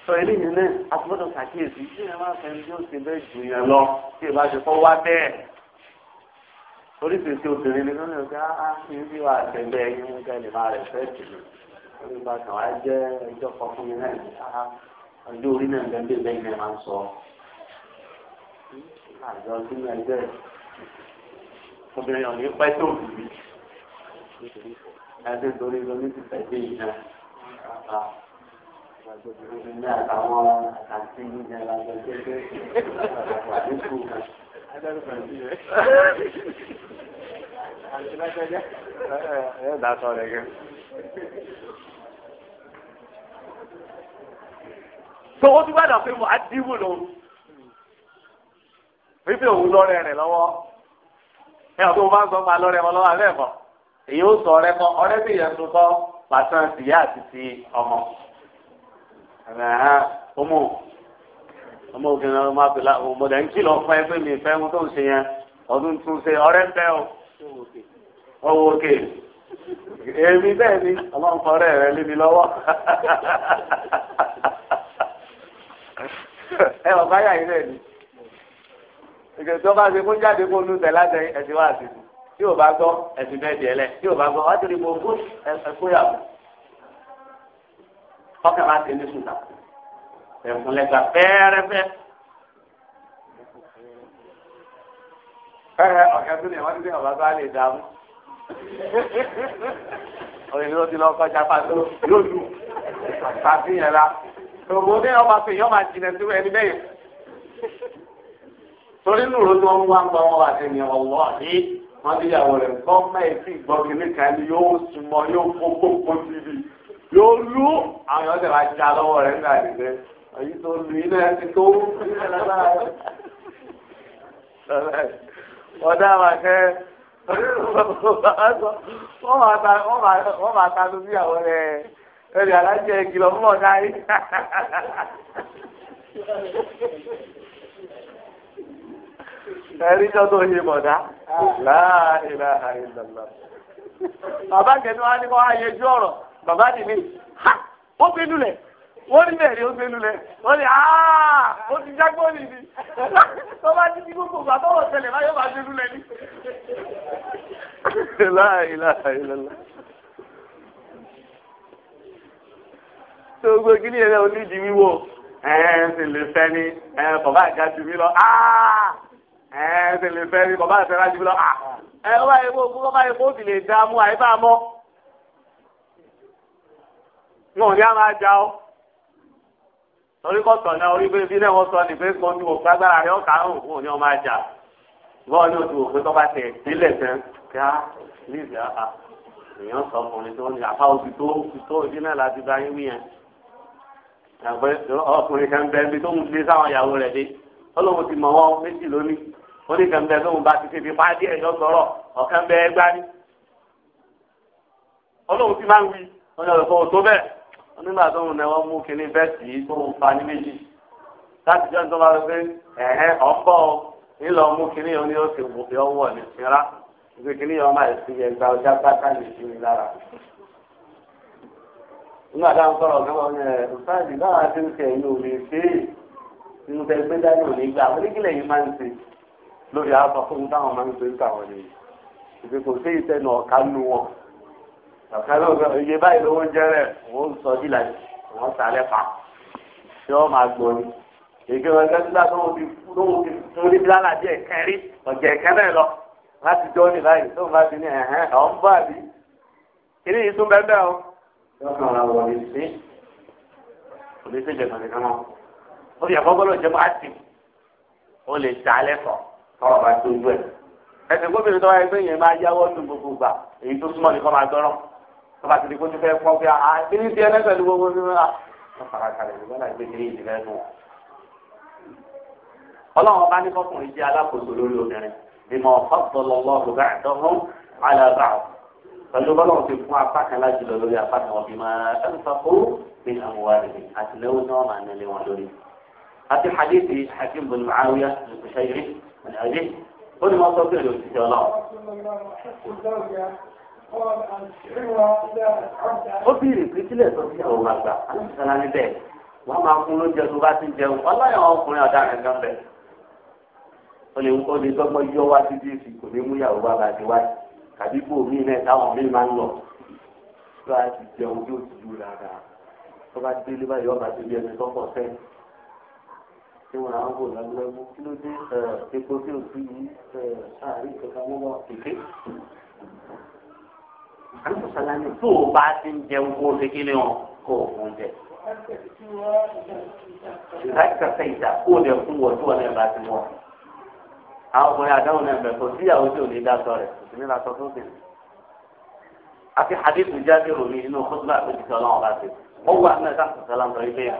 sọ eléyìí náà a gbọ́dọ̀ ṣàkíyèsí tí ẹ máa fẹ́ bí ó ṣe bẹ́ẹ̀ jù yẹn lọ tí ẹ bá ṣe fọ́ wá bẹ́ẹ̀. oríṣiríṣi obìnrin ni lónìí ọ̀gá á ah, ń bí wàá tẹ̀lé ẹyin mú nígbà tó wá jẹ́ ẹjọ́ kan fún mi náà ní sáà ọjọ́ orí náà lẹ́nu bí bẹ́ẹ̀ náà máa ń sọ àjọ sínú ẹgbẹ́ obìnrin ọ̀nà pẹ́ tó bì í torí lórí ti tẹ̀lé yìí náà bàbá ní àtàwọn àtàntì yìí náà lájọ jẹ́jẹ́ àdínkù kan. Ẹ dàtọ̀ rẹ̀ gan. tó o ti gbàdọ̀ pé mo á dìbò wípé òun lọ́rẹ́ rẹ̀ lọ́wọ́ ẹ ọ̀tún mo bá ń sọ pa lọ́rẹ́ wọn lọ́wọ́ abẹ́ èyí ó sọ ọ̀rẹ́ kan ọ̀rẹ́ bí ìyẹn tó pàṣẹ tìyá àti ti ọmọ ọmọ ọmọ òkèèrè ọmọ abìlà ọmọdé ń kìlọ̀ fún ẹgbẹ́ mi ìfẹ́ ohun tó ń ṣe yẹn ọdún tún ṣe ọ̀rẹ́ ń bẹ́ o ọwọ́ òkè èmi bẹ́ẹ̀ ni ọlọ́run kọ́ rẹ lé mi lọ́wọ́. ẹ ọ̀ báyà yìí náà ni ìgbà tó bá ṣe kó jáde kó lu tẹ̀ láti ẹ̀sìn wá sí i tí o bá gbọ́ ẹ̀sìn bẹ́ẹ̀ díẹ̀ lẹ̀ tí o bá gbọ́ wá torí mo gbó ẹ̀kóyàwó ọkàn máa tẹ̀lé sùn náà ẹ̀fún lẹ́gbàá fẹ́ẹ́rẹ́fẹ́. ẹ̀rẹ́ ọ̀kẹ́ tó lè wọ́n ti sẹ́yìn ọ̀bá bá lè dààmú. òyìnbó ti lọ kọjá pàtó yóò lù tàbí yẹn la ògbó bẹ́ẹ̀ ọba sọ èèyàn máa jìnà sí ẹni bẹ́ẹ̀ torí nùrọ̀ tí wọ́n wá ń gbọ́ wọn wà sí ni ọ̀wọ́ àbí wọ́n ti yàwó rẹ̀ gọ́ọ̀mọ̀ èsì ìgbọ́kìnrin kan ni yóò súnmọ́ yóò gbogbo síbi yóò lú àwọn èèyàn tẹ̀lé ajá lọ́wọ́ rẹ̀ nígbà nílé èyí tó lu iná ẹni tó ọ̀dà wà kẹ́ wọ́n máa ta lórí àwọn ẹ̀ ẹ̀rì alájẹ ìkìlọ̀ fún ọ̀gá yìí. ẹ̀rí jọ́ tó yé mọ̀dá láàrínlá àìlọ́lá. bàbá kẹ́ni wá ní kọ́ ayẹjú ọ̀rọ̀ bàbá nìmi ha ó gbé lulẹ̀ wọ́n ní bẹ́ẹ̀ ni ó gbé lulẹ̀ wọ́n ní aaa ó ti jágbó nìyí tó bá ti di gbogbo bàbá ọ̀sẹ̀ lè bá gbé lulẹ̀ ni. láàrínlá àìlọ́lá. tó gbogbo kíní yẹn lẹ́wọ̀n wíwò ẹ̀ẹ́n bàbá àga ju mi lọ ẹ̀ẹ́n bàbá àtẹ̀rà ju mi lọ ẹ̀ẹ́n bàbá yẹn bàbá yẹn kó lè dá mú àyíká mọ́ wọn ò ní àwọn ajá ọ torí kò sọ náà orí bíi náà wọn sọ ní pé kò ní o gbàgbára rẹ ọkà ọhún wọn ò ní ọmọ ajá bọ́ọ̀ ní oṣù òpin tó tẹ̀ sílẹ̀ tán èèyàn sọ ọkùnrin tó ní àpá oṣù tó oṣù náà láti gba yín wí àgbẹ̀ ọkùnrin kan bẹ́ẹ̀ bí tóun lé sáwọn ìyàwó rẹ̀ dé ọlọ́run ti mọ̀ wọ́n méjì lónìí oníkan bẹ́ẹ̀ tóun bá ti ṣe pa díẹ̀ yọ sọ̀rọ̀ ọ̀kan bẹ́ẹ̀ gbá ní. ọlọ́run ti máa ń wí ọjọ́ ìfọwọ́ tó bẹ́ẹ̀ onígbà tóun náà wọ́n mú kinní bẹ́ẹ̀sì tóun fa ní méjì láti jọ́ nítorí wọn pé ẹ̀hẹ́ ọ̀pọ̀ nílò mú kinní yẹn ní oṣù wọ̀ ní ìsinra ìgbé kinní yẹn máa ṣe nígbà tá à ń sọ̀rọ̀ gbọ́n ọ̀nà ẹ̀ ọ̀sáàdì báwa ti ń tẹ̀ yóò lè ṣe é nínú tẹ gbé dání ò ní gbà oníkìlẹ̀ yìí máa ń ṣe lórí aṣọ fún táwọn máa ń ṣe ń tàwọn ni ìpè kò sí ìtẹnu ọ̀ká nu wọn ọ̀ká ló ń sọ iye báyìí lówó ń jẹ́rẹ̀ wọ́n ń sọ dílà wọ́n sálẹ̀ pa tí wọ́n ni èké wọn gẹ́gẹ́ nígbà tó ń bá ti ní ẹ̀hẹ́n ọ̀ ń bọ̀ yọkàn ra wọlé sí òní sí ìjẹ̀kàn nìkan náà ó fi àkọ́kọ́ lọ jẹ́ máa tì ó lè ta alẹ́ kọ̀ tọ́wọ́ bá tó ojú ẹ̀ ẹsẹ̀ gómìnà tó wáyé pé yẹn máa yáwọ́ ní gbogbo gbà èyí tó súnmọ́ nìkan máa dọ́rọ́ tó bá ti di kó ti fẹ́ pọ́ pé a kí ni tiẹ̀ lẹ́sẹ̀ ní gbogbo ní wọn a fara kalẹ̀ nígbà láti gbé kiri ìdílé fún wọn. ọlọ́run bá ní kọkùnrin jẹ́ alákòóso lórí obìnrin bí mo fọ́ pẹ̀lú bọ́lọ̀ ti fún apá kan láti lọ lórí apá kan ọbí máa ẹnu sọ́kó ní àwọn wa rẹ̀ àti lẹ́wọ́ náà máa nílé wọn lórí. àti hadithi hakim bin muawiya al-kushayri ọ̀nà ẹ̀dẹ́ ó ní wọ́n sọ pé lòdì sí ọlọ́run. ó bí ìrètí sílẹ̀ tó sí àwọn àgbà aláìsàn ní bẹ́ẹ̀ wọ́n máa fún lóúnjẹ tó bá ti jẹun ọlọ́yàn ọkùnrin ọ̀daràn kan bẹ̀. ó lè ó yọ wá títí ìsìn ní tàbí kó mi náà táwọn mi máa ń lọ tó a ti jẹun yóò ti dúró dáadáa tó bá délé báyìí ọba ti di ẹni tó pọ̀ sẹ́yìn tí wọn àwọn bò lágbẹ́gbẹ́ kí ló dé epo tí o ti yí sáàrí ìjọba mọ́wọ́ kéke. àlùkò sàlámì tó o bá ti ń jẹun kó o ṣe kí ni o kó o fún jẹ. ìdájọ́ sẹ́yìn dà kó o lè fún wọ́n tó o lè bá ti wọ́n àwọn ọkùnrin àdáhùn náà bẹ̀ kò síyàwó tí ò ní dáṣọ rẹ̀ kò sí ní lásọ tó bẹ̀. àti hadith jáde ròmí inú kótóbá àti ìṣẹ́ ọlọ́run bá ti wọ́n wà ní ẹ̀ka sọ̀tẹ́lá ń sọ ilé yẹn.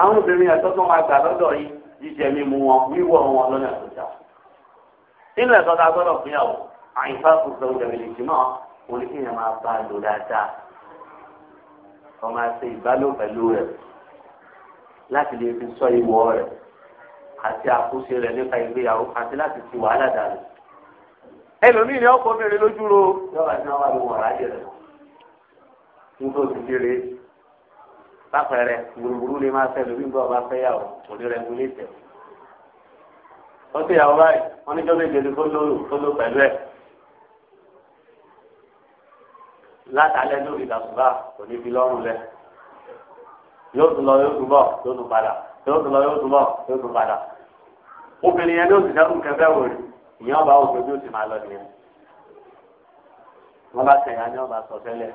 àwọn obìnrin ẹ̀tọ́ tó máa gbà lọ́dọ̀ yìí jíjẹ mímu wọn wíwọ̀ wọn lọ́nà ìjà. nínú ẹ̀tọ́ tá a gbọ́dọ̀ fúnyàwó àyìnfà kò sọ òjòmìlìkì àti àkóso rẹ̀ nípa ìgbéyàwó àti láti fi wàhálà dànù. ẹlòmíì ni ọkọ obìnrin lójú ro yọba tí wọn wà ló wọn ráyè rẹ nítorí ti kéré lápẹẹrẹ gbùrùgbùrù lè máa fẹ́ lórí bá ọba fẹ́yàwó kò ní rẹ gbélé tẹ. ó ti yàwó báyìí wọn níjọ́ méje ni kó ló pẹ̀lú ẹ̀. látàlẹ́ lórí ìdàkùnbà kò ní fi lọ́rùn lẹ yóò tún lọ yóò tún bọ̀ yóò tún padà yóò tún lọ yóò tún bọ̀ yóò tún padà obìnrin yẹn yóò sì dẹ́kun nǹkan wò rí ìyẹn ọba òfin bí ó sì máa lọ nìyẹn wọn bá tẹ̀yà ní ọba sọ tẹ́lẹ̀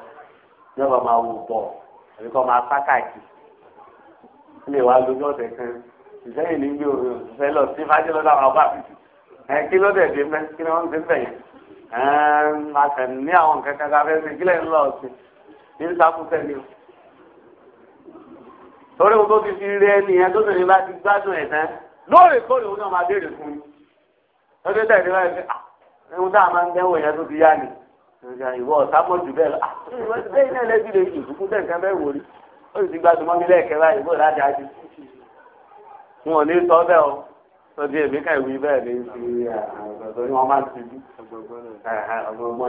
ní ọba máa wò bọ̀ àbí kọ́ máa sá káàkiri ilé wa lójú ọ̀sẹ̀ kan ìsẹ́yìn ní gbé òfin òṣìṣẹ́ lọ sí fájì lọ́dọ̀ àwọn ọba ẹ kí ló dẹ̀ dé mẹ́ kí ni wọ́n ti ń yẹn ẹ̀ẹ́n àtẹ̀ ní àwọn kankan torí gbogbo ti fi rí ẹni yẹn tó sì ní bá ti gbádùn ẹ̀ lóòrèkóòrè òun náà máa béèrè fún mi lọ́jọ́ tẹ̀lé wáyé pé ah ohun tá a máa ń dẹ́wọ̀ yẹn tó ti yá ni ìwọ ọ̀sá mọ̀ jù bẹ́ẹ̀ lọ ah lẹ́yìn náà lẹ́bi lè jù fún tẹ̀sán bẹ́ẹ̀ wò rí ó sì ti gbádùn mọ́ lẹ́ẹ̀kẹ́ báyìí bó láti èmi káì wí bẹ́ẹ̀ ní ti àgbẹ̀dọ̀ ni wọ́n máa ń ti bí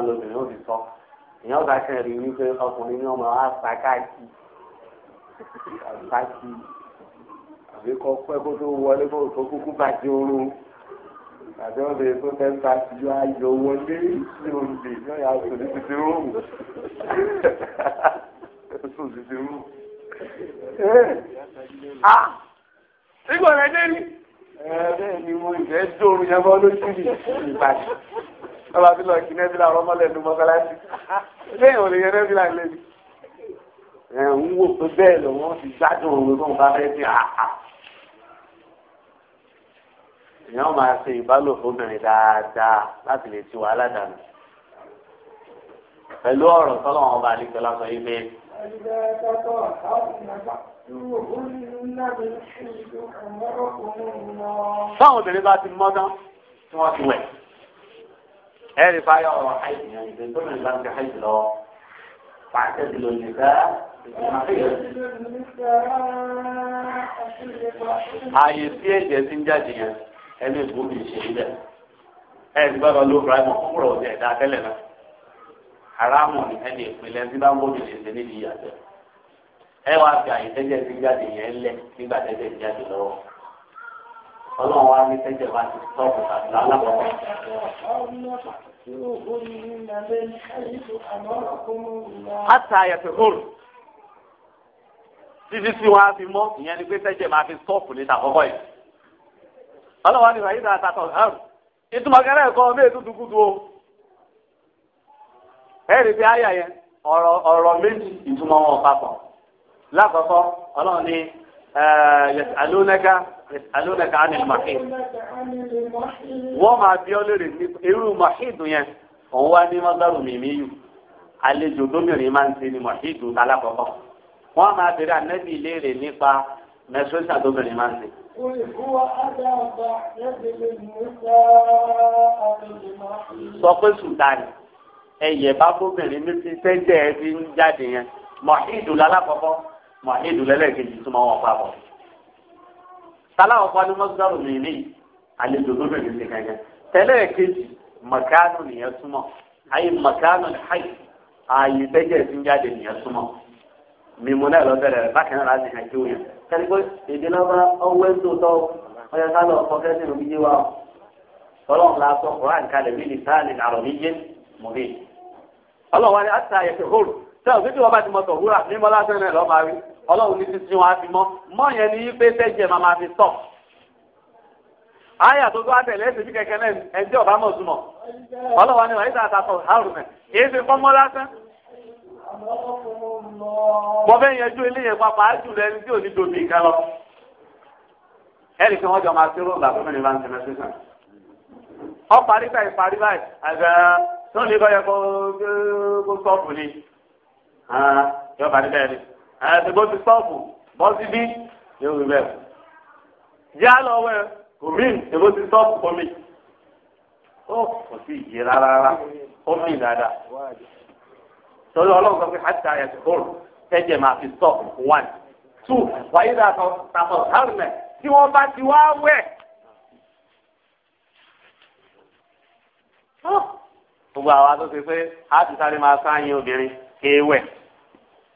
lóbìnrin ó ti sọ ìyẹn ọ̀gá kẹrin wípé ọkùnrin ni wọ́n máa ń sa káàkiri àbájì àbíkọ pẹ́ kó tó wọlé kó tó kúkú bàjẹ́ ooru àti wọn bèrè tó fẹ́ ta ju ayọ̀ wọlé sí òǹdè náà yà sùn ní títí rúùmù sùn títí rúùmù. Ìgbà eh. ah! rẹ̀ dé ní. Eh, bẹ́ẹ̀ ni mo ìfẹ́ dòrò yẹn bọ́ lójú ní Ìbàdàn. Bàbá mi lọ kí Nẹ́bílà rọ́mọ́lẹ̀ ní mọ́sálásí. Bẹ́ẹ̀ ò lè yẹ Nẹ́bílà lẹ́nu ẹ̀ ń wò pé bẹ́ẹ̀ lọ́wọ́ ti gbádùn òwe fún bá fẹ́ sí àhà èèyàn máa ṣe ìbálò fóbìnrin dáadáa láti lè ti wàhálà dànù pẹ̀lú ọ̀rọ̀ tọ́lọ́wọ́n bá lè gbọ́lá sọ ibẹ̀. táwọn obìnrin bá ti mọ́ tán tí wọ́n ti wẹ̀ ẹ̀rí fáyọ̀ ọ̀rọ̀ àìsàn ìgbẹ́ tó lè gbàgbé àìsàn lọ́wọ́. واعتزلوا النساء ààyè sí ndị tí ń jáde yẹn ẹni ìgbómi ìṣèlú dẹ̀ ẹ̀ ń gbọ́dọ̀ ló fúra ẹ̀mọ́ ndị ọ̀dẹ̀ ẹ̀dá tẹ́lẹ̀ náà haramu ni ẹni ìpínlẹ̀ tí bá ń gbómi ìṣèlú níbi ìyàtọ̀ ẹ wá fi àyè tẹ́jẹ̀ ń jáde yẹn nígbà ń jáde ní ti tàbí Ata ayẹ̀fẹ̀ hóòrù. Títí tí wọ́n á fi mọ́, ìyẹn ni pé sẹ́jẹ̀ máa fi sọ́ọ̀pù ní ìtàkọ́kọ́ yìí. Ọlọ́wọ́ ni wàá yí dáa tatọ̀ hàn. Ìtumọ̀ kẹrẹ́ ẹ̀kọ́ mẹ́ẹ̀ẹ́dú dúkúdú o. Ẹ̀rí bí àyà yẹn, ọ̀rọ̀ méjì ìtumọ̀ wọn papọ̀. Lákọ̀ọ́kọ́, Ọlọ́run ni yẹ̀sàlónẹ́ká alóòdàkà á ní mahid wọ́n máa bí ọlẹ́rẹ̀ ní irú mahid yẹn òun wá ní mọ́tàrú mímíyù àlejò tómìnrin máa ń ṣe ní mahid alákọ̀ọ́kọ́ wọ́n máa bẹ̀rẹ̀ ànẹ́bí léèrè nípa mẹ́sọ́sà tómìnrin máa ń ṣe. sọ pé sùtánì ẹ̀yẹ̀ bá bóbìnrin ní ti sẹ́jẹ̀ ẹ ti ń jáde yẹn mahid lálákọ̀ọ́kọ́ mahid lẹ́lẹ́kejì túmọ̀ wọn papọ̀. sáláwọ̀ kan ní mọ́sídọ́rù mi ní àlejò tó bẹ̀rẹ̀ sí kankan tẹ́lẹ̀ kejì mọ̀kánù nìyẹn súnmọ́ ayé mọ̀kánù ayé ààyè tẹ́jẹ̀ sí nìyẹn súnmọ́ mímu náà lọ bákan náà láti hàn kí ó pé èdè náà bá ọwọ́ ẹ̀ tó tọ́ ọyọ ká lọ ọkọ kẹ́sì ló fi dé wa ọlọ́run la sọ Quran kalẹ̀ bí lisani àrọ̀ mi yé mọ̀mí ọlọ́run wa ni àti hóòrù ọlọ́run ní títí wọn á fi mọ́ mọ́ yẹn ní pé tẹ́jẹ̀ máa máa fi sọ. àyà tó tó àtẹ̀lé ẹ̀sìn bí kẹ̀kẹ́ náà ẹ̀jẹ̀ ọ̀bá mọ̀ súnmọ̀ ọlọ́wà ni wàá ìta àtàkọ̀ àrùn ẹ̀ èyí fi fọ́mọ́ lásán. mo fẹ́ yẹjú eléyẹn papà á jù lọ ẹni tí ò ní domi ìka lọ. ẹnì kí wọ́n jọ máa ṣerú ọ̀gbà fún mi ní bá ń ọ ẹ bó ti sọ́ọ̀bù bọ́ sí bí yóò rí bẹ́ẹ̀. jẹ́ àlọ́ wẹ̀ omi ẹ bó ti sọ́ọ̀bù omi. ó kò sí ìyè rárá rárá omi dáadáa. torí ọlọ́run sọ pé àti àyà ti kúrò ẹ̀jẹ̀ máa fi sọ́ọ̀bù one two wáyé dàtọ̀ tàbọ̀ sárùnẹ̀ tí wọ́n bá ti wá wẹ̀. gbogbo àwa tó ṣe pé a ti sáré máa sáyìn obìnrin kéwẹ̀.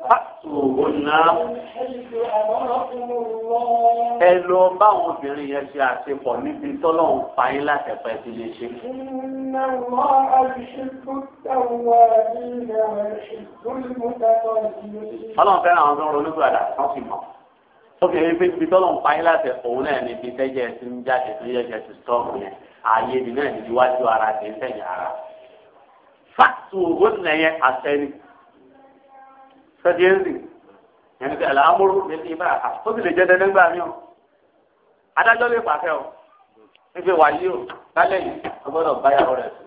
fàtòhónà ẹ lọ báwọn obìnrin yẹn ṣe àṣepọ̀ níbi tọ́lọ́hún fàyín láti ẹ̀fẹ́ ti lè ṣe. ọlọ́run fẹ́ràn àwọn tó ń ronú gbàdá wọ́n sì mọ̀ obìnrin pé ibi tọ́lọ́hún fàyín láti òun náà ní ibi tẹ́jẹ́ ti ń jáde tó yẹ jẹ́ ti sọ́ọ̀kù yẹn ààyè ìdí náà ní iwájú ara ti ń tẹ̀yìn ara fàtòhónà yẹn àṣẹ ni sọ́dí ẹ̀ńsì yẹn ti àlà amúrú mi ti bá a tó sì lè jẹ́ dandan gbà mí o adájọ́ lè pàṣẹ o fífi wà yí o lálẹ́ yìí ọgbọ́dọ̀ bá yàwó rẹ̀ sí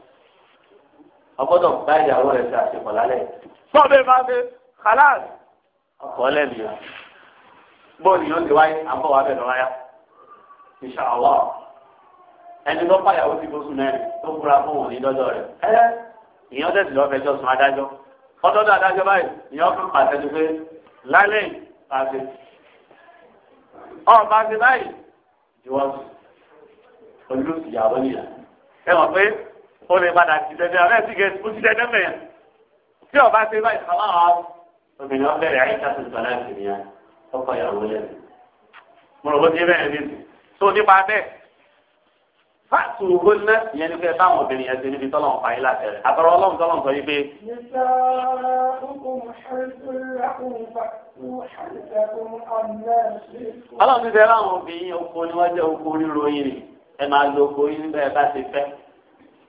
ọgbọ́dọ̀ bá yàwó rẹ̀ sí àṣepọ̀ lálẹ́ yìí. sọ́ọ̀bẹ̀ máa fi kàláàsì ọkọ̀ lẹ́nu yẹn bọ́ọ̀lù yóò ti wáyé àbọ̀ wà bẹ̀rẹ̀ wáyà ìṣàwọ̀ ẹni tó pàyàwó ti gbósùn náà tó kúra fún òun ní rẹ̀ ẹ́ ìyẹn ọdọ dọ adájọ báyìí ìyẹn fún pàṣẹ ti pé lálẹ́ pàṣẹ ọ pàṣẹ báyìí ìwọ olú ìyàwó nìyà ẹ mọ̀ pé ó lè padà ti dẹdẹ abẹ́ sì kẹ́ ó ti dẹdẹ mẹ́yà tí ọba ṣe báyìí kàmá wa obìnrin wọn bẹ̀rẹ̀ àyíká tó gbà láti nìyà ọkọ ìyàwó lẹ́nu mo rò bó ti bẹ̀rẹ̀ nínú tó nípa bẹ́ẹ̀ fáàtù ògbó ná ìyẹn ní fẹ́ báwọn obìnrin yẹn ti níbi tọ́lọ̀ ń fa yín láti rẹ̀ àbọ̀rọ̀ ọlọ́run tọ́lọ̀ ń sọ yí pé. ọlọ́run ti fẹ́ láwọn obìnrin oko ni wọ́n jẹ́ oko ríro ni ẹ máa lo oko yín nígbà ẹ bá ti fẹ́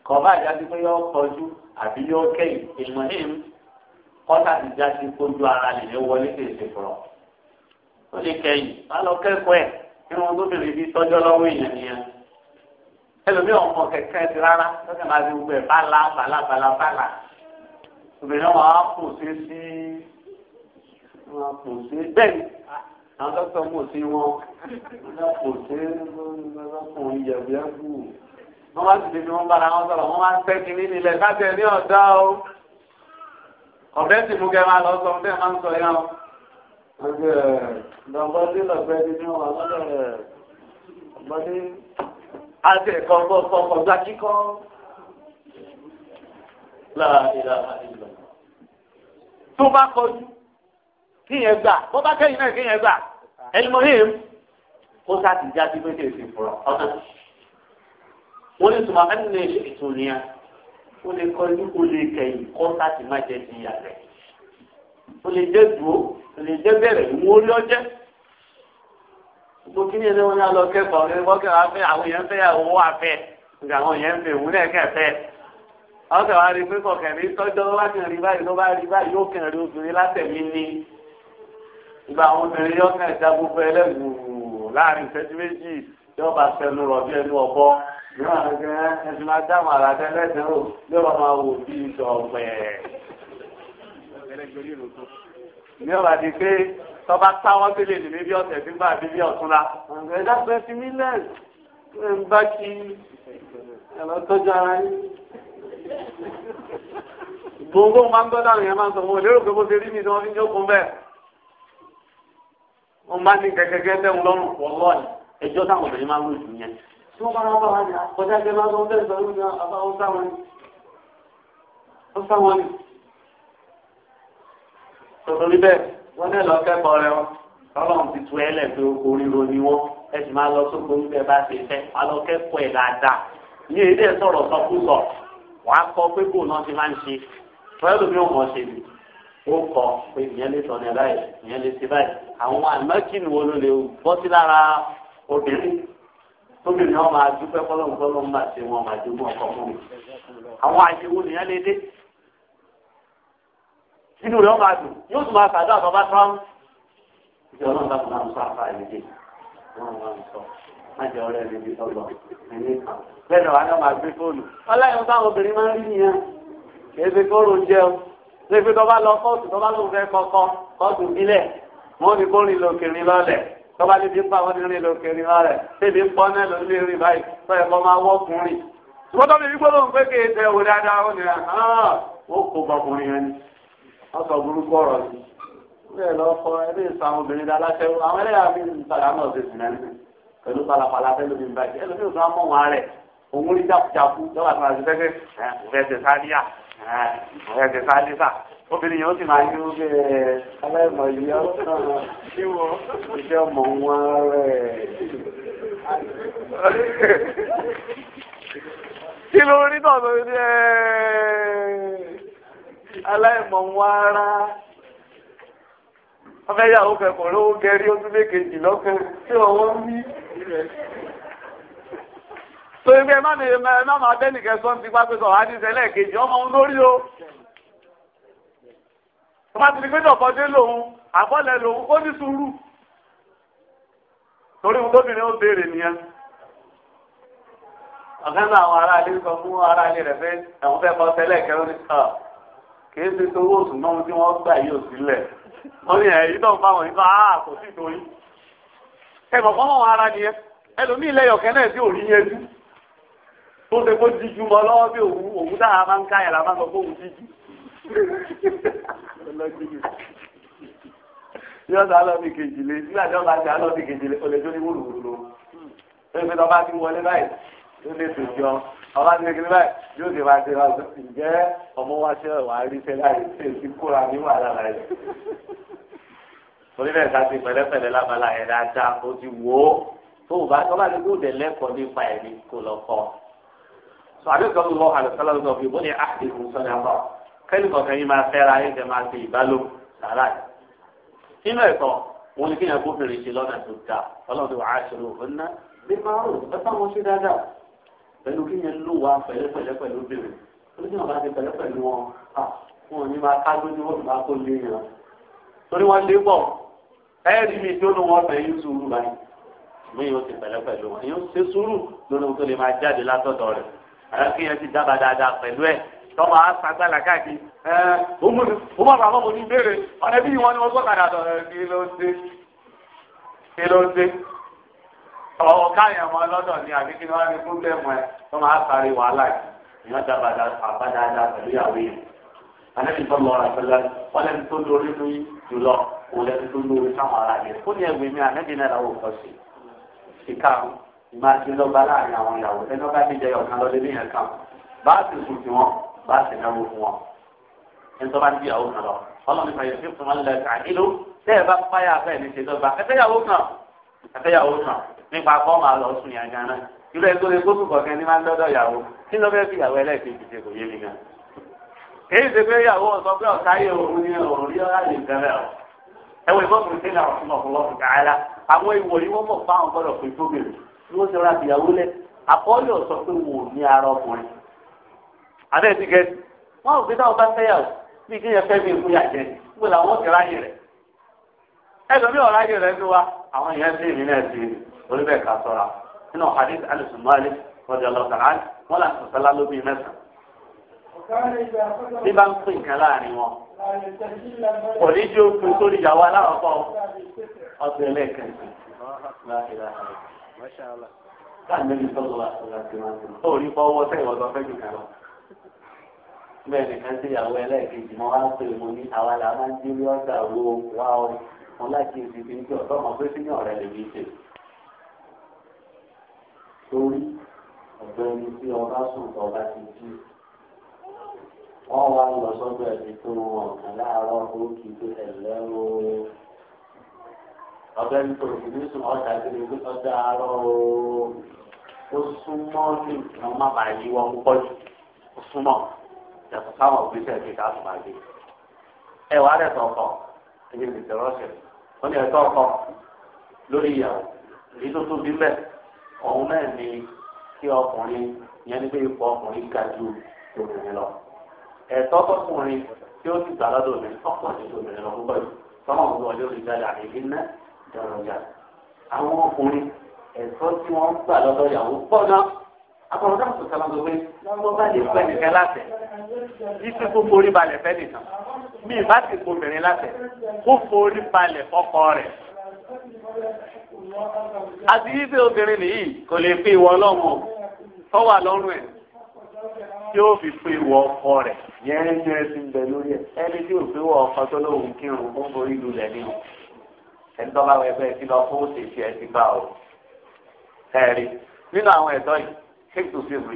kọ́ bá àjá sí pé yọ kọjú àbí yọ kẹ́yìn ìmọ̀ ní ìmú kọ́tà já sí kójú ara lè lé wọlé kì í fọ̀rọ̀ ó lè kẹ́yìn bá lọ kẹ́kọ̀ọ́ ẹ̀ kí wọ́n tó bèrè bí tọ́jọ́ lọ́wọ́ ìyẹn nìyẹn ẹlòmíì ọmọ kẹkẹ ti rárá lọ́kẹ́ máa di gbogbo ẹ̀ bala bala bala bala obìnrin wọn á pò sí sí wọn á pò sí bẹ́ẹ̀ ni àwọn dókítà mò sí wọn wọn á pò sí lọ́kùnrin yẹ̀bùyẹ̀bù wọn bá ti di ni wọn bára wọn sọ̀rọ̀ wọn máa ń tẹ́ kiri nílẹ̀ káṣẹ̀ ní ọ̀dá o ọ̀bẹ ti mú kẹ́ máa lọ sọ bẹ́ẹ̀ máa ń sọ yẹn o. ọgbẹ́ ẹ̀ lọ́gbọ́dé lọ́gbẹ́dé ni wọn wà lọ́dọ̀ rẹ̀ ọgbọ́dé àti ẹ̀kọ́ fọ́fọ́ gba kíkọ́ láàrínlá àdìgbà. tó bá kọjú kíyẹn gbà bó bá kẹ́yìn náà kíyẹn gbà ẹlmọ́hìm kó sáàtì jáde méjì èsì fúnra ọ̀nà. wọ́n lè tún máa ń lè ètò nìyà ó lè kọjú ó lè kẹ̀yìn kó sáàtì má jẹ́ ti yàrá ó lè jẹ́ dùó ó lè jẹ́ bẹ̀rẹ̀ ìwọ́n ó mo kí ni ẹni wọn yá lọ kẹ́kọ̀ọ́ ní wọn kẹwàá fẹ́ àwọn yẹn fẹ́ owó àfẹ nga àwọn yẹn fẹ́ òun náà kẹfẹ àwọn kẹwàá rí pé kọkẹ tọjọ bá kàn rí báyìí ló bá rí báyìí yóò kàn rí obìnrin látẹmí ní ìgbà àwọn obìnrin yóò kàn já gbogbo ẹlẹgbùrù láàrin ìṣẹ́jú méjì yóò bá sẹnu rọ bí ẹnu ọ̀bọ yóò máa gẹ ẹsùn máa àràdẹ lẹsẹrò yóò máa wò bí ìṣọ̀gbẹ́ yóò bá tọ́ba táwọn sílẹ̀ ní bíbí ọ̀sẹ̀ nígbà bíbí ọ̀túnla ẹ̀dá pẹ́ fi mí lẹ̀ ẹ̀ ń bá kí ẹ̀rọ tọ́jú ara yín. gbogbo máa ń gbọ́dọ̀ àwọn èèyàn máa ń sọ wọn ò lérò pé bó ṣe rí mi ni wọ́n fi ń jókòó bẹ́ẹ̀. wọ́n máa ní kẹ̀kẹ́kẹ́ tẹ̀ ń lọ́rùn pọ̀ lọ́ọ̀nì ẹjọ́ táwọn obìnrin máa ń lò jù yẹn. tí wọ́n bá rán bá wọn ni. ó sáwọn ni. tọ̀tọ̀ wọ́n náà lọ kẹ́kọ̀ọ́ rẹ wọn ọlọ́run ti tu ẹlẹ̀ pé oríro ni wọ́n ẹ sì máa lọ sóko ń bẹ bá ṣe fẹ́ alọ́ kẹ́kọ̀ọ́ ẹ̀ dáadáa ní èdè sọ̀rọ̀ sọkúsọ wọ́n á kọ́ pé bóun náà ti máa ń ṣe tọ́lẹ́lù mi ò mọ̀ ṣe ni ó kọ pé ìyẹn lè sọ̀nà báyìí ìyẹn lè ṣe báyìí àwọn àmọ́kìnì wo ló lè bọ́ sí lára obìnrin tóbìnrin náà máa dúpẹ́ fọlọ́nkọ́lọ́ máa ṣe wọn máa dúpọ̀ ọkọ̀ fún mi àwọn àyẹ̀wò nìyẹn lè dé inú rẹ̀ ọba dùn yóò tún máa sàdúrà bàbá tíráwù. ìjọ náà bá tún sọ àfa ìdíje wọn wá ń sọ májọ ọ̀rẹ́ mi bí ọgbọ ẹni kan bẹ́ẹ̀ náà wà ní ọmọ àgbé fóònù ọláyọ táwọn obìnrin máa ń rí nìyẹn kì í ṣe kó jẹun ṣe pé tọ́ bá lọ kóòtù tọ́ bá lóun fẹ́ kọ́kọ́ kóòtù bílẹ̀ wọ́n ní kó rìn lọ́lẹ̀ tọ́ba lè fi ń pa wọ́n ní rìn lọ́lẹ̀ tẹ́bi ń pọ́n náà lórí rìn báyìí tọ́ ẹ̀kọ́ máa wọ́kùnrin. ṣùgbọ́n tọ́bi ní gbọ́dọ̀ ń pé kéde òun dáadáa ó nira ó kó bọkùnrin yẹn ni ọkọ̀ burúkú ọ̀rọ̀ ni bẹ́ẹ̀ lọ ẹbí sọ àwọn obìnrin dá aláṣẹ àwọn ẹlẹ́yà mi ń sọ̀rọ̀ àmọ́ ọ̀sẹ̀ sì náà pẹ̀lú palapala fẹ́lómi ń bàjẹ́ ẹlòmíì sọ àmọ́ wọn rẹ̀ òun rí jákujáku lọ́wọ́ àti àti fẹ́fẹ́ ọ̀fẹ́sẹ̀ sáníà ọ̀fẹ́sẹ̀ sáníà obìnrin yẹn ó sì máa ń yún bẹ́ẹ̀ aláìmọ̀ yìí ọ̀sán iṣẹ́ ọmọ wọn rẹ̀. kí ló rí náà lórí ẹ̀ aláìmọ̀ ń wá rá afẹ́yàwó lówó gẹ̀rí ó tún lé kejì lọ́kàn tí ọwọ́ mí. tó ibi ẹ má mi ẹ má máa bẹ́nìkẹ́ sọ́n ti gbá pé sọ̀rọ̀ ti sẹ́lẹ̀ kejì ọmọ òun lórí o. ọba ti di pé dọ̀kọ́ dé lòun àbọ̀lẹ̀ lòun ó ní sùúrù. torí ohun tóbìnrin ó béèrè nìyẹn ọ̀gá náà àwọn aráalé sọ fún aráalé rẹ̀ pé ẹ̀wọ̀n fẹ́ kọ́ sẹ́lẹ̀ kẹrin ní kìí ṣe tówó ṣùgbọ́n ohun tí wọ́n gbà yóò sílẹ̀ wọ́n ní ẹ̀yìn náà bá wọn nípa áà kò sí torí ẹ̀kọ́ kọ́ mọ̀ ara nìyẹn ẹlòmíì lẹ́yọ̀kẹ́ náà sí òrí yẹn tú tó ṣe kó jíjú mọ́ lọ́wọ́ bí òwú òwú dára máa ń káyà la máa ń sọ pé òwú jíjú yọ̀ọ́sà lọ́ọ̀bì kejìlé nígbà tí wọ́n bá ti alọ́ọ̀bì kejìlé olè tó ní wúlùwúlù lọ ọba ti kékeré báyìí yóò ti máa ṣe ọdún ǹjẹ́ ọmọ wa ṣe wà á rí ṣe láì ṣe ti kóra ní wàhálà láì ṣe. torí bẹ́ẹ̀ ká ti pẹ̀lẹ́pẹ̀lẹ́ lábala ẹ̀ dáadáa ó ti wò ó tó o bá tó bá ti kó dẹ̀ lẹ́kọ̀ọ́ nípa ẹ̀mí kó lọ kọ́. sọ àdéhùn lọ àlùfáà lọ fi bóni àti ìhùnsọ́ni àbọ̀ kẹ́lí kọ̀ọ̀kan yín máa fẹ́ra yín kẹ́ máa ṣe ìbálò sàrà nínú ẹ̀kọ́ wọn ni kéèyàn kófìrì ṣe lọ́nà tó dáa ọlọ́run ti wà á ṣòro òun ná bí máa rò ẹ fáwọn ṣe dáadáa pẹ̀lú kí yẹn lò wá pẹ̀lẹ́pẹ̀lẹ́ pẹ̀lú bèrè ó ní ti pẹ̀lẹ́pẹ̀lú wọn à wọn ò máa kájú ní wọn máa kó lé yẹn torí wọn lé bọ̀ ẹ̀rí mi tí ó lò wọn fẹ́ yín sùúrù báyìí mi yóò ti pẹ̀lẹ́pẹ̀lú wọn yóò ṣe sùúrù lórí ohun tó lè máa jáde látọ̀dọ̀ rẹ̀ àyà kí yẹn ti dábàá dáadáa pẹ̀lú ẹ̀ tọ́mọ asagbára káàkiri ẹ ó mọ̀ bàbá mo ní béèrè ọ̀nà bí wọn ni wọ́n gbọ́ ọ̀ọ́ káyọ̀ mọ́ lọ́dọ̀ ni àbí kí ni wọ́n á ní púpẹ̀mù ẹ̀ tó máa sáré wàhálà yìí ìyọ́n dábàdà àbádáadáa pẹ̀lú ìyàwó yìí ànábì tó lọ́ra pẹ̀lú wọ́n lẹ́nu tó lórí ní jùlọ òun lẹ́nu tó lórí sáwọn ará yẹn ó ní ẹgbẹ̀mí ànábì náà làwọn kọ sí ìka ìmọ̀ àti ọlọ́ba láàrin àwọn ìyàwó ẹni ọba ti jẹyọ kan lọ́dẹ níyẹn kan bá a ti sùn kan lọ ọlọ́run nípa yẹn fífún wọn lẹ́ẹ̀kan ìlú tẹ́ kan ẹ fẹ́yàwó kan nípa kọ́ máa lọ sùn yàn náà irú ẹ tó lè kọ̀ọ̀kan ní máa ń dọ́dọ̀ ìyàwó kí ló fẹ́ fi ìyàwó ẹlẹ́ẹ̀kejì ṣe kò yé mi gan. èyí ṣe pé ìyàwó ọ̀sọ́ pé ọ̀tá yẹ ni òru rí ọ̀rá lè gan rẹ̀ ẹ wọ ìbọ̀kùnrin sí ìlànà fún ọ̀pọ̀lọpọ̀ àwọn ìwọ̀ yìí wọ́n mọ̀ fáwọn gbọ́dọ̀ pé tó bèrè bí wọ́n ṣe ra ìyàwó lẹ̀ àkọọ́lẹ̀ ọ̀sọ́ pé wò ní ara ọkùnrin. àbẹ́ẹ̀ ti gẹ̀ẹ́sì wọ́n ò fi táwọn bá fẹ́yàwó bí kéèyàn fẹ́ mi ìfúyà jẹ wọ́n làwọn ti ráyè rẹ̀ ẹ lómi ọ̀ráyè rẹ̀ ń wá àwọn èèyàn sí ìrìn náà sí ìrìn torí bẹ́ẹ̀ ká sọ́ra nínú hadith alison malik rọ́jà lọ́sàrá wọn là ń sọ sọ́lá lóbi mẹ́sàn-án. bí bá ń pín nǹkan láàrin wọn kò ní jó pin sórí ìyàwó aláwọ̀kọ́ ọ̀sẹ̀ lẹ́ẹ̀kan káàmẹ́lì sọ́dọ̀ wa sọ́dọ̀ àti wọn tó rí fọwọ́ sẹ́yìn ọ̀dọ̀ fẹ́ jù kàn lọ. bẹ́ẹ̀ nìkan sí ìyàwó ẹlẹ́ẹ̀kejì mọ́ wá pé mo ní àwa làwọn máa ń dé rí ọ̀dà wo wá ọ mo láti ìdíje ní ọ̀dọ́ ọmọ pé ọ̀rẹ́ lè ní ṣe torí ọ̀gbẹ́ni tí ọba sùn tó ti jí wọ́n wá lọ sọ́dọ̀ ẹ̀mí tó wọn aláàárọ̀ òkè tó ẹ̀lẹ́ o ọ̀gbẹ́ni tó kì ní sùn ọjà tó lè tó dáárọ̀ o ó súnmọ́ ní ìtàn má bàa yí wọn púpọ̀ jù ó súnmọ́ yàtọ̀ sáwọn òbíṣẹ́ ìgbé ká sùn máa gbé ẹ wàá rẹ̀ tọkọ ẹ̀yẹ lè tẹ̀rọ̀ ṣẹ̀ ó ní ẹ̀tọ́ ọkọ lórí ìyàwó èyí tó tóbi mẹ́ẹ̀ òun náà ni kí ọkùnrin yẹn ní pé ipò ọkùnrin ga ju obìnrin lọ ẹ̀tọ́ tọkùnrin tí ó ti gbà lọ́dọ̀ mi ọkùnrin ju obìnrin lọ púpọ̀ yìí sọ́mọ̀ gbogbo ọjọ́ ìjáde àdéhìí ná dọ̀rọ̀jà àwọn ọkùnrin ẹ̀tọ́ tí wọ́n ń gbà lọ́dọ̀ ìyàwó pọ̀ náà akọ̀rọ̀ dáhùn tó sábà gbogbo yìí wọ́n bá lè fẹ́ nìkan láti ife kó forí balẹ̀ fẹ́ nìkan mi ìbá ti kó obìnrin láti kó forí balẹ̀ fọ́kọ rẹ̀ àti yíṣe obìnrin nìyí kò lè fi ìwọ ọlọ́mọ tó wà lọ́rùn ẹ̀ tí ó fi pe ìwọ ọkọ rẹ̀ yẹn ń yẹn ti bẹ̀ lórí ẹ̀ ẹni tí ò fi wọ ọkọ tó lóhùn kírun ó ń borí lulẹ̀ ní o ẹni tó bá wọ ẹgbẹ́ ti lọ fún òṣèṣì ẹ ti bá o ẹ̀rí nínú àwọn ẹ̀dọ́ yìí kéèkì tó fi ìwé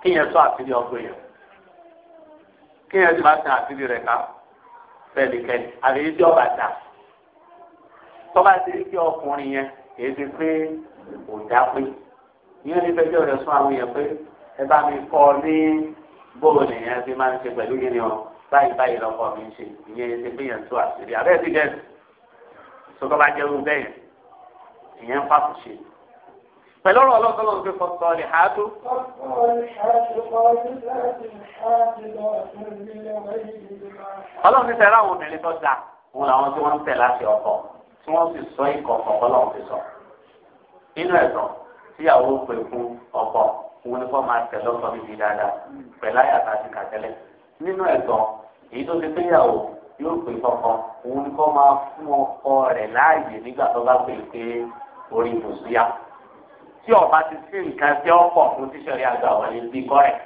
kí yẹn tó àtìrí ọgbẹ́ yẹn kí yẹn tó bá sin àtìrí rẹ̀ ká fẹ́ẹ̀lì kẹ́ni àbí ìjọba dà tọ́ba ti rí kí ọkùnrin yẹn kìí ti pé kò já pé yíyan ní fẹjọ́ rẹ̀ sún àwọn yẹn pé ẹ bá mi kọ́ ní bóòlù nìyẹn ti máa ń ṣe pẹ̀lú yín ni ọ báyìí báyìí lọkọ mi ń ṣe ìyẹn ti gbìyàn tó àṣírí abẹ́ẹ̀ ti dẹ́nu sọtọ́ba jẹ́ irú bẹ́ẹ̀ ìyẹn ń pàtó ṣe pẹ̀lú ọ̀rọ̀ ọlọ́sọ́lọ́ ń fi fọ́tọ̀ ní àádó. ọlọ́run ti tẹ̀lé àwọn obìnrin tó dáa òun làwọn tí wọ́n ń tẹ̀ láti ọkọ̀ tí wọ́n sì sọ ìkọ̀kọ̀ ọlọ́run fi sọ. nínú ẹ̀sọ́ tíyàwó pè fún ọkọ òun ni wọ́n máa tẹ̀ lọ́sọ̀ bíbí dáadáa pẹ̀lú àyàtà àti kàtẹ́lẹ̀. nínú ẹ̀sọ́ èyí tó ti péyàwó yóò pè fọkọ òun ni wọ́n máa fún ọkọ rẹ̀ láàyè nígbà tó bá pè pé orí ibùsùn yá. tí ọba ti sí nǹkan tí ó pọ̀ fún tíṣẹ̀rí àgbà wọlé bí kọ́rẹ̀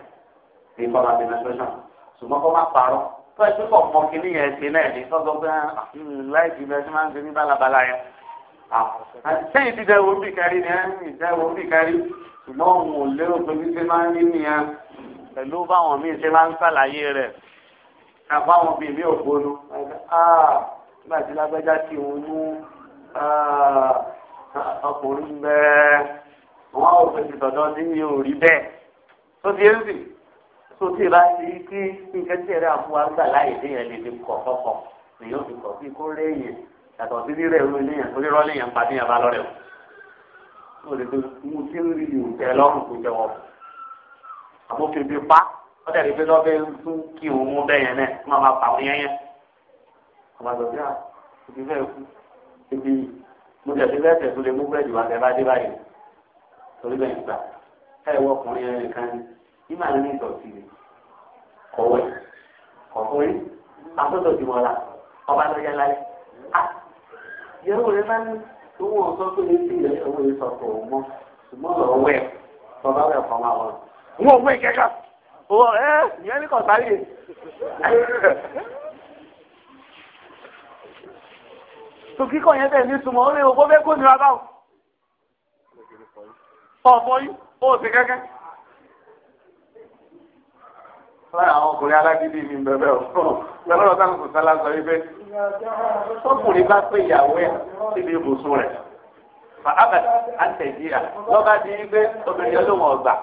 bí kọ́ máa bí menstruation ṣùgbọ́n kọ́ máa parọ́ tó ẹ pípọ̀ mọ kínní yẹn ṣe náà ní sọ́dọ̀ pé láìsí bẹ́ẹ̀ tí máa ń ṣe ní bálabàla yẹn. Ah, sẹ́yìn ti dẹ́wọ́ bí kárí ni ẹ́ ń dẹ́wọ́ bí kárí ṣùgbọ́n òun ò lérò pé bí ṣe máa ń rí nìyẹn pẹ̀lú báwọn míì ṣe máa ń ṣàlàyé rẹ̀ àbáwọn bíi mi ò gbónú ah, nígbà tí lágbájá ti òun mú ah, ọkùnrin bẹ́ẹ̀ wọ́n ò fèsì tọ̀dọ̀ sí mi ò rí bẹ́ẹ̀ tó ti ń sìn sotí bá ti kí nǹkan tí ẹ̀rọ àbúwá gbà láyé déyàn lè fi kọ̀ kọ̀kọ̀ èyí ò fi kọ̀ bí kó réyìn yàtọ̀ sí rírẹ̀ ìlú iléyàn tó rírọ́ léyàn pa déyàn bá lọ́rẹ̀ o ó lè fi mú sí rí ìlú tẹ lọ́rùn kó jẹ́wọ́ àmófin bíi pa wọ́n tẹ̀lé pé lọ́bẹ̀ ń tún kí òun mú bẹ́yẹn náà kí máa pa òun yẹ́yẹ́ àbàdàn bí a ti fẹ́ kú ibi mo jẹ̀ sí lẹ́sẹ̀ tó lè mú bẹ́ẹ̀ kí màá ní ìdọ̀tí rẹ̀ kọ̀wé ọ̀kùnrin àtọ́tọ̀ ti wọ́n la ọba lọ yá láyé. Ah, ìyàwó rẹ̀ máa ní owó ọ̀sọ́ tó lè fi ìyẹn owó yìí sọ̀tọ̀ òun mọ́ ṣùgbọ́n lọ wẹ̀ bàbá rẹ̀ fọ́ máa wọ̀. wọn ò mú ìkẹ́kọ̀ọ́ owó ẹ ìyẹn ní kọ̀ọ̀tàrí yìí. tó yẹn bẹ́ẹ̀ ní túmọ̀ ó lè wọ́n bẹ́ẹ̀ kó nira báwọn. ọ̀bọ yìí ó sì kẹ́kẹ́ fúnra àwọn ọkùnrin alágídí mi bẹ̀rẹ̀ ọ̀fọ́ lọ́lọ́rọ̀ sáà kò sálá sọ wípé ọkùnrin bá pé ìyàwó ẹ̀ síbi ibùsùn rẹ̀ fàábà àtẹ̀jíà lọ́ba di wípé obìnrin yẹn ló wọ̀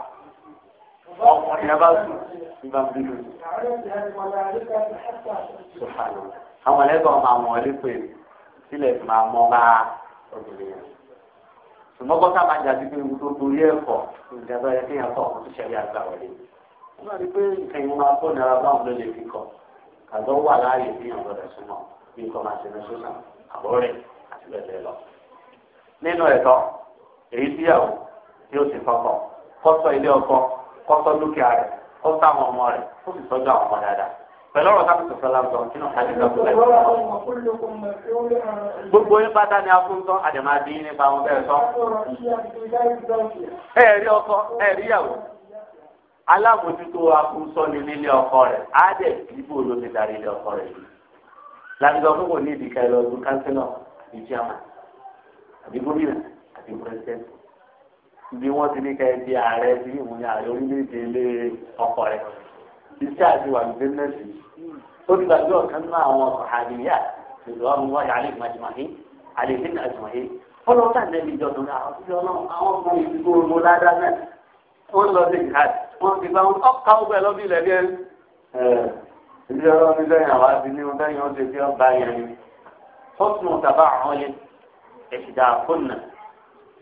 ọkùnrin bá sùn ní bá àwọn ẹlẹ́gbọ̀n máa wọ̀ ọ́ sílẹ̀ máa mọ́ bá obìnrin yẹn ṣùgbọ́n kọ́ta sí pé ewu torí ẹ̀kọ́ ìjàmbá wọ́n rí pé nǹkan yìí máa kó nira báwọn ló lè fi kọ́ kàdó wà láàyè bí àwọn ọ̀rẹ́ súnmọ́ bí nǹkan máa ṣe ní sọ́sàn àbọ̀rẹ́ àti bẹ́ẹ̀ bẹ́ẹ̀ lọ. nínú ẹ̀tọ́ èyí tíyàwó tí ó sì fọ́kọ̀ kọ́sọ́ ilé ọkọ kọ́sọ́ dúkìá rẹ̀ kọ́sọ́ àwọn ọmọ rẹ̀ ó sì tọ́jú àwọn ọmọ dáadáa pẹ̀lú ọ̀rọ̀ tábìlì sọ̀sọ́lá ń kí náà kájí lọ gbogbo yín pátá ni a fún tán àdèmàdì nípa àwọn bẹ́ẹ̀ sọ. ẹ̀ẹ́rí ọkọ ẹ̀ẹ́rí ìyàwó alábòjútó akúnsọ́ni nílé ọkọ rẹ̀ á dẹ̀ ìbò ló ti darí ilé ọkọ rẹ̀ yìí làbíkọ fún kò ní ìdíkà ẹ lọ ọdún kánsílọ àbí jíàmà àbí gómìnà àbí pírẹsidẹǹtì bí wọn ti ní ká ẹ di ààrẹ bí ìwòye ààrẹ orílẹ̀ ilé ọkọ rẹ̀ iṣẹ́ àti wà ní bísínẹsì ó ti gbàgbé ọ̀kan náà àwọn àdìyà ìlú ọmọ wáyà alẹ ìmàjìmáhé alẹ ìdíkà àjùmáhé fọlọ ká nẹbi wọ́n ti bá wọn ọ̀ka ọgbẹ́ lọ́bí ilẹ̀ bí ẹni. ìdí ọlọ́run ní lẹ́yìn àwa ti ní ọdún yẹn ó ti fi ọba yẹn ni. fọ́tùnù tàbá àwọn yẹn ẹ̀sìdá fóònù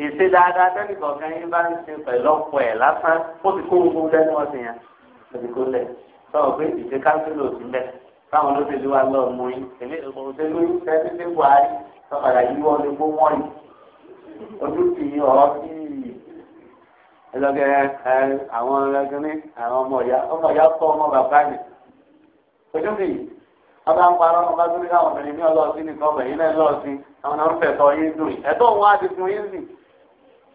ìṣe dáadáa tẹ́lẹ̀ kọ̀ọ̀kan yín bá ń ṣe pẹ̀lú ọ̀pọ̀ ẹ̀ lásán ó ti kó gbogbo dání wọ́n ti yẹn ẹ̀sìn kó lẹ̀ sọ̀rọ̀ pé ìṣe káńsílò sí mẹ́ táwọn olóṣèlú wa lọ́ọ́ mú yín èmi òṣèlú yín tẹ́lẹ̀ Buhari sọ̀kadà yíwọ́ ni gbó wọ́n yìí ojú kì í ọ̀rọ̀ sí ẹlọgẹ ẹ àwọn ẹlẹgìnní àwọn ọmọ ìyá ọmọ ìyá kọ ọmọ bàbá mi ojú mi ọba ń parọ́ ọba tó ní káwọn obìnrin ní ọlọ́ọ̀sí nìkan ọbẹ̀ yín náà lọ́ọ̀sí àwọn náà ń fẹ̀tọ́ yín dùn ẹ̀tọ́ wọn á ti fún yín sì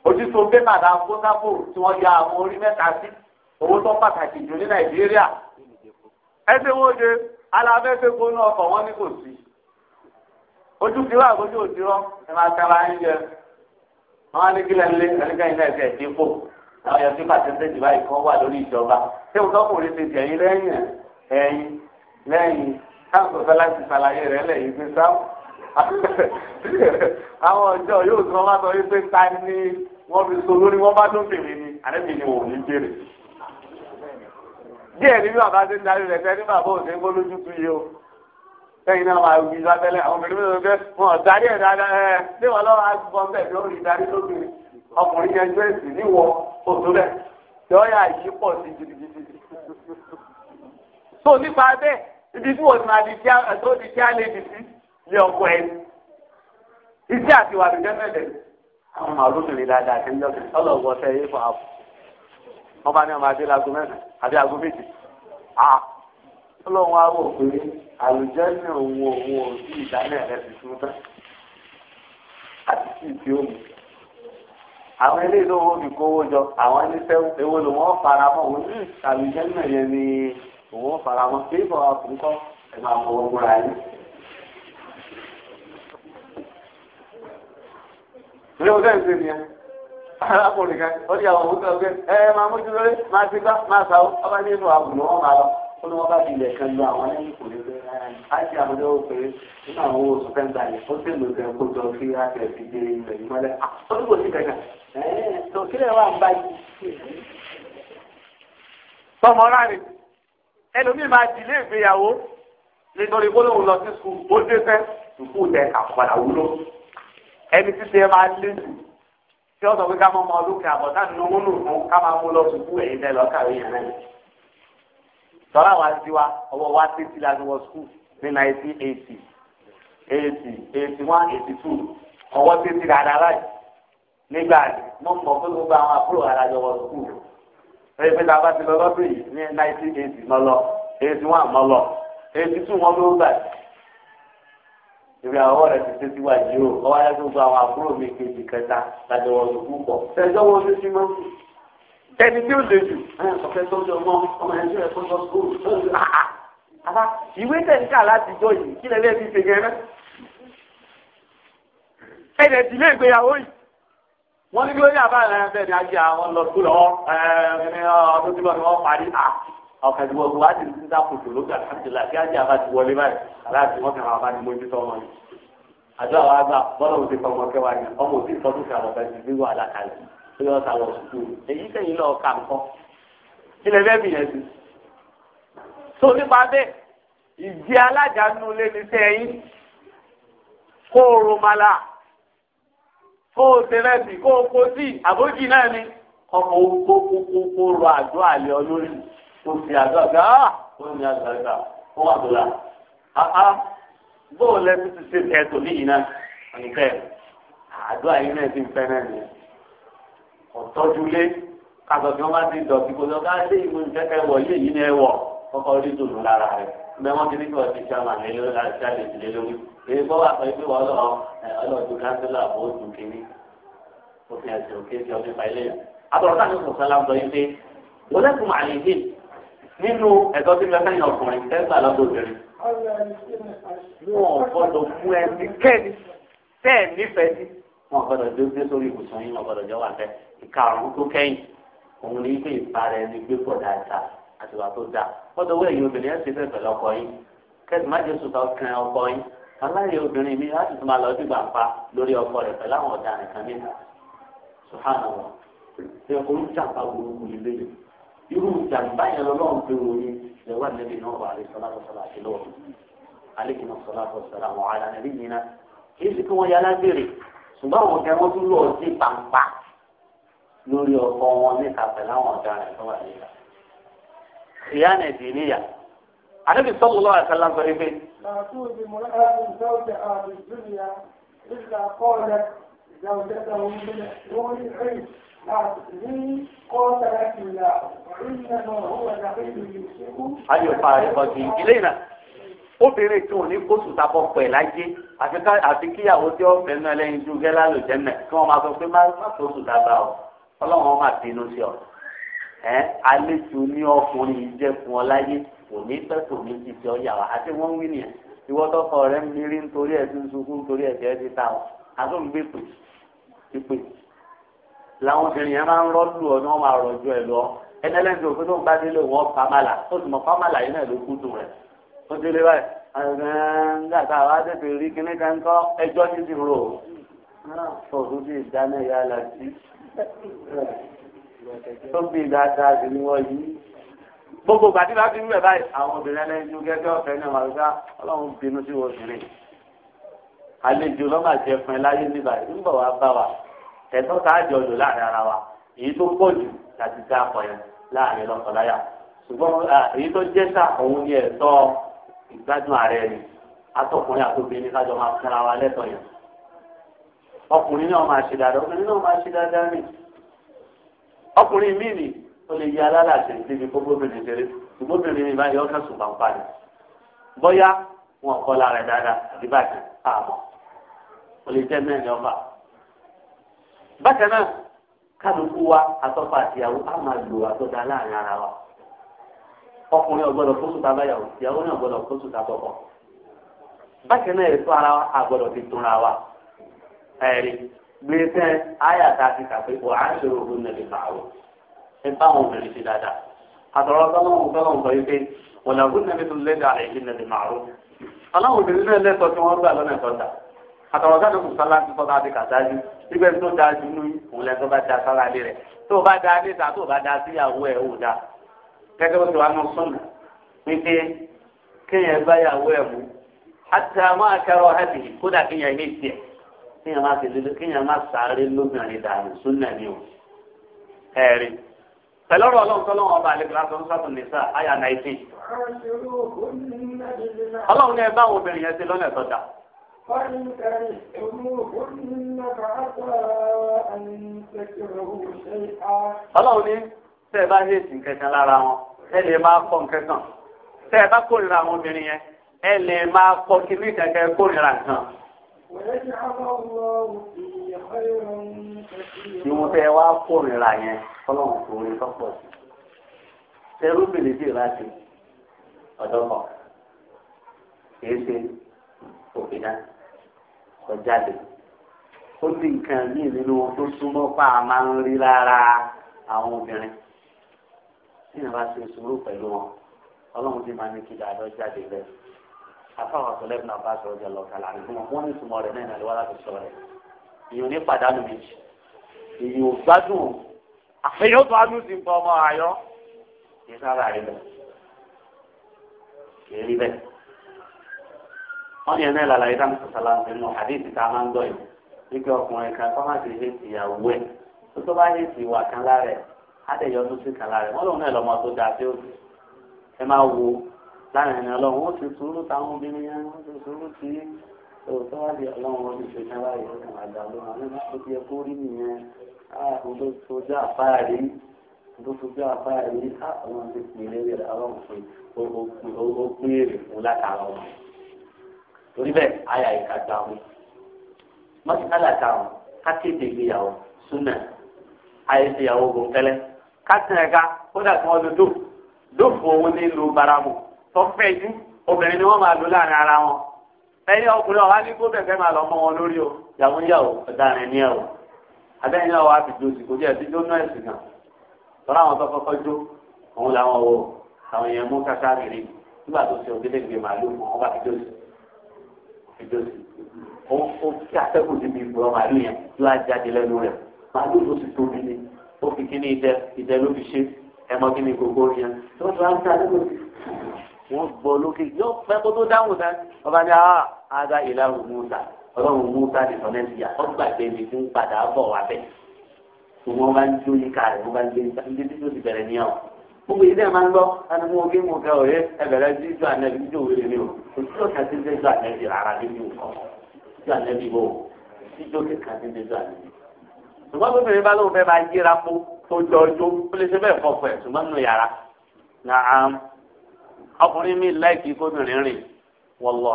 ojú tó gbé màdà kótápò tí wọ́n ya àwọn orí mẹ́ta sí owó tó pàtàkì jù ní Nàìjíríà ẹsẹ̀ wọn ṣe alábẹ́sẹ̀ gbóná ọkọ̀ wọn ní kò sí ojú ti wá àgbójú òdìrọ́ ẹ máa tẹ́ra ẹ̀ ń jẹ wọn á ní kílẹ̀ ńlẹ̀ ẹ̀ àwọn yẹn fífà tẹ́tẹ́ jù báyìí kan wà lórí ìjọba ṣé òun tọkùnrin ti tẹ̀yìn lẹ́yìn ẹ̀yìn lẹ́yìn táwọn sọ̀tẹ́ láti ṣàlàyé rẹ̀ lẹ́yìn pé sáwọn àwọn ọjọ́ yóò sọ wá sọ wípé ta ni wọ́n fi so lórí wọ́n bá tó bèrè ni àdébì ni òun ní bèrè. díẹ̀ nínú àbá ti ń darí rẹ̀ fẹ́ ní bàbá òsè ń gbólójú tu yìí o sẹ́yìn náà máa wí lábẹ́lẹ̀ àwọn mẹ̀lẹ́mẹ̀lẹ́ fẹ́ wọn darí ẹ̀ dáadáa ẹ̀ ṣé ọkùnrin yẹn ju èsì níwọ oṣù rẹ̀ lọ́ọ̀yà yìí pọ̀ sí gidigidi. tó nípa bẹ́ẹ̀ ibi tí wọ́n máa di tí a tó di tí a lè di sí ní ọkọ ẹ̀. iṣẹ́ àti wà lójẹ́ mẹ́lẹ̀ àwọn màálù nìyí dáadáa ti ń jọ sí ọlọ́ọ̀gbọ́n tẹ yé fún ààbò. wọ́n bá ní ọmọ adé lago mẹ́sàn-án àbí ago méjì. ọlọ́run á rò pé àlùjẹ́ ní òun òun ò sí ìdáná ẹ̀rẹ́ ti fún tán àti sí ìfi òmùgọ̀ àwọn ilé ìlówó fi kówó jọ àwọn iléeṣẹ́ ewó ló wọ́n fara mọ́ òun ní àlùjẹ́ náà yẹn ni òun fara mọ́ pé ìfọ̀ àkùnkọ́ ẹ̀ máa mọ ogun ra ilé ọjọ́ ìṣe nìyẹn arákùnrin kan ó ní àwọn òun tó ń gbé ẹ máa mójú lórí máa ti gbá máa sàó ọba ní inú àbùnú wọn máa lọ ó ní wọ́n bá tilẹ̀ kan lọ àwọn lẹ́yìn kò ní bẹ́ẹ̀ rárá ni á ti àwọn ọlọ́wọ́ pé nínú àwọn owó oṣù fẹ́ǹgbà yẹn ó sì lòdì ẹ̀kọ́ jọ kí á tẹ̀ fi dé ilẹ̀ yìí mọ́lẹ̀ ah, ó ní kò sí kankan ẹ̀ẹ́n tó kílẹ̀ wà ń báyìí. tọmọ láàrin ẹlòmíì máa dìlé ìgbéyàwó nítorí gbólóhùn lọ sí sùkúù ó dé fẹ́ sùkúù tẹ àpàdà wúlò ẹni títí ẹ máa lé jù tí ó sọ pé ká mọ́ ọmọ ọdún sọ́ra wa sí wa ọwọ́ wa tẹ́tí la ti wọ skul ní nineteen eighty eighty eighty one eighty two ọwọ́ tẹ́tí dáadáa báyìí nígbà mo mọ̀ pé gbogbo àwọn àbúrò adájọ́ wọ skul ẹ̀yìn pé tàbá ti lọ lọ́dún yìí ní nineteen eighty mọ́ lọ eighty one mọ́ lọ eighty two wọ́n ló gbà ìrì àwọn rẹ̀ ti tẹ́tí wá o ọwọ́ ayé gbogbo àwọn àbúrò mi kejì kẹta lájọ wọ skul pọ̀ tẹ́jọ́ wọ́n ti ti mọ́ ẹni tí ó lè jù ọ̀fẹ́ tó jọ láti jọ yìí kí lẹ́lẹ́ ti ṣe gẹ́rẹ́ ẹ̀dẹ̀ ti lé ìgbéyàwó yìí wọ́n ní kí ló ní àbá ẹ̀ bẹ́ẹ̀ ni ajé àwọn lọ sukúrù lọ́wọ́ ọdún tí wọ́n parí à ọ̀kẹ́ tí wọ́n bu wájú ní sísá kòtò lókè àtàkìlá kí ajé àbá ti wọlé báyìí aláàbí wọ́n àjọ àwọn àgbà bọ́lá òsì fọmọ kẹwàá yẹn ọmọ òsì sọdún kí àwọn ti gbé wàhálà kalẹ̀ pé wọ́n ta wọ̀ sùkúrù èyí kẹ́yìn lọ́ọ́ kà ń kọ́ ilẹ̀ bẹ́ẹ̀ bìyànjú. tó nípa bẹ́ẹ̀ ìdí alága nù lé ní sẹ́yìn kó o ro mala kó o tẹ̀lẹ́sì kó o kó sí àbójì náà ni ọmọ kó kó kó kó ro àjọ àlẹ́ olórí kó fi àjọ àgbà ah! ó ní àjọ àgbà ó wà tó la ah, ah! bóòlù ẹ ti ṣe ẹ̀tọ́ níyì náà nìkẹ́ àjọ àyè náà ti ń fẹ́ náà nìyẹn ọ̀tọ́jú lé kàtọ́ tí wọ́n bá ti dọ̀tí kò lọ́ọ́ káṣí ìmú ìtẹ́kẹ́ wọ̀ yé yìí ni ẹ wọ̀ kọ́kọ́ rí dùnú lára rẹ̀ bẹ́ẹ̀ wọ́n ti ní kí wọ́n ti ṣàmà lé lórí àti àlè ìdílé lórí èyí kọ́ wà pé pé wọ́n lọ ọlọ́ọ̀dún kánsílà bó dùn kínní òfin ẹ̀sìn òkè ti ọdún ìfà ilé yẹn. àtọ̀rọ̀ sáà ní sọ̀sálà ń sọ yìí pé wọ́n lẹ́kùn àlè yìí nínú ẹ̀tọ́ tí wọ́n wọn gbọ́dọ̀ jó gbé sórí ibùsùn yín wọn gbọ́dọ̀ jọ wà fẹ́ ìkarùn tó kẹ́yìn òun ní pé ìbára ẹni gbé pọ̀ dáadáa àti wà tó dáa ọ̀dọ̀ wọ èyí obìnrin ẹsẹ fẹẹ pẹ̀lú ọkọ yín kẹsì má jẹ sùtọ kan ọkọ yín aláyẹ obìnrin mi láti tún máa lọ dìgbà pa lórí ọkọ rẹ̀ pẹ̀lú àwọn ọ̀daràn kan níta sùhánà wọn ṣe olùjàmbá burúkú ilé yìí irú ìjàmbá yẹn lọ́lọ́run fi wò ní ìjẹwà níbi náà wà alẹ sọlá sọlá àti lọ́wọ́ alẹ kìnnà sọlá sọlá wọn àlànà ṣùgbọ́n àwọn ọ̀gá wọn tún lọ sí pàǹpà lórí ọkọ wọn níta pẹ̀lú àwọn ọ̀daràn tó wà níta. ìyá nà ẹ̀dì níyà àdébí sọ́kùn lọ́wọ́ àṣà lásán yìí pé. làtúndì mọ́ láti sọ́ọ̀tẹ̀ náà obìnrin tí wọn ní kóṣù tapọ̀ pẹ̀ láyé àfi kíyàwó tí ó fẹ́ náà lẹ́yìn ju gẹ́lá lò jẹ́nà kí wọ́n máa sọ pé má kóṣù tàbá o ọlọ́run máa bínú sí ọ. ẹ àlejò ní ọkùnrin yìí jẹ́ fún ọ láyé òní fẹ́tò méjì tí ọ yà wá àti wọ́n wí nìyẹn ìwọ tọkọ rẹ ń mírí nítorí ẹ̀ tí ń sunkún nítorí ẹ̀ tí ẹ ti ta ọ àtúntò gbé pè pípè làwọn obìnrin yẹn máa ń rọ́ọ̀lù ọ ní wọ́n máa rọ̀jò ẹ̀ lọ ẹnẹlẹ́sìn òfin tó ń bá délé wọn pamala ó sì mọ pamala yìí náà ló kú dùn rẹ̀ ó ti lé báyìí àgbà tá a wá tètè rí kíní kan kọ́ ẹjọ́ ní ti rò ó tó ti dáná ìyá aláàtì tó fi dáadáa sí ni wọ́n yí gbogbo gbàdí bá fi ń bẹ̀ báyìí àwọn obìnrin ẹlẹ́yinjú gẹ́gẹ́ ọ̀fẹ́ náà wà lọ́sà ọlọ́run bínú sí wọn obìnrin àlejò lọ́mà jẹ fún ẹ láyé nígbà yìí ń bọ̀ bá wa ẹ̀tọ́ tá a jọ láàrin ara wa èyí tó pọ̀ jù láti dá akọ yẹn láàrin lọ́kọ̀láyà ṣùgbọ́n èyí tó jẹ́ sá òun ni ẹ̀tọ́ ìgbádùn ààrẹ ni atọkùnrin àtòbìnrin kájọ máa fẹ́ra wa lẹ́tọ̀ yẹn ọkùnrin náà máa ṣe dáadáa obìnrin náà máa ṣe dáadáa ni ọkùnrin míì ni ó lè yí alálàṣẹ níbi kó bóbìnrin ṣeré ṣùgbọ́n báyìí ọ̀sán sùn pàǹpà ni wọn wa atọ́fà á máa lò àtọ́dá láàrin wa. ọkùnrin ọgbọ́dọ̀ kó sùtà báyàwó ìyàwó náà gbọ́dọ̀ kó sùtà bọkọ bákan náà ètò ara wa àgbọ́dọ̀ ti tún ra wa ẹrí gbèsè àyàtà ti kàpé wà á ṣòro ògùn nàbì màáwó ẹ bá àwọn obìnrin ṣe dáadáa àtọ̀rọ̀ tọ́lọ́hùn tọ́lọ́hùn sọ wípé wọ́n làwọn ògùn nàbì tó lẹ́dà àìsí nàbì màáwó aláwọ̀ obìnrin náà lẹ́tọ̀ọ́ tí wọ́n gbà lọ́nà ìtọ́jà àtọ̀rọ̀ sáà lókùn sọ́lá ti sọ́lá ti kàdájú nígbà tó gẹ́gẹ́ bó ti wà nù sùn wípé kéèyàn báyàwó ẹ̀ mú àti àwọn akẹ́rọ ẹ̀bì kódà kéèyàn ní tiẹ̀ kéèyàn má tẹ̀lé kéèyàn má sáré lómìnirin dàrú sùn náà ni o ẹ̀rí pẹ̀lú ọ̀rọ̀ ọlọ́run tó lọ́wọ́ ọba àlejò látọ̀ sọ́tún nìsa àyà náìtì. ọlọ́run ní ẹ àwọn obìnrin yẹn ti lọ́nà ẹ̀tọ́ ọlọ́run ní tẹ́ bá ṣe èsì kẹsàn lára wọn ẹ lè máa kọ nǹkan kan tẹ ẹ bá kórìíra àwọn obìnrin yẹn ẹ lè máa kọ kíní kẹkẹ kórìíra kan. ìwọ̀n tẹ ẹ wá kórìíra yẹn fọlọ́run kò rí tọ́pọ̀ sí i tẹrú bèrè bí ìrántí ọ̀dọ́ kan kìí ṣe òfin náà ọ̀jáde ó ní nǹkan míì nínú wọn tó súnmọ́ pa àmà ń rí lára àwọn obìnrin tí ìyàrá ṣe sùúrù pẹ̀lú wọn ọlọ́run ti máa ní kí dáadọ́ jáde rẹ̀ afáwọn ọ̀tọ̀ lẹ́bùn náà bá sọ̀rọ̀ jẹ lọ kàlà àmì fún wọn wọ́n ní ìtumọ̀ rẹ̀ náà ìnáwó aláàbò sọ̀rọ̀ rẹ̀ ìyẹn ní pàdánù méjì ìyẹn ò gbádùn àfẹ́yọ́ tó adùn sí nǹkan ọmọ àyọ́ kì í sára rí bẹ́ẹ̀ kì í rí bẹ́ẹ̀ wọ́n yẹn náà lálàyé dáhùn sọ̀tàlá nínú àdéhìí tá máa ń gbọ́ wípé ọkùnrin kan kọ́ má ìyàwó ẹ̀ tó tó bá hé ìwà kan lára ẹ̀ adéyọ tó sì kàlà rẹ̀ wọ́n náà lọ́mọ tó dáa tí ó sì ẹ máa wo láàrin ẹni ọlọ́run ó ti sùúrù táwọn obìnrin yẹn ó ti sùúrù tí òótọ́ wá di ó ti ṣe ní aláyọ̀ ó sì máa dà lóhùn àmì ó ti yẹ kó rí nìyẹn àwọn ah, tó sojú àfáà rí tó sojú àfáà rí àwọn ah, ti pè lérè ọlọ́run fún ó pín èrè fún látara ọmọ torí bẹ́ẹ̀ ayà ìka gbà wọn mọ́tí kálà táwọn ká kéde ìgbéyàwó súnà ayé ìgbéyàwó gbọ̀ngẹ́lẹ́ kásìn ẹ̀ka kódà tí wọ́n lo dóòfù dóòfù owó ní ìlú baramu tó fẹ́ jù obìnrin ni wọ́n máa lò láàrin ara wọn ẹ̀yin ọkùnrin ọ̀hán ní gómìnà fẹ́ máa lọ mọ́ wọn lórí o yàwó ń yà o ọ̀daràn ni ẹ̀ o abẹ́yìn náà wà á fi dòsì kò jẹ́ ẹ̀ ti jó náà ẹ̀sìn kan tọ́lá àwọn tó kọ́kọ́ jó òun làwọn wò àwọn èèyàn mú kàkà rèé nígbà tó ṣe òdílé gbé màálù wọn bá fi dòsì fi dòsì ó fi àtẹ́kùn níbi ìgbọ́ màálù yẹn tó á jáde lẹ́nu rẹ̀ màálù tó ti tóbi ni ó fi kíní ìtẹ ìtẹ ló fi ṣe ẹmọ kíní gbogbo yẹn tó tó á ń tà lóko wọn gbọ́ lókè yóò pẹ́ kó tó dáhùn náà ọba ní àwọn àgbà ìlànà mùsà ọlọ́run mùsà ní sọ́nẹ́sì yà ọgbà gbẹ̀mí fún padà bọ̀ wá bẹ́ẹ̀ wọn bá ń jó yíká rẹ wọn bá ń gbé níta ní títí ó ti bẹ̀rẹ̀ níyà o gbogbo yìí náà máa ń lọ ẹni mú ogé mú kẹ òye ẹbẹrẹ jíjọ ànẹbí jíjọ òwe ni o òtítọ́ kàtí ń jẹjọ ànẹbí rárá níbi nǹkan jíjọ ànẹbí bò jíjọ kẹkàtí ń jẹjọ ànẹbí ṣùgbọ́n tó bèrè bá lóun fẹ́ máa yíra kó tó jọjú ó lè ṣe bẹ́ẹ̀ fọkọ ẹ̀ ṣùgbọ́n nínú yàrá nàám ọkùnrin mi láìkí kóbìnrin rìn wọlọ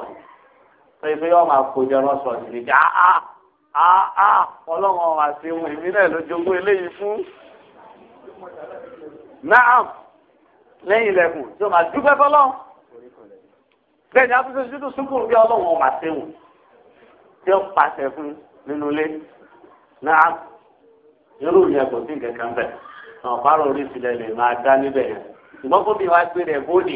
pé pé yọ máa kojọ rọṣọ ìdíje áá áá ọlọ́run ọ̀hún àti ohun ìmí náà ló jogún eléyìí fún nàám lẹ́yìn ilẹ̀kùn tí ó máa dúpẹ́ fọlọ́run bẹ́ẹ̀ ni abúlé ṣíṣú sùkúrù bí ọlọ́run ọ̀hún àti ohun tí ó pàṣẹ fún nínú ilé nàám irú yẹn kò sí nǹkan kan bẹ̀ ọ̀páàrọ̀ orí ìsìlẹ̀ lè máa dá níbẹ̀ yẹn ṣùgbọ́n fún mi wá pé rẹ̀ bóni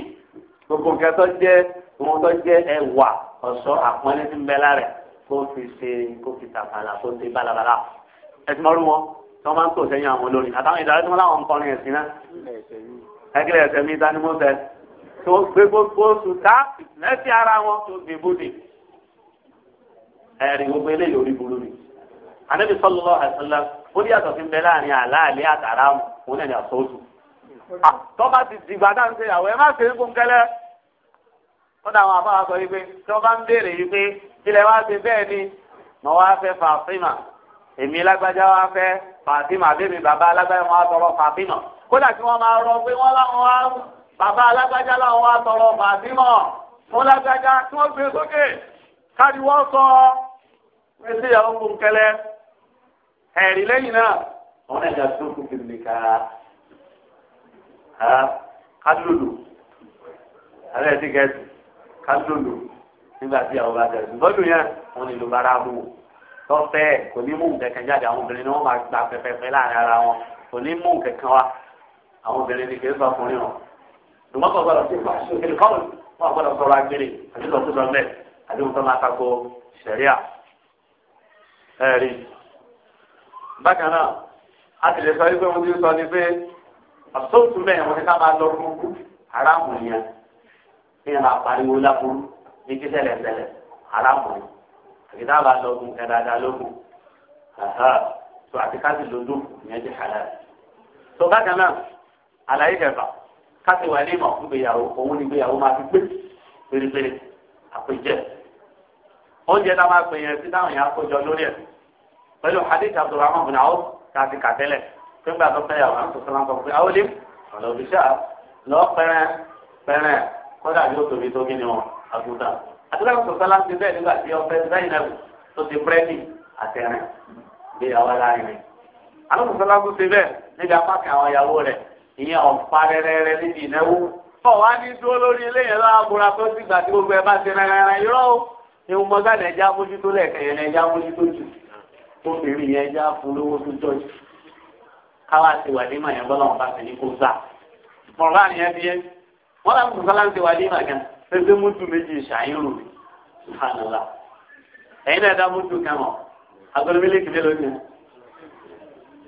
gbogbo nǹkan tó jẹ́ wọn tó jẹ́ ẹwà ọ̀ṣọ́ àpọ́nlé tí ń bẹ lára ẹ̀ kó fi ṣe kó fi tàbàlà kó ṣe bálabàlà ẹtì mọ́rú wọn tí wọ́n máa ń tò sẹ́yìn àwọn olórin àtàwọn ìdarí tí wọ́n láwọn ń kọrin ẹ̀sìn náà ẹgbẹ́ ẹ̀sẹ̀ mi dání mọ́ bẹ́ẹ̀ tó gbé gbogbo oṣù ká lẹ́sìn ara wọn tó gbé bóde ẹ̀rí gbogbo eléyìí orí burú mi. ànábì sallallahu ó ní yàtọ̀ sí ń bẹ láàrin àláàlẹ́ àtàrà òun náà ní àsọ́ọ̀tù. Ah, tọ́ba ti dìgbà náà ń ṣe àwọ̀ ẹ má ṣe é fún kẹ́lẹ́. wọ́n dà àwọn àbáwá sọ wípé tí wọ́n bá ń béèrè wípé ilẹ̀ wa ṣe bẹ́ẹ̀ ni mo wá fẹ́ fàfímà èmi lágbájá wa fẹ́ fàfímà bẹ́ẹ̀ mi bàbá alágbájá wọn á tọrọ fàfímà kódà tí wọ́n máa rọ pé wọ́n láwọn wá bàbá alágbájá láwọn wá tọrọ fàfímà fún lágbájá tí wọ́n gbé e sókè káàdì wọ́n sọ ẹ ẹ̀rí lẹ́yìn náà wọn ẹ̀dá tó kù fi mi ká kálólò alẹ́ ti gẹ̀ẹ́sì kálólò nígbà tí àwọn bá tẹ̀ ṣùgbọ́n yẹn wọn nílò bára mú o tọ́fẹ́ kò ní mú nǹkan jáde àwọn obìnrin ni wọ́n máa gba pẹpẹpẹ láàrin ara wọn kò ní mú nǹkan wá àwọn obìnrin ni kì í sọ ọkùnrin wọn lùmọ́kọ̀ gbọ́dọ̀ sí ìfàṣọ ìkọ́lù wọn gbọ́dọ̀ sọ̀rọ̀ agbèrè àti lọ́sọ̀tọ̀ mẹ́ àdéhùn tó máa tako sẹ̀ríà ẹ̀rí bákan náà a sì lè sọ wípé mo ti sọ ni pé àsọ̀tún bẹ́ẹ̀ wọ́n ti ká máa lọ fún kú aráàmù yẹn ní ìlà pariwo lápúrú ní kí sẹ́lẹ̀sẹ̀lẹ̀ aráàmù yẹn àti tá a bá lọ fún ẹ̀dáadáa lókun tó àti ká sì lòdù ìyẹn ti halal. tó bákan náà àlàyé kẹfà ká sì wà ní ìmọ̀ fún ìgbéyàwó òun ni ìgbéyàwó máa fi pé pérépéré àpèjẹ oúnjẹ tá a sí táwọn yẹn á kó jọ lórí ẹ̀ pẹ̀lú hadith abdulrahman bin awf káàtì kàtẹ́lẹ̀ pé ńgbà tó fẹ́yàwó àwọn tó sọ́nà kọ̀ọ̀kan àwọn olè ọ̀nà òbíṣà lọ pẹ́rẹ́ pẹ́rẹ́ kọ́dà yóò tóbi tó kí ni wọn àgùntà àtúntà tó sọ́nà ti bẹ́ẹ̀ nígbà tí ọ̀fẹ́ zainab tó ti pẹ́ẹ́lì àtẹ̀rẹ̀ bí àwọn aláìrìn àwọn tó sọ́nà tó ti bẹ́ẹ̀ níbi apá kan àwọn ìyàwó rẹ̀ ìyẹn ọ̀pá rẹ̀rẹ̀rẹ̀ níbi ìnáwó ọ̀ wá ní dúró lórí eléyìí láàbùrà tó ti gbà tí gbogbo ẹ bá ti rẹ̀ rẹ̀ rẹ̀ yọ̀ọ́ ìwọ̀n mọ́gàdà ẹja mójútó lẹ̀kẹ̀ yẹn ẹja mójútó tóbìnrin yẹn já fún lówó tó jọjú káwá ti wà nímọ̀ yẹn bọ́lá wọn bá ti ní kó sà mọ̀lá yẹn bí yẹn wọ́n làwọn kò sálá ń ti wà nímọ̀ gan pépé mútu méjì ṣàyẹ̀rù subhanallah ẹ̀yin náà dá mútu kan mọ̀ agolo mílíkì mélòó ni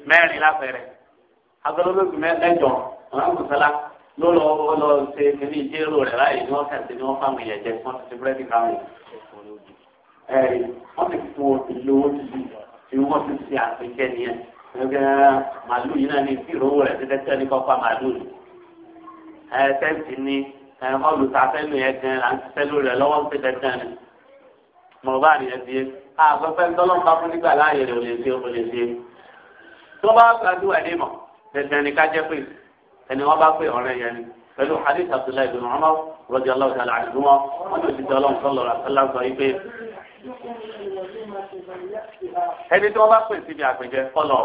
mẹ́rin lápẹ̀rẹ̀ agolo mílíkì mẹ́jọ wọ́n kò sálá ló lọ lọ ṣe kíní ìjírò rẹ̀ láyé ni wọ́n kàn sí ni wọ́n fáwọn èèyàn jẹ wọ́n ti ti búrẹ́dì káwọn ẹ̀rí wọ́n ti fún òbí ìwọ ti ṣe àpèjẹ nìyẹn ẹgbẹ màálù yìí náà ní ìrówó rẹ ti tẹtẹ ní kọfà màálù ni ẹ tẹǹtì ni ẹ ọlù tàfẹnù yẹn gan là ń tẹ lórí rẹ lọ́wọ́ ń pè tẹtẹ ni mọ bá nìyẹn ti yé àgbẹfẹ ńlọlọpàá fún nígbà láàyè rẹ ò lè ṣe ò lè ṣe tó bá gbàdú ẹ mọ tẹtẹ ni ká jẹ pé ẹni wọn bá pè ọ̀rẹ́ yẹn ni pẹ̀lú hadith abdullahi bin umar radiyallahu ta'ala anhu wọn wọn ti sọ sọlọ ẹni tí wọ́n bá pè síbi àpèjẹ kọlọ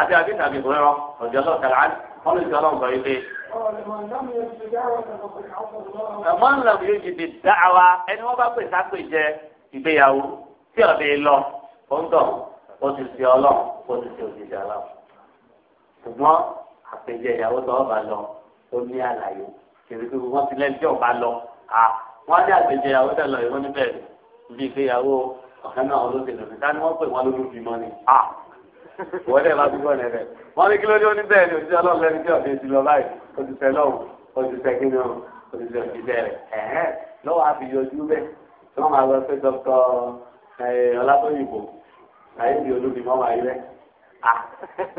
àti àbí tàbí ìbúrẹ́rọ ọ̀jọ́ lọ́ọ̀ tẹ̀lá wọ́n lè jọ ilé. ẹ̀mọ́ ń lọ bí ojú di dáhàwá ẹni wọ́n bá pè sápèjẹ ìgbéyàwó tí ọ̀dẹ lọ ó ń dọ̀ ó ti ṣe ọlọ́ ó ti ṣe òjijì ọlọ́ ṣùgbọ́n àpèjẹ ìyàwó tó ọba lọ ó ní àlàyé kiri kiri ti lẹ́ni tí ọba lọ à wọ́n ní àpèjẹ ìyàwó tẹ̀ ọ̀kan náà ló ti lòdì dání wọ́n pè wọ́n lójú bí mọ́ ni à wọ́n dẹ̀ ní kí ló ní bẹ́ẹ̀ ni òṣìṣẹ́ ọlọ́run lẹ́ni tí ọ̀dẹ́ ti lọ báyìí òṣìṣẹ́ lọ́wọ́ òṣìṣẹ́ kí ni ó òṣìṣẹ́ òṣìṣẹ́ rẹ̀ ẹ̀hẹ́ lọ́wọ́ àfi yọjú bẹ́ẹ̀ tí wọ́n máa lọ sí dọ́kítọ̀ ọlábóyìnbó láyé bí olóbi mọ́ wáyé rẹ̀ à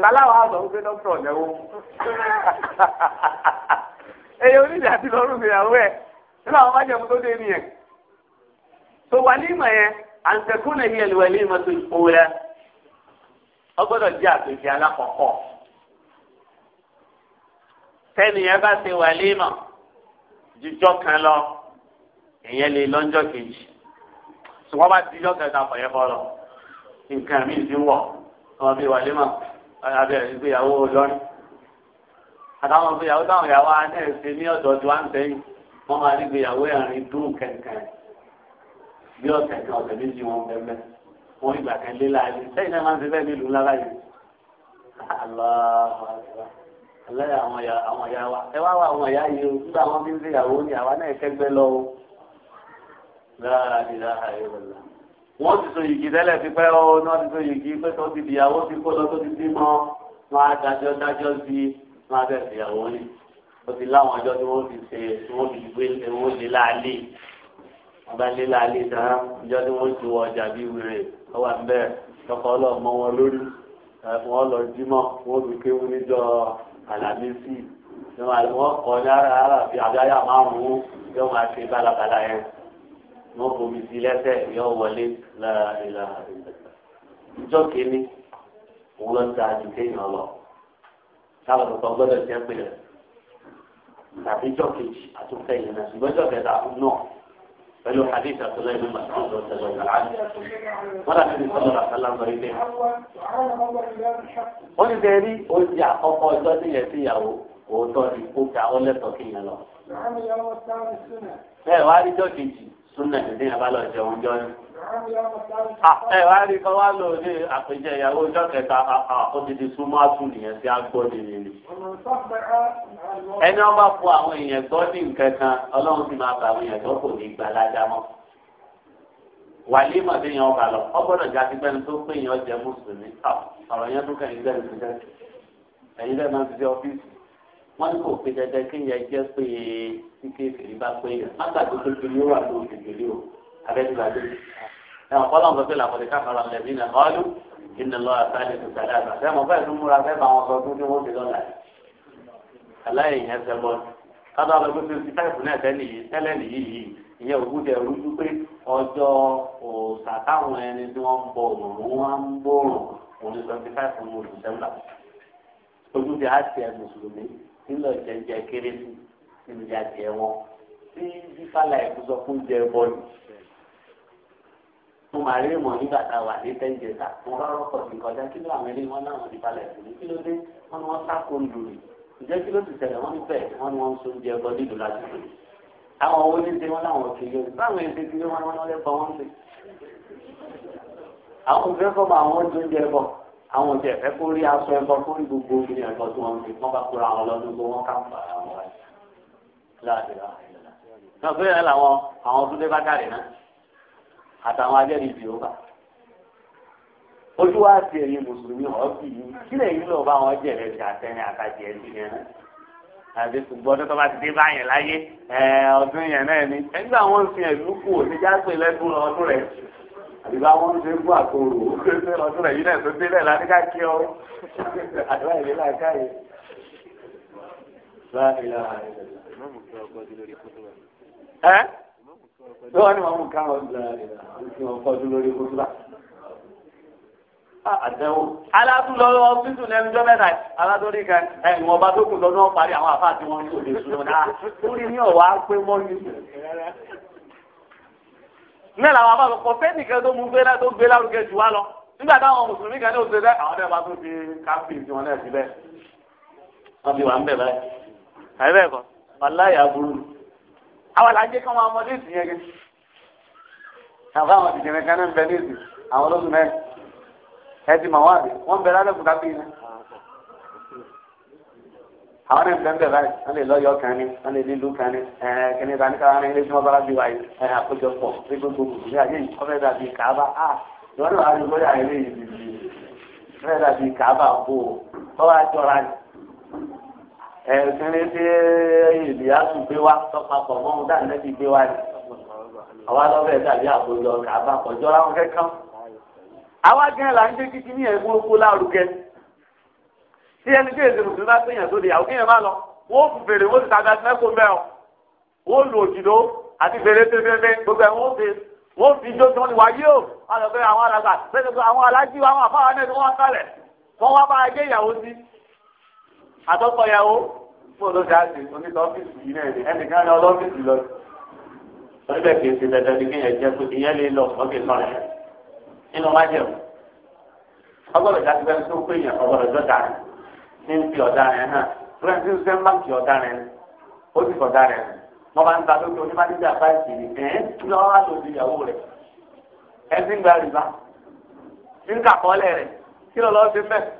báláwo àgbà ń dọ́kítọ̀ lẹ́wọ́ ẹ̀yẹ oníjà ti lọ́rùn ìyàwó ẹ̀ nígbà wọn bá jẹun an takuna hiya alwalimatu al-ula ọgbọ́dọ̀ jẹ́ àpèjì alákọ̀ọ́kọ́ tẹ́nìyẹn a ṣe wàlímà jíjọ́ kan lọ èyàn lè lọ́njọ́ kejì ṣùgbọ́n bá jíjọ́ kẹta fọ̀yẹ́ fọ́lọ́ nǹkan mi ti wọ̀ ọmọ bíi wàlímà abẹ́ ìgbéyàwó lọ́rin àtàwọn ìgbéyàwó táwọn ìyàwó anẹ́ẹ̀ṣe ní ọ̀dọ̀ tí wọ́n ń sẹ́yìn wọ́n máa ní ìgbéyàwó ẹ̀rín dùn kẹ̀kẹ́ bí ọ̀sẹ̀ kan ọ̀sẹ̀ méjì wọn bẹ́ẹ̀ wọn ìgbà kan lé láàyè sẹ́yìn náà máa ń fi bẹ́ẹ̀ nílùú ńlá báyìí. aláya àwọn ìyá wa ẹ wá wá àwọn ìyá yìí o nígbà wọn bí ń ṣèyàwó ni àwa náà kẹgbẹ́ lọ o. wọ́n ti so yìgì tẹ́lẹ̀ ti pẹ́ o náà ti so yìgì pé tó ti dìyàwó ti kó lọ tó ti bímọ wọn á dájọ́ sí wọn á ìyàwó ni ó ti láwọn ọjọ́ tí wọ́n ti ṣe tí wọ́n ti gbé owó lé láàlé abalila ali sara ọjọ́ tí wọ́n ti wọ ọjà bíi wèrè ọwà ń bẹ tọkọ ọlọmọ wọn lórí wọn lọ jímọ wọn fi kéwú níjọ àlàmísì wọn kọ ní ara ara fi àdáyà márùnún yóò máa ṣe bálabàlà yẹn wọn bomi sí lẹ́sẹ̀ yóò wọlé lára ìlà ìjọ kìíní òun lọ ta ju kéèyàn lọ táwọn ọ̀pọ̀ gbọ́dọ̀ jẹ́ pé rẹ̀ tàbí ìjọ kejì àtúntẹ̀yìn náà ṣùgbọ́n ìjọ kẹta náà pẹ̀lú hadith àtúnlẹ̀ ìlú màsíwò tẹ̀lé ọ̀gá àti wọ́n ti sọ̀rọ̀ àtàlà lórí dé. ó ní bẹ́ẹ̀ rí oúnjẹ àkọ́kọ́ ọjọ́ tí yẹn síyàwó òótọ́ ni kó ta ó lẹ́tọ̀ọ́ kí yẹn lọ. bẹ́ẹ̀ wá rí jọ́ kejì súnà ìdíyàn jẹun jọ́ ni. Ah, ẹ wá rí kan wá lò ní àpèjẹ ìyàwó ọjọ́ kẹta ah, ah, ó ti di súnmọ́ àtún nìyẹn tí a gbọ́ nìyẹn ni. ẹni wọn bá fọ àwọn èèyàn gbọ́ ní nǹkan kan ọlọ́run ti máa bá àwọn èèyàn gbọ́ kò ní gbà ládàá mọ́ wàlí màdé yẹn ọba lọ ọgbọ́dọ̀ já sí pẹ̀lú tó pé yẹn ọjẹ mùsùlùmí ọ̀rọ̀ yẹn tó kẹyìn dẹrù ti dẹrù ẹyin dẹrù máa ti di ọfíìsì wọn ní kò pé dẹdẹ kí yẹn jẹ pé kíkéèké bá pé yẹn má gbàgbé tó ti ní wà lóògùn ìgbèlè o abẹ́tìlájú ẹ̀wọ̀n kọ́ lọ́n sọ pé làkọ̀dé káfàrà lẹ́bí náà ọ́lù iná lọ àtàlẹ́ tó tẹ̀lé àgbà fẹ́ mọ̀ bẹ́ẹ̀ tó múra fẹ́ bá wọn sọ tó tí wọ́n fi lọ́la yìí aláyè yẹn fẹ́ bọ́ kátó àwọn ọmọ tó ti táìpù náà tẹ́lẹ̀ yìí tẹ́lẹ̀ nìyí yìí ìyẹn òkú tẹ rújú pé ọjọ́ òòsà táwọn ẹni tí wọ́n ń bọ òòrùn wọn ń bọ̀rùn òun ní twenty five ọmọ oṣù sẹ́mbà ojú ti àti ẹ̀ nílò jẹjẹ kérésì níbi àti wọn tí bífàlà ẹ̀kú sọ fún jẹ bọ́ọ̀lù mo máa rí ìmọ̀ nígbà tá a wà ní tẹ́ǹjẹ̀ta mo bá rọ́pọ̀ sí kọjá kí ló àwọn ilé wọn náà wọn ti balẹ̀ sí ni kí ló dé wọn ni wọn sáko ń lùrì ǹjẹ́ kí ló ti ṣẹlẹ̀ wọn níbẹ̀ wọn ni wọn ń sojú ẹbọ nílùú láti lè àwọn owó ní ṣe wọn láwọn kiri o báwọn èsì kiri wọn wọn lè bọ wọn ṣe àwọn òfin fọmọ àwọn oúnjẹ ẹbọ àwọn òjò ẹfẹ kó rí aṣọ ẹbọ kó rí gbogbo obìnrin ẹbọ tí wọn ń fi àtàwọn ajẹ́rìí bí ó bá ojú wa ti ẹ̀yin mùsùlùmí ọ̀bì yìí kí lẹ́yìn lọ bá wọn jẹ̀rẹ̀ ṣe àtẹ̀yìn àtàjẹ̀ ẹ̀sì yẹn náà àti ṣùgbọ́n tó bá ti dé báyẹn láyé ọdún yẹn náà ni ẹgbẹ́ àwọn ń fi ẹ̀lú kù oníjà pé lẹ́dún ọdún rẹ̀ àti bá wọn ń ṣe fún àkóró ọdún rẹ̀ yìí náà tó délẹ̀ ládìgá kí ọ lọ́wọ́ ni wọ́n mú kárọ̀ ńlá ìsìn ọ̀fọ́dún lórí kótóbá. àtẹ̀wò alátúlọ́ ọ́fíìsù lẹ́nu jọ́ mẹ́ta alátúrí kan ẹ̀wọ̀n ọba tó kù lọ́dún parí àwọn àfáà tí wọ́n ní òde sùn náà lórí ní ọ̀wá pé mọ́ ni. mẹ́rin àwọn àbá kò sẹ́nìkan tó mú gbé tó gbé lárugẹ jù wá lọ nígbà táwọn mùsùlùmí kan ní òde bẹ́ẹ̀ àwọn ọ̀dẹ́ bá tó fi káfíìn tí wọ́n náà fi bẹ́ẹ̀ wọ́n fi wà ń bẹ̀ báyìí àwọn làjẹ kan máa mọdé sí yẹn gẹ́gẹ́ àbá àwọn tìjẹ mẹ́ta náà ń bẹ níìsì àwọn olóṣùn mẹ́rin ẹ ti mọ wọn àbí wọn bẹ lálẹ́ kúta bí iná àwọn náà ń bẹ ń bẹ báyìí wọn lè lọyọ kan ní wọn lè lílu kan ní ẹ kẹne ta ní kára ní ilé tí wọn bá bí wáyé ẹ àkójọpọ̀ ní gbogbo ní ayé yìí kọfẹ dàbí kàába a ìwọ náà wàá ẹ̀ẹ́dínlẹ́ tí ìdíyà gbé wá tọ́papọ̀ mọ́ ohun dáhùn lẹ́bi gbé wá ni àwa lọ́bẹ̀ dàbí àkójọ kàbá kọjọ́ láwọn kẹ́kọ̀ọ́. àwa gẹ́gẹ́ là ń gbé kíkí ní ẹ̀gbọ́n oko lárugẹ. tí ẹni tí èsì mùsùlùmí bá pèèyàn tó de àwọn kéèyàn má lọ wọ́n fún fèrè wọ́n sì tàgá sí mẹ́kọ̀ọ́ mẹ́ ọ. wọ́n lu òjìdó àti fèrè tẹ́tẹ́tẹ́ gbogbo ẹ̀ wọ́n fi wọ́n fi ijó fóònù ló dáa sí oníta ọ́fíìsì yìí náà ni ẹnìkan ní ọlọ́fíìsì lọ. oníbẹ̀ kì í ṣe dandan ní kéèyàn jẹ́ pé ìyẹn lè lọ ọ̀gẹ̀ sọ̀rọ̀ yẹn nínú májẹ̀mú. ọgbọ́dọ̀ jáde bẹ́ẹ̀ tó pé èèyàn ọgbọ́dọ̀ jọ dáa ní ń fi ọ̀dà rẹ̀ hàn fúrẹ́ǹtì ṣe ń bá fi ọ̀dà rẹ̀ ó sì fọ̀dà rẹ̀ wọ́n bá ń ta lókè onímọ̀lẹ́dẹ́ àbáyìí ẹ̀ẹ́n kí lọ́wọ́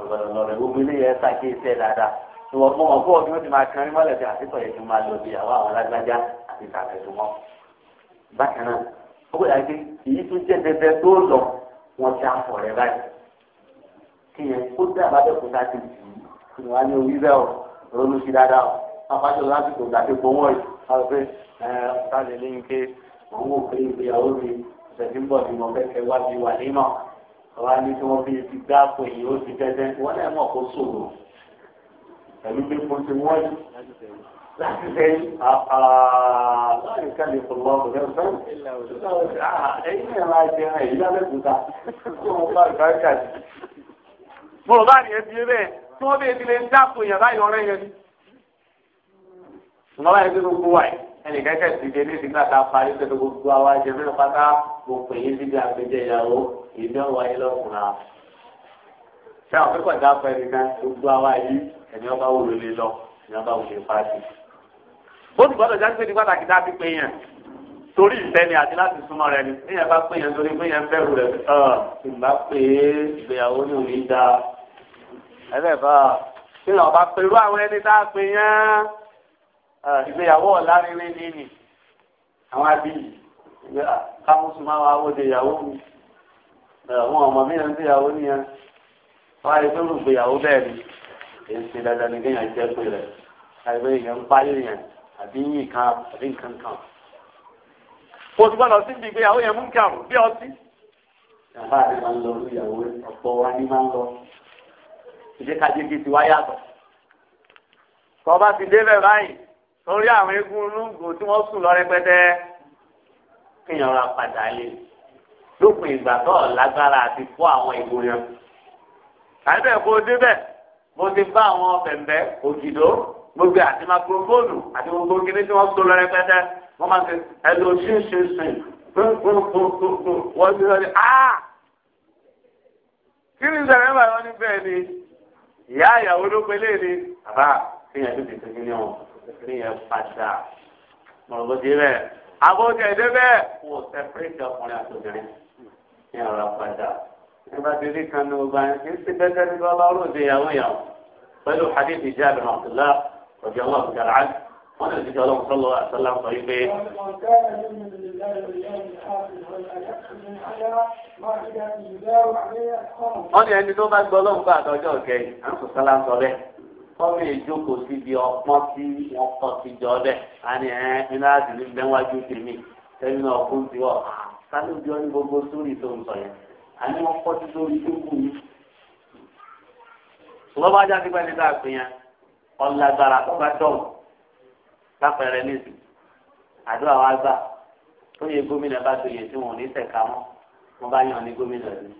ọ̀gbọ̀dọ̀ lọ́rẹ̀ gbogbo ilé yẹn ṣàkíyèsí ẹ̀ dáadáa ìwọ̀n fún wọn fún ọdún ó ti máa kan nímọ̀ lẹ́sẹ̀ àtìkọ̀ yẹn ti máa lò bí àwọn àwọn alágbájá àti ìtàkùnmọ́. bákan náà ó gbọ́dọ̀ pé èyí tún jẹ́ dẹdẹ tó lọ wọn ti àfọ̀ rẹ báyìí. kíyẹn kó dábàá bẹ́ẹ̀ kó sáà ti jì í kí wọ́n á ní orí bẹ́ẹ̀ o ronú sí dáadáa o apájọ lásìkò gbàgbé gbowó yìí wọ́n rò pé ẹ ọ̀tá lè léyìn pé owó kéré ìgbéyàwó mi ọ̀sẹ̀ tí ń bọ̀ ni mo fẹ́ fẹ́ wá bí wà nímọ̀ ọba ní kí wọ́n fi ti gbá pé èyí ó ti tẹ́tẹ́ wọ́n náà mọ̀ kó sòrò pẹ̀lú bí mo ti wọ́n yìí láti sẹ́yìn láti kẹ́lẹ̀ fọlọ́ ọ̀rẹ́ fẹ́ràn ah, ẹ̀yìn náà máa jẹ ẹ̀yìn lábẹ́ kúta tí wọ́n bá gbá kà sí. mo rò bá nìyẹn bí bẹ́ẹ̀ tí wọ́n bẹ́ẹ̀ ti lè dáàbò yàrá ìyọ̀rẹ́ yẹn ni. ìmọ̀lá yẹn ti gbogbo wáyé ẹnì kẹ́kẹ́ ti dé ní ìdígbà tá a parí pẹ̀lú gbogbo àwa jẹ mẹ́rin pátá mo pè é síbi àgbẹ̀jẹ̀ ìyàwó èyí ni ọ̀wá yín lọ́kùnrin àwọn. ṣé àwọn pípọ̀ dá pẹ́ ní náà gbogbo àwa yìí ẹni ọba wò ló lé lọ ẹni ọba wò lè pàṣẹ. ó sì gbọ́dọ̀ jáde pé ní pàtàkì dá pípé yẹn torí ìfẹ́ ni àti láti súnmọ́ rẹ ni níyẹn bá pé yẹn torí pé yẹn bẹ̀rù rẹ ìgbà pé ìgbéyàwó ni òní da ẹ̀fẹ̀ fà á Eh, ìgbéyàwó ọ̀la rere ní nì àwọn abiyì ah, kámúsù máa wá wọ́de ìyàwó mi eh, àwọn ọmọ mi náà ń gbéyàwó nìyẹn wọ́n á gbéyàwó bẹ́ẹ̀ ni èyí ṣe dandan ní kéèyàn jẹ́ pé rẹ̀ àìpé èèyàn ń báyé yẹn àbí yìn kan àbí nǹkan kan. mo ti gbọ́dọ̀ sí ibi ìgbéyàwó yẹn mú kí àrùn bí ọtí. bàbá rẹ̀ máa ń lọ lórí ìyàwó ọ̀pọ̀ wa ní máa ń lọ ìdíkàjẹ́gẹ́ torí àwọn eégún olóńgbò tí wọ́n sùn lọ rẹpẹtẹ kéèyàn ra padà lé lópin ìgbà tó lágbára àti fọ́ àwọn ìbò yẹn. àìbẹ̀ kó o débẹ̀ mo ti bá àwọn bẹ̀m̀bẹ̀ òjìdó gbogbo àti makurofóònù àti gbogbo kíní tí wọ́n sùn lọ rẹpẹtẹ wọ́n máa ń sè é lọ ṣinṣinṣin wọ́n ti sọ ní aa kí ni sọ̀rọ̀ ẹ̀ bá wọn ní bẹ́ẹ̀ ni ìyá ìyàwó ló pelé ni àbá kéèyàn tó ti sèkí ní wọn ní yẹn padà mọ̀lọ́bọ̀ sí bẹ́ẹ̀ àbójẹ ìdè bẹ́ẹ̀ wò sẹ́pẹ́rẹ́tì ọkùnrin àti obìnrin ní ọ̀rọ̀ padà nígbà tí ilé kan ní ọgbà yẹn kì í ṣe bẹ́ẹ̀ ní bọ́lá olóde ìyàwó yàwó pẹ̀lú hadith ìjà àbẹ̀rẹ̀ àbdùlá ọ̀jọ̀ ọlọ́run jàrá wọ́n lè dìjọ́ ọlọ́run sọ́lọ́ àṣọlá sọ yìí pé. wọ́n ẹni tó bá gbọ́ ọlọ́run bá àtọ́jọ́ kẹ́yìn àwọn sọ́lá sọ bẹ́ẹ̀ kọ́mí ìjókòó síbi ọpọ́n tí wọ́n kọ́ sí jọ bẹ́ẹ̀ á ní ẹ́ iná àdìrí lẹ́wájú tèmi tẹ́lẹ̀ náà kún sí wọ́ sálú bí wọ́n ah, ní gbogbo sórí tó ń sọ yẹn á ní wọ́n kọ́ sí lórí jókòó mi. ṣùgbọ́n bá jáde pẹ́ nígbà pé yẹn ọ̀làgbàrà tó bá dọ̀wọ̀ lápẹẹrẹ nísì àdúrà wa gbà tó yẹ gómìnà bá tó yẹ tí wọn ò ní tẹ̀ka mọ́ wọn bá yàn ní gómìnà ni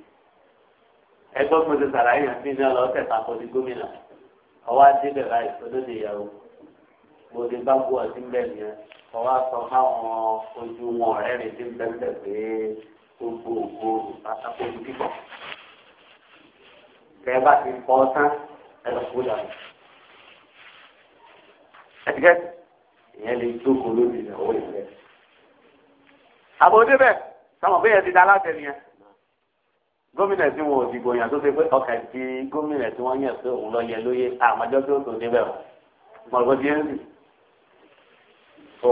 ẹgbẹ́ ọwọ́ adébẹ̀ láì olóde ìyàwó gbòde bá gbó ọtí ń bẹ̀ yẹn ọwọ́ aṣọ fáwọn ojú wọn ọ̀rẹ́ rẹ̀ ti ń bẹ́ẹ̀ pé gbogbo ògbó pátákó ní kíkọ́. Tẹ́ bá ti kọ́ tán ẹ lọ kó dànù. Ẹ̀dígẹ́ ìyẹn lè jókòó lórí ìyàwó ìfẹ́. Àbòdébẹ̀ sọmọ bẹ́ẹ̀ ti da aláṣẹ nìyẹn gómìnà tí wọn ò dìbò yàn tó ṣe pé ọkàn ti gómìnà tí wọn yàn pé òun lọ yẹ lóye àmọjọ tó tó débẹ̀ o mọlùkọ ti ń rì tó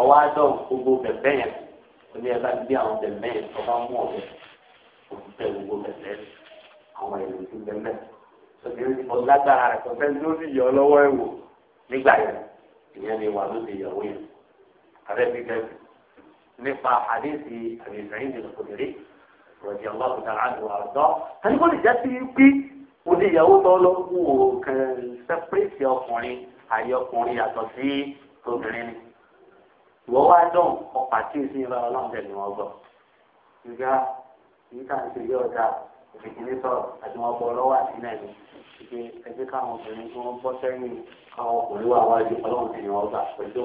ọwọ àjọ gbogbo bẹbẹ yẹn ó ní ẹgbẹ́ bí àwọn bẹbẹ yẹn tó bá mú ọbẹ òun tẹ gbogbo bẹbẹ àwọn èrò ti bẹbẹ tó ti rìn ọlágbára rẹ kò fẹ́ ló sì yọ lọ́wọ́ ẹ̀wò nígbà yẹn ìyẹn ni wà ló ti yọ̀wó yẹn abẹ́ fi kẹ́ nípa àdéhùn àbẹ̀sẹ̀ rọ̀jì ọlọ́run tààrà àdùn àrùdọ́ àti sọ̀rọ̀ àti wọn bọ̀ lọ́wọ́ àti náà ni ṣe ẹgbẹ́ káwọn obìnrin tí wọ́n bọ́ sẹ́yìn káwọn ọkùnrin wà wájú ọlọ́run tẹ̀lé wọn gbà pẹ̀lú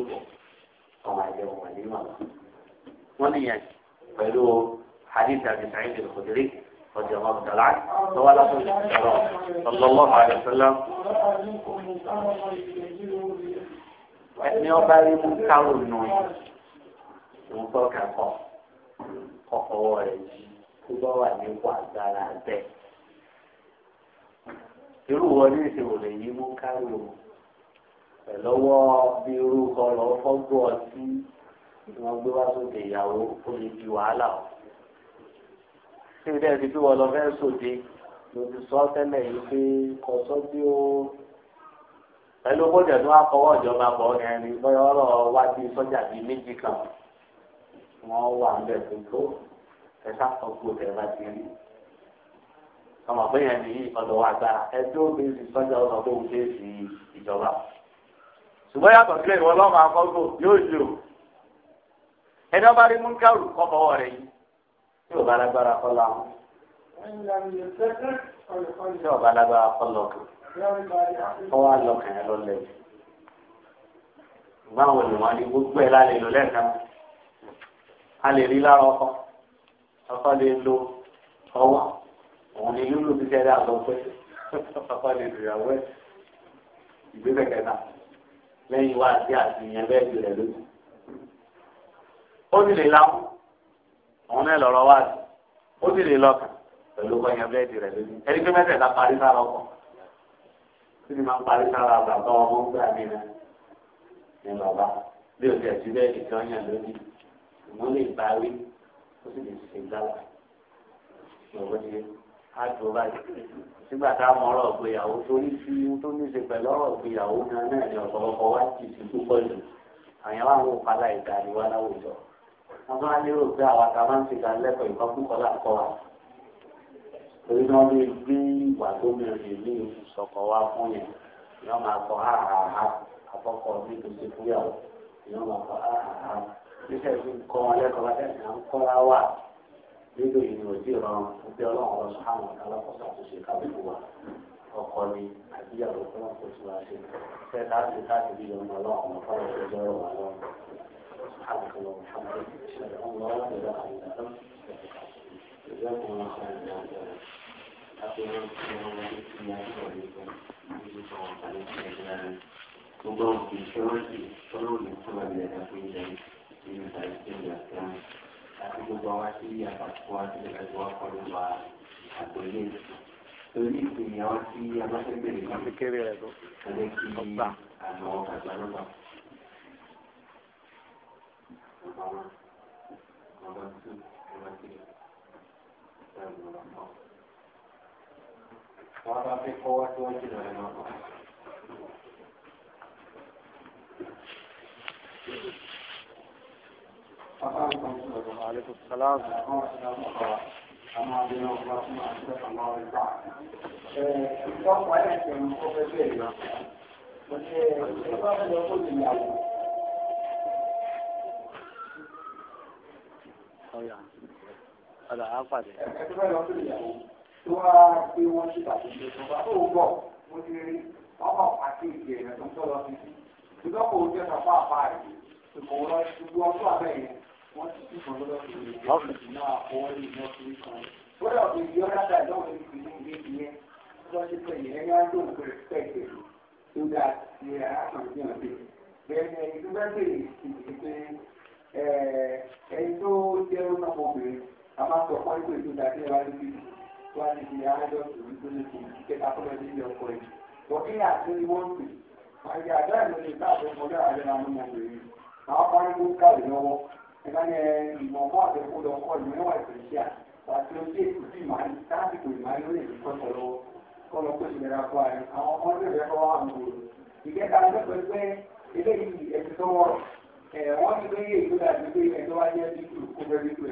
ọmọ ẹ̀jẹ̀ wọn ní ìmọ̀ nìyẹn pẹ̀lú حديث أبي سعيد الخدري رضي الله تعالى عنه هو صلى الله عليه وسلم ẹni ọba rí mú kárò nù ń tọ́ kakọ kọkọwọ rẹ jí tó bá wà ní ipò agbára bẹ irú wọn ní ìṣòro lè yí mú kárò pẹ̀lọ́wọ́ bí irú kọlọ́ fọ́gbọ́ ọtí ni wọ́n gbé wá sókè ìyàwó ó lè di wàhálà o ṣé ilé ẹni bí wọn lọ fẹ́ sòde ló ti sọ tẹ́lẹ̀ yìí pé kò sọ bí ó pẹ̀lú owó dẹ̀ tó wá kọ́wọ́ ìjọba bọ̀ bọ́yọ̀ ọ̀rọ̀ wá sí sọ́jà bíi méjì kan wọ́n wà ńbẹ̀ tó tó ẹ̀ka ọ̀gbọ̀n tẹ̀ ti rí ọmọ pé yẹn ní ọ̀dọ̀ wa gbà ẹjọ́ bí ti sọ́jà ọ̀nà tó ń dé sí ìjọba ṣùgbọ́n yàtọ̀ sílẹ̀ ìwọ lọ́mọ akọ́gbò yóò yí ẹni ọba rí múnkàrù kọ́ tí ò bá lágbára kọ́ la wọn. tí ò bá lágbára kọ́ lọ́kàn kọ́ wa lọ́kàn yẹn lọ́lẹ̀ yìí. báwo ni wọ́n ní gbogbo ẹ̀ lálẹ́ lò lẹ́ẹ̀kan a lè rí lára ọkọ ọkọ lè lo ọwọ́ òun ni lulu ti tẹ́lẹ̀ àlọ́ pé ọkọ lè lo ìyàwó ẹ̀ ìgbésẹ̀ kẹta lẹ́yìn wá sí àtìyẹn bẹ́ẹ̀ jù rẹ̀ lójú. ó sì lè láwọn òun náà lọ́rọ̀ wá sí ó sì lè lọ́kàn pẹ̀lú kọ́nyẹ́ bẹ́ẹ̀dì rẹ̀ lórí ẹni pé mẹ́tẹ̀ẹ̀ta parí sára ọkọ̀ tí ni máa ń parí sára bàbá ọmọ ń gbà mí náà ní bàbá bí o tẹ̀ sí bẹ́ẹ̀dì kan yàn lórí ìmọ̀ lè bá wí ó sì lè ṣe gbára lọ́wọ́ ti á tó báyìí nígbà tá a mọ ọ̀rọ̀ ìgbéyàwó torí fi tó ní ṣe pẹ̀lú ọ̀rọ̀ ìgbéyàwó náà náà ni ọ̀pọ̀lọpọ̀ wá ti ti púpọ̀ jù àyàn àwọn òpàlà ìdánilá láwùjọ a máa lérò pé àwọn àtàwọn ń ṣèkà lẹ́kọ̀ọ́ ìfọ́kúkọ́ láàkọ́ wa. torí náà lè gbé ìwà tó mìíràn ní ìṣọ̀kọ̀ wa fún yẹn yọ́n máa sọ áhàhà àkọ́kọ́ bí kò ṣe fúyàwó yọ́n máa sọ áhàhà níṣẹ́ ìlú kọ́ wọn lẹ́kọ̀ọ́ bá dẹ́sẹ̀ à ń kọ́ra wà nílò ìrìn òjì rọrùn bí ọlọ́run lọ sọ àwọn alákọ̀ọ́sọ àtúnṣe kábíkù wa ọkọ ni àbíyàwó kọ́ńtò tí wàá ṣe fẹ́ẹ́ láti láti bí ọmọ ọlọ́run lọ́kọ́ ọ̀ṣọ́jọ́ rọ̀ wá lọ́rùn. سبحانك اللهم وبحمدك اشهد ان لا اله الا انت جزاكم الله خيرا يا جماعه gbogbo òkè ìṣòwòsì olóòlù tó wà nílẹ̀ ẹ̀dá fún ilẹ̀ nínú ìtàgé tó yà kán àti gbogbo àwa tí àpapọ̀ àti ìrẹsì wa kọ́ ló wà àgbélé torí ìpìlẹ̀ wa tí abáṣẹ́gbèrè kan àti kí àwọn àgbà ló wà number one, number two, number three, and number four. Wọ́n bá fi kọ́ wá tí wọ́n jìnà ẹ̀ náà. وعليكم السلام ورحمة padà á pàdé. rẹ̀ tó ń tọ́ lọ sí sí ṣùgbọ́n kò jẹ́ sàpá àpá rẹ̀ ṣùgbọ́n lọ ṣùgbọ́n ọtún kàmá sọ fún ẹgbẹ́ ìlú dàbí ẹwà níbi tó wá níbi àádọ́ ìlú tó lè tìlú kẹta fọlọ́ ní ilé ọkọ yìí wọ́n kí ní àti ní wọ́n pè àyè àdá ìlú ní ìta àti ọmọdé àyè náà ló mọ̀ pé àwọn bá ń gbóká lè lọ́wọ́ ẹ̀ka ní ìmọ̀ mọ́ àtẹ̀kù lọ kọ́ ìlú mẹ́wàá ìfẹ̀ṣíà àti ojú èkó sí ìmáyé táàbìkò ìmáyé ó lè fi kọ́ sọ lọ́wọ́ kọ́ lọ kó ìlera kọ́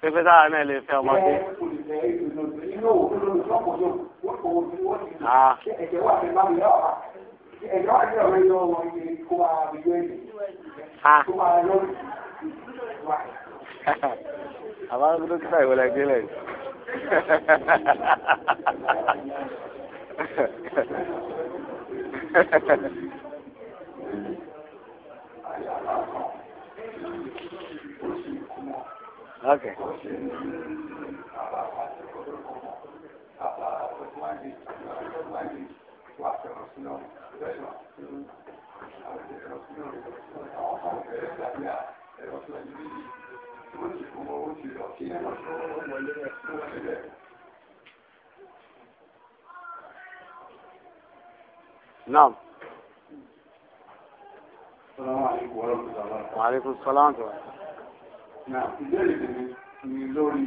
Fífẹ́ sára náà lè fẹ́ ọmọdé. Ah. Ah. Àbá ń dúró kíkà ìwọlẹ̀ gbélẹ̀. Ha ha ha ha. Okay. نعم السلام عليكم ورحمة الله وعليكم السلام ورحمة الله Náà ìbéèrè tèmi ni lórí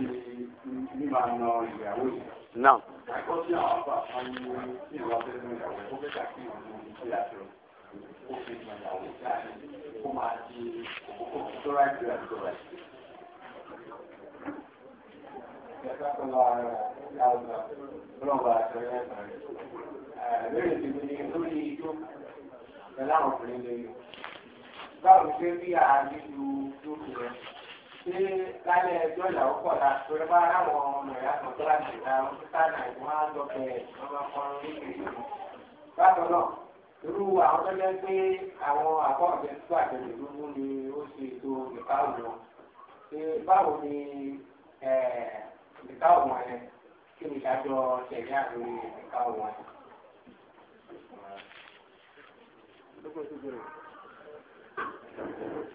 mímọ àna ìyàwó yìí. Náà. Àìkọ́ sí àwọn àpá àwọn ọmọ ẹni tí ìwà fẹ́ fún ìyàwó ẹ̀ fẹ́ kà kí ìwà fún ìyàwó ẹ̀ fi ìmọ̀ ìyàwó jáde kó máa di òkókó tó ráì tó ráì tó Ìjọba tó lọ ara ẹ̀ ọ̀gá ọlọ́ọ̀bà àti ọ̀yẹ́ ẹ̀sán rẹ̀. Ìbéèrè tèmi ni lórí ijó pẹ̀lú àwọn obìnrin lè Báwo ṣe bí àájú ju lókè ṣé lálẹ́ ẹjọ́ ìyàwó pọ̀ la torí bá láwọn ọmọ ìyá kan tó láti ìta ọ̀ṣíkà náà ìwọ́n á lọ bẹ̀ ọmọ ọkùnrin nígbìrì. bákan náà irú àwọn tó jẹ́ pé àwọn àkọ́ọ̀bẹ tó àtẹ̀lé lógún ni ó ṣe ètò ìka òun ṣe báwo ni ìka òun ẹ̀ kí ni ìdájọ́ ṣẹ̀yà lórí ìka òun ẹ̀. Thank you.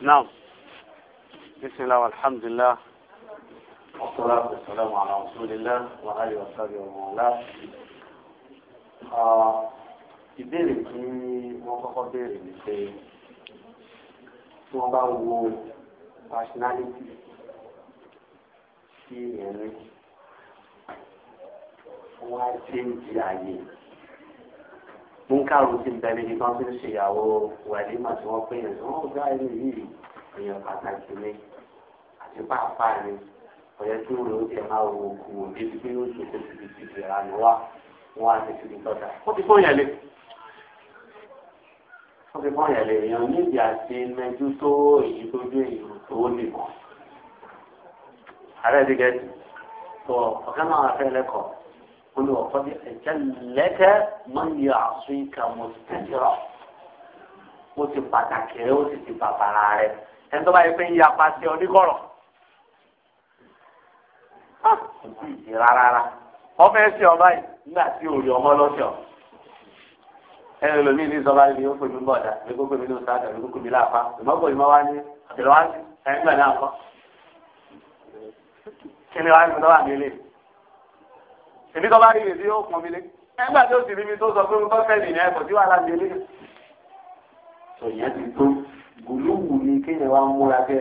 نعم بسم الله والحمد لله والصلاة والسلام على رسول الله وآله وصحبه ومن والاه ìbéèrè tí wọ́n kọ́kọ́ béèrè ni pé tí wọ́n bá wo personality sí ẹ̀rín wọ́n á ṣe ń di àyè múnkàrú ti bẹ̀rẹ̀ ní kan tó ń ṣèyàwó wàlímà tí wọ́n péye tí wọ́n gbá ẹni yìí èèyàn pàtàkì ni àti pàápàá ni ọ̀yẹ́ tí wọ́n lò ó máa wo òkú òbí tí pé ó ṣe tó ti fi ti ìrànú wá wọ́n á ti fi ti tọ́jà. ó ti fún yẹn lé ó ti fún yẹn lé èèyàn níbi àti mẹjú tó èyí tó dé ìlú tó nìkan. ààrẹ ti gẹ̀ẹ́sì tó ọ̀kẹ́ náà fẹ́ lẹ́kọ̀ọ́. قل وقد أجلك من يعصيك مستجرا ó ti pàtàkì rẹ ó sì ti bàbàrà rẹ ẹni tó bá yẹ pé ń yapa sí oníkọ̀rọ̀ kò sí ìdí rárá ọmọ ẹsẹ ọba yìí nígbà tí òòrì ọmọ lọ́sọ̀ ẹni lómi ní sọba yìí ó pèmí bọ̀dà èmi kò pèmí ní òsàdà èmi kò pèmí láàfà ìmọ̀gbọ̀ ìmọ̀ wá ní àtẹ̀lẹ́wá sí ẹni gbà náà kí ni wàá ní lọ́wọ́ àmì eléyìí èmi tó bá rí ìrètí yóò pọn mi lé ẹgbà tó sì rí mi tó sọ pé mo fẹ́ rìn ẹ̀kọ́ tí wàhálà mi lé. sọ̀yìn ti tó gùlùwù ni kéèyàn wá múra pé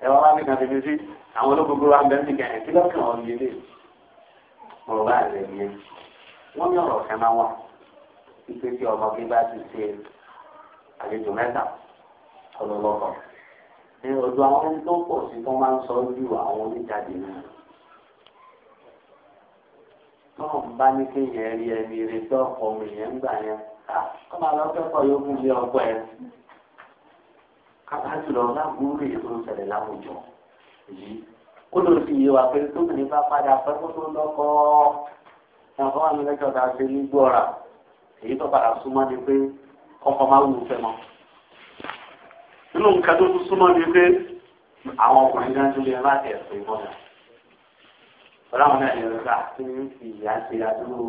ẹ wá wá nìkan fèmí sí àwọn olókùnkùn wa ń bẹ́ẹ̀ nìkan ẹ̀ kí lọ́kàn ọ̀ lè lè ọ̀rọ̀ bá rẹ̀ yẹn wọ́n ní ọ̀rọ̀ kan máa wà wípé tí ọmọge bá ti ṣe àlejò mẹ́ta ọlọ́lọ́kọ̀ ní ọdún àwọn tó pọ̀ sí tó máa ń sọ ju àwọn oníjáde náà ń bá ní kéèyàn rí ẹni rí dọ́ọ̀pọ̀ èèyàn gbà yẹn kọ́ máa lọ kẹ́kọ̀ọ́ yóò fún ilé ọgbọ́ ẹ. kápá jùlọ lágbóòrè tó ń ṣẹlẹ̀ láwùjọ yìí ó lọ sí iye wa pé tóbi bá padà pẹ́ kó tó lọ́kọ́ ẹ̀fọ́ àmì lẹ́jọ́ ta ṣe ní gbọ́ra èyí tó padà súnmọ́ ni pé ọkọ̀ máa wù ú fẹ́ mọ́. nínú nǹkan tó tún súnmọ́ ni pé àwọn ọkùnrin gan lè má tẹ̀ ẹ̀sìn ìbọn náà ọlọ́run náà ní ọjà tí ń fi ìyá ṣe àdúró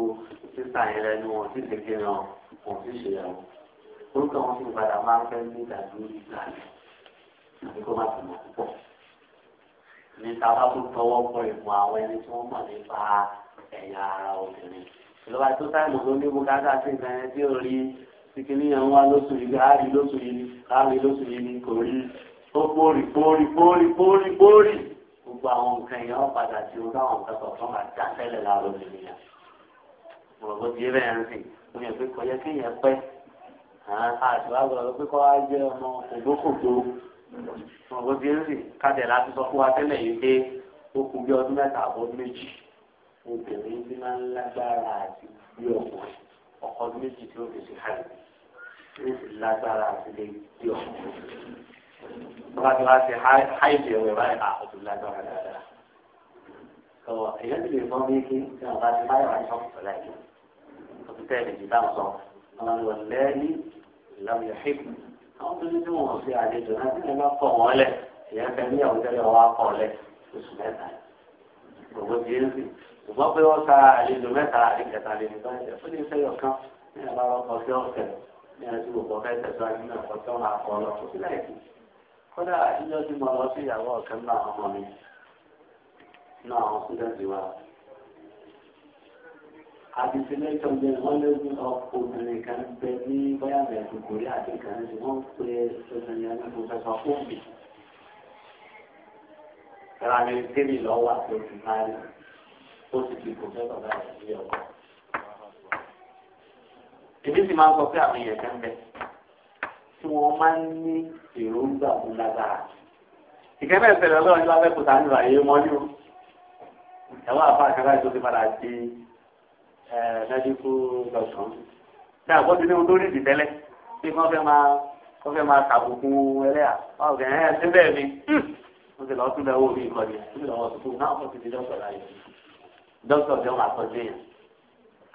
sísà yẹn lẹ́nu wọn tí kò wọn kò sí ṣe ẹ̀ wọn wọn sì padà máa ń fẹ́ ní ìdádúró sísà yẹn àbí kó má ti mọ̀ púpọ̀ ní tábà tó tọwọ́ bọ̀ ìmọ̀ àwọn ẹni tí wọ́n mọ̀ nípa ẹ̀yà ara obìnrin ìlọ́wà tó táìmù tó ní bùkátà sí ìgbẹ́rẹ́ tí ò rí sikini yẹn wá lóṣù yìí àárí lóṣù yìí àárí lóṣù yìí kò rí ó pórì pórì pórì pórì pórì gbogbo àwọn nǹkan yẹn wọ́n padà sí ohun táwọn nǹkan kọ̀ọ̀kan máa dá tẹ́lẹ̀ láàrú ènìyàn mọ̀lọ́bọ̀ ti rẹ̀ ń rìn wọ́n yẹ pé kọjá kéèyàn pẹ́ àṣìwá gbọ́dọ̀ pé kọ́ á jẹ́ ọmọ ògbókògbó mọ̀lọ́bọ̀ ti rìn kájẹ̀ láti sọ fún wa tẹ́lẹ̀ yìí pé ó kù bí ọdún mẹ́ta àbọ̀ méjì obìnrin ti máa ń lágbára àti bí ọkùnrin ọkọ méjì tí ó fi ṣe hàlẹ́ ó sì lágbára àti lè bí ọkùnrin wọ́n ti wá sí háìlì ọ̀rẹ́ báyìí àkótó ah, lágbára dáadáa. sọ èyàn ti lè fọ́n bí kí tí wọ́n ti báyìí wá sọ́kù sọ́lá yìí. ó ti tẹ́lẹ̀ jù dáhùn sọ ọmọ mi wọ̀ lẹ́yìn ìlànà ìhìn. àwọn tó ní tí wọ́n ṣe àlejò náà tí wọ́n bá kọ̀ wọ́n lẹ̀ èyàn fẹ́ ní àwọn tẹ́lẹ̀ wọ́n á kọ̀ lẹ̀ oṣù mẹ́ta. gbogbo ti ń sìn ṣùgbọ́n pé wọ́n ta àlejò mẹ́ta àlejò lè ní báyìí kódà ìjọ tí mo lọ sí ìyàwó ọ̀kan náà ọmọ mi náà àwọn sílẹ̀tì wa àbísílẹ̀ tó ń wọ́n lé ọkọ̀ obìnrin kan bẹ ní bóyá bẹ̀rẹ̀ kòrí àti kan ní wọ́n pe obìnrin yẹn ní pòfẹ́sọ̀ fóònù ẹ̀rọ àmì tẹ́lẹ̀ lọ́wọ́ àti oṣù náírà ó sì fi pòfẹ́sọ̀ báyìí sí ọkọ̀. ìdí sì máa ń sọ pé àwọn èèyàn kan bẹ́ẹ̀ tí wọ́n máa ń ní èròǹgbà tó lágbára. ìkẹ́fẹ́ ìṣẹ̀lẹ̀ ọlọ́run ló abẹ́kù tá nílò àyè mọ́lí o. ẹ̀wọ́n àfa àkàrà tó ti padà di mẹ́díkù dọ̀tún. ṣé àkọ́tí ní mo tó rí ìdí tẹ́lẹ̀ pé kí wọ́n fẹ́ máa wọ́n fẹ́ máa kàbùkù ẹlẹ́yà. wọ́n kẹ́ ẹ́ ṣé bẹ́ẹ̀ ni hmm. mo ti lọ́ọ́ tún lọ́wọ́ mi ìkọ́ni dókítà ọjọ́ máa tọ́jú èèyàn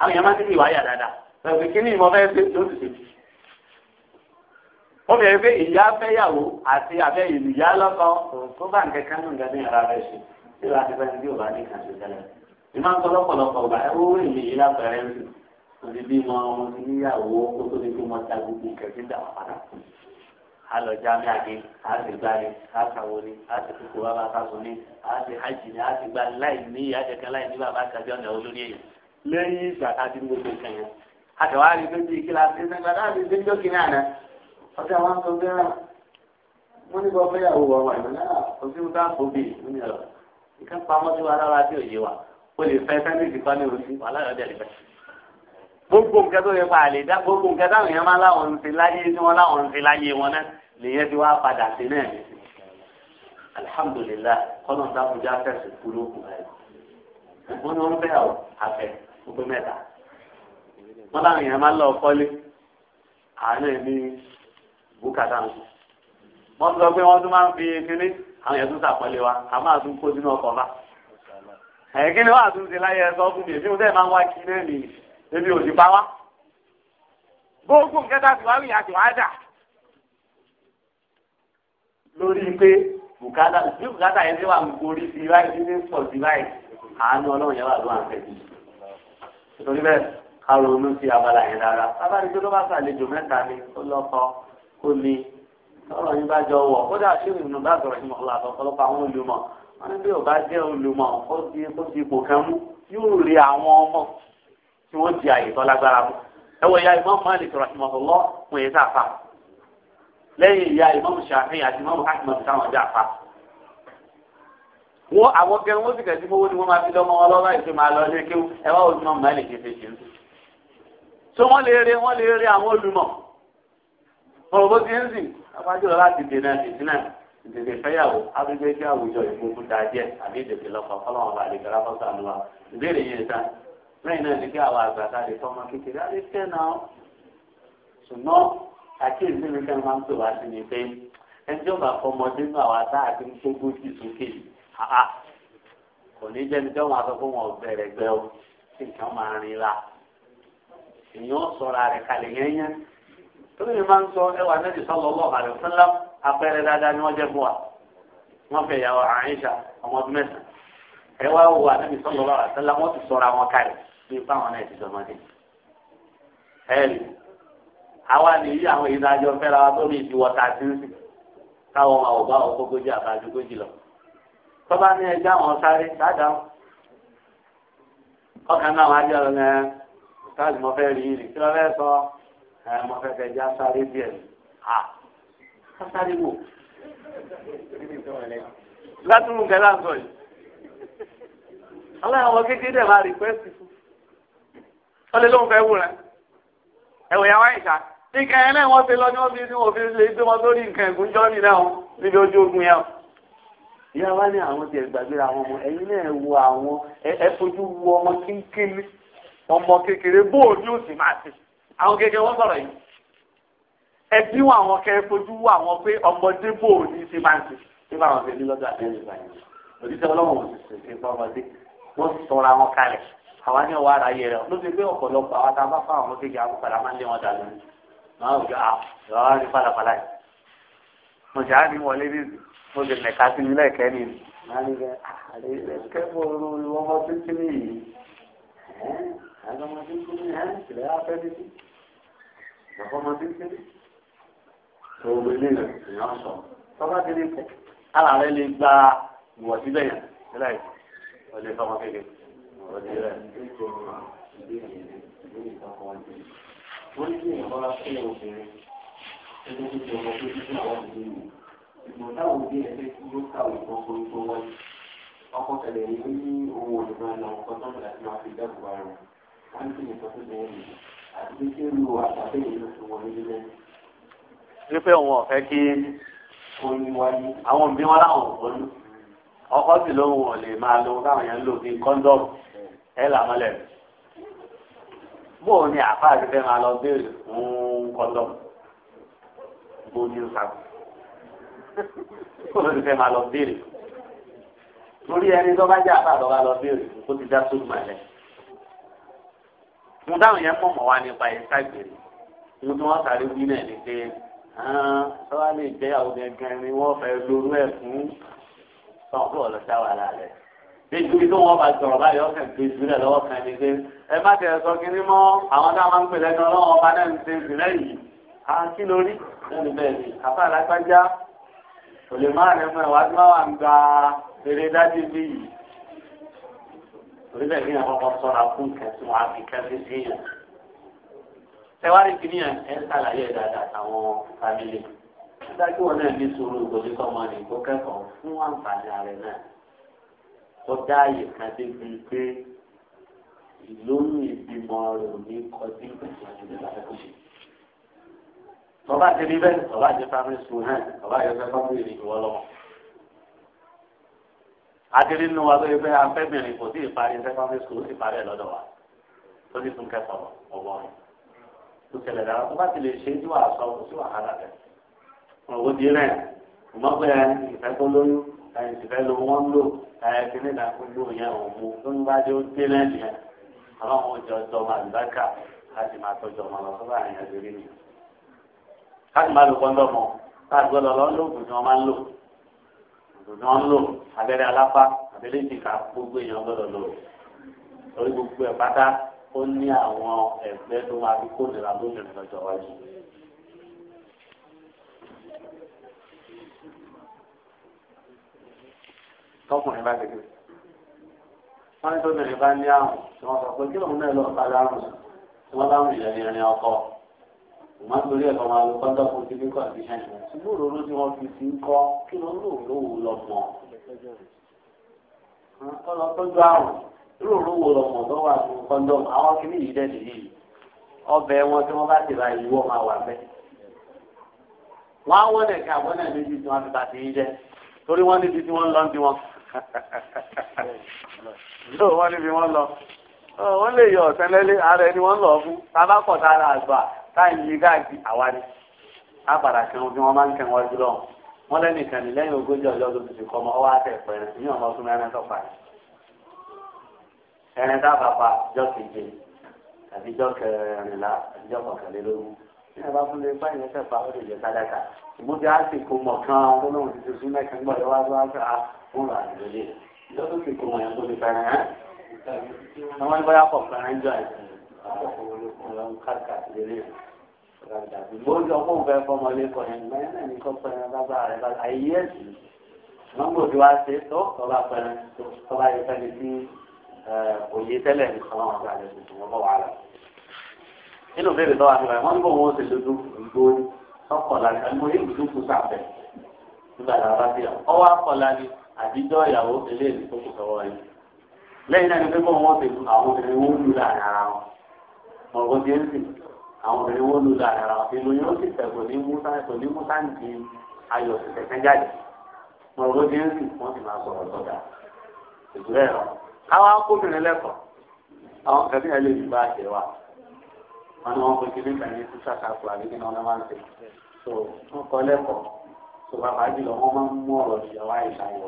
àwọn èèyàn máa ń tẹ́lẹ̀ ìwáyà dáadáa lọ́sẹ̀ kí ni ìmọ̀ fẹ́ ṣe lóṣù wọ́n bẹ̀rẹ̀ pé ìyá fẹ́yàwó àti abẹ́yìn ìyá lọ́kọ tó bá nǹkan kan ní nǹkan ní ara rẹ̀ ṣe tí wàá ti fẹ́ ní bí ò bá ní kàn ṣe tẹ́lẹ̀. ìmọ̀ ń tọ́lọ́pọ̀lọpọ̀ gbà ẹ́ owó ìlú yìí lápẹ̀rẹ̀ ń sùn òní bí mo ọmọ ti níyàwó kó tó ní kí mo ta gbogbo kẹ̀kẹ́ dà wà padà. a lọ jáde àgé a ti gbá ni a sàwọ ni a ti kókó bàbá sàṣọ ni a ti hajj ni a ti gbá láì ní ìyá kẹkẹ ọjọ́ àwọn tó gbé rà wọ́n ní kọ́ fẹ́yàwó ọmọ ìlú náà kò sí mú dáàbò bì í ní ọ̀rọ̀ ah, nǹkan pamọ́ sí wa lára tí òye wa o lè fẹ́ sẹ́ńdíìsì kan ní oṣù wà láyọ̀ ọjà lè fẹ́. gbogbo nǹkan tó yẹ pa àlè dá gbogbo nǹkan táwọn èèyàn máa láwọn ń ṣe láyé tí wọ́n láwọn ń ṣe láyé wọn náà lèyẹn ti wá padà sí náà alihamudulilayi kọ́nà dábòjá fẹ̀sẹ̀ kúrò kù báyìí bùkátà ń sùn wọ́n sọ pé wọ́n tún máa ń fi kíní àwọn yẹn tún sàpọ̀lẹ̀ wa a máa tún kó sínú ọkọ̀ bá ẹ̀ kí ni wọ́n àtúnṣe láyé ẹ̀ sọ fún mi èmi ò dẹ́ máa ń wá kí náà nì ebi ò sì pa wá gbogbo nǹkan tá a ti wá rìn àti wàá dà lórí pé bùkátà bí bùkátà yẹn ti wà gorí sí i báyìí ní pọ̀ sí i àánú ọlọ́run yẹn wà ló wà ń fẹ́ nítorí bẹ́ẹ̀ ká ronú sí abala yẹn dára abáyé tó ló bá sàlejò mẹ́ta ni ó lọ́kọ́ ó le tọrọ yín bá jọ wọ kódà ṣéwì nù bá sọ̀rọ̀ yín mọlá àtọkọlọpọ àwọn olùmọ̀ wọn ní bí ò bá jẹ olùmọ̀ ó di ó di ipò kan mú yóò rí àwọn ọmọ tí wọn di àyè tó lágbára mú ẹ wọ ìyá Imam Malik rahimahullah wọn yẹn sáfa lẹ́yìn ìyá Imam Shafi'i àti Imam Ahmad táwọn dà fa wọn àwọn gẹ wọn sì kẹsí mọwọ ni wọn máa fi lọmọ ọlọ́rọ̀ ìfẹ́ máa lọ ilé kéwù ẹ wá olùmọ̀ Malik fi ọ̀rọ̀ bó ti ń sìn abájọ́ láti dènà ìdínà ìdèdè fẹ́yàwó abẹ́gbẹ́ jẹ́ àwùjọ ìgbógun dájẹ́ àbí ìdèdè lọ́kọ̀ fọlọ́wọn bá lè gara fọ́sà lọ́wọ́ ìbéèrè yẹn ta lẹ́yìn náà ní kí àwọn àgbà ká lè fọ́ ọmọ kékeré á lè fẹ́ náà ṣùgbọ́n àkíyèsí mi fẹ́ràn máa ń pè wá sí ni pé ẹjọ́ bá fọmọdé nínú àwọn àtà àti gbogbo jì sókè kò ní jẹ́ni tí wọ́n á sọ fún wọn bẹ̀rẹ̀ gbẹ́ o kí nǹkan máa rin la èèyàn sọ̀rọ̀ tóbi mi máa ń sọ ẹwà nẹ́bí sallallahu alaihi wasallam apẹ̀rẹ̀ dáadáa ni wọ́n jẹ́ fún wa wọ́n fẹ́ yàwó Àìṣà ọmọ ọdún mẹ́sàn ẹwà wò nẹ́bí sallallahu alaihi wasallam wọ́n ti sọ̀rọ̀ àwọn kárì bí fáwọn náà ti sọmọdé ẹ̀rì àwa nìyí àwọn ìdájọ́ fẹ́ra wa tóbi ìdíwọ́ ta sí sí káwọn àwòbá ọgógójì àbájúgójì lọ tọ́ba ní ẹja àwọn sáré dáadáa ọkàn náà wájú ọ̀rọ̀ náà táàgì mọ́ rí rí kí lọ́ fẹ́ sọ ẹ mo fẹ́ fẹ́ já sáré díẹ̀ à ká sáré wò látúrú nǹkan láǹtọ̀ yìí aláìsàn wọn kékeré dẹ̀ máa rìkwẹ́sì fún wọ́n lé lóun fẹ́ wù rẹ̀ ẹ̀wọ̀ yà wá ìta nǹkan ẹ̀ náà wọ́n ti lọ ní wọ́n fi ní wọ́n fi lè gbé wọn sórí nǹkan ẹ̀gún jọ́ọ̀nì náà níbi ojú ogun yẹn ìyá wa ní àwọn tiẹ̀ gbàgbé àwọn ọmọ ẹ̀yin náà wo àwọn ẹ fojú wo ọmọ kínkínní ọmọ kékeré bóòdù sì máa ti àwọn gẹ́gẹ́ wọ́n sọ̀rọ̀ yìí ẹbí wọn àwọn kẹ́ fojú wọ àwọn pé ọmọdé bò ní ṣe máa ń ṣe ṣé báwọn ṣe ní lọ́dọ̀ àtẹ́lẹ̀ ìgbà yẹn òṣìṣẹ́ ọlọ́run òṣìṣẹ́ ṣe fún ọmọdé wọ́n sọra wọn kalẹ̀ àwa ní ọwọ́ ara yẹ rẹ ló ti gbé ọ̀pọ̀lọpọ̀ àwọn tá a bá fáwọn ọmọ kékeré àwọn padà máa ń lé wọn dà lónìí máa ń gbà àwọn àrí pàlàpàlà yìí mo jà á ní wọlé ní mo sì mẹ̀ka sí ní lẹ́ẹ̀kẹ́ ní àlẹ́kẹ́ mo ro ọmọ tuntun yìí ẹ́ àgbọ̀mọ tuntun yìí ẹ́ ìlera fẹ́ẹ́ ẹ̀kọ́ ọmọ kékeré òwe lè rẹ̀ èèyàn sọ tọ́ba délé pọ̀ ara rẹ̀ lè rẹ̀. wọ́n ní kí ní kí tó ti fún wípé òun ọ̀fẹ́ kí àwọn òbí wọn láwọn òpólú ọkọ sì lóhun ò lè máa lo káwọn yẹn ń lò bí kọ́ńdọ́ọ̀mù ẹ làmọ́lẹ̀ bóun ni àfa àti fẹ́ máa lọ béèrè fún kọ́ńdọ́ọ̀mù bó ní ń sàkó bóun ti fẹ́ máa lọ béèrè torí ẹni tó bá jẹ́ àfa àtọ́ bá lọ béèrè kó ti dá sóògùn àlẹ́ mo dáhùn yẹn mọ̀mọ́ wa nípa ìka gbèrè mo tún wọ́n sáré wí náà ni pé sọ́wọ́n lè jẹ́ àwọn gẹ́gẹ́ ni wọ́n fẹ́ lórú ẹ̀ fún sọ̀kú ọ̀lọ́sá wà lálẹ́ nítorí tó wọ́n bá sọ̀rọ̀ báyìí ọ̀sẹ̀ ń pè sílẹ̀ lọ́wọ́ kan ni pé ẹ má tẹ̀ sọ kí ni mọ́ àwọn tá a máa ń pè lẹ́nu ọlọ́wọ́ ọba náà ń ṣe ìsìnlẹ̀ yìí a kí lórí lẹ́nu bẹ́ẹ̀ ni àfa àlágbájá kò lè má rẹ̀ tí wọ́n wà ń gba eré dájú bí torí bẹ́ẹ̀ yẹn kọ́kọ́ sọ́ra fún kẹsì wọn àfi kẹsì sí yẹn. sẹ́wárí kìíní yẹn ẹ ṣàlàyé dáadáa táwọn fámìlì. dájú wọn náà ní sùúrù ìgbòdì kọ́mọ ní kó kẹ́kọ̀ọ́ fún àǹfààní ààrẹ náà. ó dá àyè kan débi pé ìlóyún ìbímọ rẹ̀ ò ní kọjú ìgbàlódé nígbà tó ṣe. tọ́ba ti rí bẹ́ẹ̀ tọ́ba ti fámìlì sùn náà tọ́ba yọ adiri nu wa tó yẹ pé afẹ́bìnrin kò tí ì parí secondary school ó sì parí ẹ̀ lọ́dọ̀ wa tó ní tún kẹfọ́ ọwọ́ rẹ̀ tó tẹ̀lé dára tó bá ti lè ṣe tí wàá sọ kò sí wàhálà rẹ̀ owó di rẹ̀ ọmọ pé ìfẹ́ tó lóyún ẹ̀yìn ìfẹ́ ló wọ́n lò ẹ̀yìn kìíní ìdá gbogbo yẹn ò mú tó ń bá jẹ́ ó dé lẹ́yìn yẹn àwọn ọmọ ìjọ ọjọ́ máa ń dákà láti máa tọ́jú ọmọ lọ sọ́dọ̀ àyìn àdéhìí ni káàdì má lo kọ́ńdọ̀mù káàdì gbọ́dọ̀ lọ́ òdòdó wọn lò abẹ́rẹ́ alápá abẹ́rẹ́ ìdìkà gbogbo èèyàn gbọ́dọ̀ lò lórí gbogbo ẹ̀ pátá ó ní àwọn ẹgbẹ́ tó máa fi kó nira lómìnira lọ́jọ́ wájú. tọkùnrin bá tẹ̀lé wọ́n ní tóbi rẹ̀ bá ní àrùn tí wọ́n sọ pé kí lóun náà lọ́ọ́ bá dárùn tí wọ́n bá rìn ìrìn ọkọ̀ má torí ẹ̀kọ́ máa lo kọ́ńtà fún ti ní kọ́ndíṣàn yẹn ṣùgbọ́n òróró tí wọ́n fi ti ń kọ́ kí ló lò lówó lọ́mọ. ọlọ́tọ́jú àrùn lóòrò wo lọ́mọ tó wà ní kọ́ńdọ̀m àwọn kìíní yìí dẹ́nu yìí ọbẹ̀ wọn tí wọ́n bá ti ra ìwọ́ máa wà bẹ́ẹ̀. wọ́n á wọ́n nẹ̀kẹ́ àwọn náà méjì tí wọ́n ti bá ti yí jẹ́ torí wọ́n níbi tí wọ́n lọ ń bí wọn. wọ́n níbi wọ́n lọ. wọ́n lè yọ ọ̀sẹ̀ lẹ́lé ara ẹni wọ́n lọ fún tabakọ̀ tára àgbà táyì káàkiri àwárí àpàdà kẹwọn bí wọn máa ń kẹ wọn wọn lẹnìkan ní lẹ́yìn ogójì ọjọ́ tó ti kọ ọmọ ọwọ́ àtẹ pẹrẹ ní ọmọ ọdún mẹ́rin tó pa ẹrin tá a bá pa jọ keje àbí jọ kẹrìnlá àbí jọ kọkànlélógún ní ẹ bá fún lè bá ìyẹn tẹpa ó lè jẹ sádàkà ìmúdí á sì kó mọ kan ó lóun ti tuntun mẹkàn gbọdọ wá tó wá sọ à ó rà lóde ìjọ tó sì kó mọ yẹn tó lè fẹrẹ hàn àwọn ìbáyà kọ fẹrẹ ń jọ àìsàn àkókò olùkọ́ ń káàkiri lè mo ń jọ fún fẹ́ fọmọ lẹ́kọ̀ọ́ yẹn lẹ́yìn náà ní kọ́ pẹ́rẹ́ bàbá rẹ̀ bàbá ayé ẹ̀sìn wọ́n gbòdì wá ṣe tó tọ́ba pẹ́rẹ́ tọ́ba yẹ fẹ́ni tí òye tẹ́lẹ̀ ní sọ́wọ́n ọ̀gá rẹ̀ tuntun wọ́n bọ̀ wà lọ. nínú bèbè tó wà ní wáyé wọ́n ń bọ̀ wọ́n ṣe lójú ìgbó ọkọ̀lá ní mo yé ìlú kù sáfẹ́ nígbà tá a bá fi hàn ọwọ́ akọ̀lá ni àdíjọ́ ìyàwó eléyìí tó kù sọ́wọ́ yìí lẹ́yìn náà ni pé bọ́ ṣe mọ̀gọ́ ti ń sìn àwọn obìnrin wọ́n lu lára ara ìlú yóò sì tẹ̀kọ̀ ní musa kò ní ayọ̀ sì tẹ̀kẹ́ jáde mọ̀gọ́ ti ń sìn wọ́n sì máa sọ̀rọ̀ sọ̀dà ìgbẹ́ rẹ̀ káwá kóbìnrin lẹ́kọ̀ọ́ àwọn kẹ̀kẹ́ yẹn lè ní bá àṣẹ wa wọn ni wọn pe kí nígbà yẹn tó ṣàkàkọ àbí ni wọn máa ń ṣe tó wọn kọ lẹ́kọ̀ọ́ tó bàbá jùlọ wọn máa ń mú ọ̀rọ̀ ìyàwó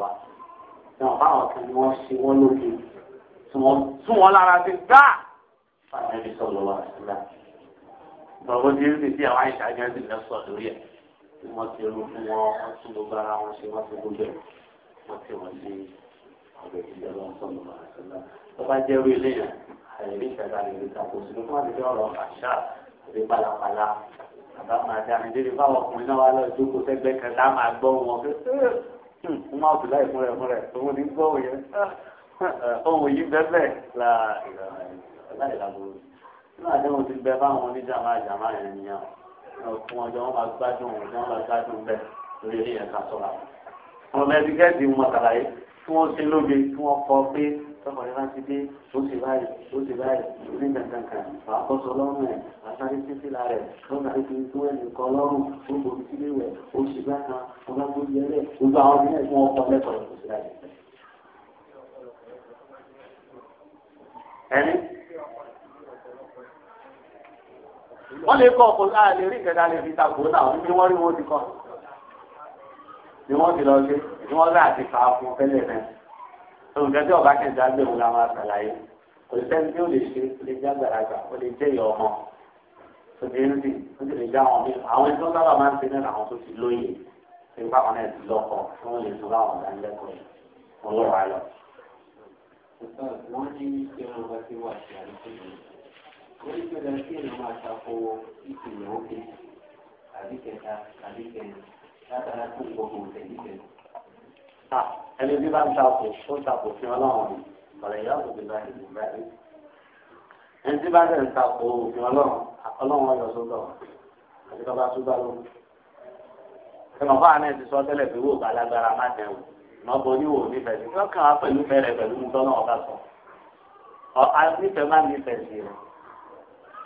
wa ṣe wọ́n lókè tí wọ́n lára ti gbáà fàtẹ́bí sọ̀rọ̀ wà síra. Bàbá ti rí sí àwọn àìsàjẹ́ sì lẹ́sọ̀ lórí ẹ̀. Bí wọ́n ti rú fún wọn, wọ́n tún gbogbo ara wọn ṣe wọ́n ti gbogbo ẹ̀. Wọ́n ti wọ́n sí ọ̀dọ̀ ìjọba lọ́wọ́ sọ̀rọ̀ wà síra. Tó bá jẹ́ orí ilé yẹn, àìrí ìṣẹ̀dá lè rí tako sí lókun àti ọ̀rọ̀ àṣà àti pàlàpàlà. Bàbá máa dá mi délé fáwọn ọkùnrin náà wá lọ ìjókòó sẹ́gbẹ́ kan tá a máa gbọ́ wọn pé hmm, mo máa bù láì fúnra ẹ̀ fúnra ẹ̀ tó mo ní gbọ́ òun yẹn. Ohun yìí bẹ́ẹ̀ bẹ́ẹ̀ la ìlànà yìí láì lágbóró nígbà tí mo ti bẹ fáwọn oníjàmá àjàmá yẹn nìyẹn fún ọjọ́ wọn máa gbádùn wọn wọn máa gbádùn bẹ́ẹ̀ lórí ilé yẹn ká sọ́ra ọmọ ẹbí gẹ́ẹ̀dì wọn kàlàyé tí wọ́n ṣe lóge tí wọ́n kọ pé tọkọ̀rẹ́ bá ti dé ó ti báyìí ó ti báyìí ní gbẹ̀ngànkàn àkóso lọ́rùn ẹ̀ àsáré títí la rẹ̀ lọ́nà àti tó ẹ̀ nìkan lọ́rùn ó borí sílé wẹ̀ ó sì bá kan ọba tó yẹ lẹ̀ gbogbo àwọn ilé ẹ̀kọ́ ọkọ lẹ́kọ̀ọ́ ẹni wọ́n lè kọ́ ọkọ̀ láà lè rí ìkẹta lè fi takò náà ní wọ́n rí wọn ti kọ́ ni wọ́n ti lọ ṣe ni wọ́n rà àti fà fún tẹ́lẹ̀ náà olùkẹ́ tí ọba kẹta gbé wọn la máa ṣàlàyé kò sẹ́ni tí ó lè ṣe lè já gbàràgbà ó lè jẹ́ ìyá ọmọ tó ń sìn ó sì lè já àwọn bí àwọn tó sábà máa ń ṣe náà àwọn tó ti lóye ṣe ń pàpọ̀ náà ti lọ́kọ̀ tí wọ́n lè tún láwọn ọ̀gá ńlẹ́kọ̀ọ́ yìí wọ́n orí tó lọ sí èèyàn máa ṣàkó ìpìlẹ̀ òkè àbí kẹta àbí kẹrin látara tó gbogbo tẹ̀lé tẹ̀lé. ẹni bí bá ń takò ó ń takò fún ọlọ́run ni ọ̀rẹ́ ìyá òkè bá ìlú báyìí. ẹni tí bá dẹ̀ ń takò òfin ọlọ́run ọlọ́run ọyọ sọ́dọ̀ àti bàbá túbà ló. ẹ̀mọ̀ bá àná ti sọ tẹ́lẹ̀ pé wò bá lágbára má dẹ̀ wò mọ̀gbọ́n oníwò nífẹ̀ẹ́ sí kí wọ́n kàn á pẹ̀lú fẹ́rẹ̀ pẹ̀lú mú tọ́nà ọ̀gá sọ. ọ̀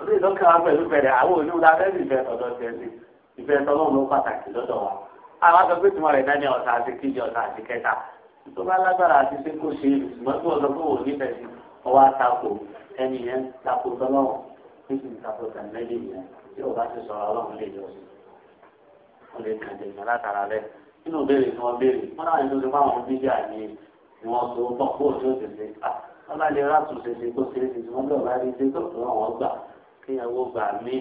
orí ìdọ́kẹ́ wa pẹ̀lú bẹ̀rẹ̀ àwọn òní abẹ́rẹ́ ìfẹ́ ọ̀dọ́ tẹ̀lé ìfẹ́ tọ́lọ́mù ló pàtàkì lọ́dọ̀ wa àwọn akẹ́kọ̀ọ́ ìtumọ̀ rẹ̀ dání ọ̀tá àti kíjì ọ̀tá àti kẹta tó bá lágbára àti ṣe kó ṣe ṣùgbọ́n tó ọ̀dọ́ tó wò nífẹ̀ẹ́ sí ọwọ́ àtakò ẹni yẹn takò tọ́lọ́mù ní ti takò tẹ̀lẹ́lì yẹn tí ò bá ti sọ̀rọ̀ ọlọ́run lè yọ sí wọn kíyàwó gbà mí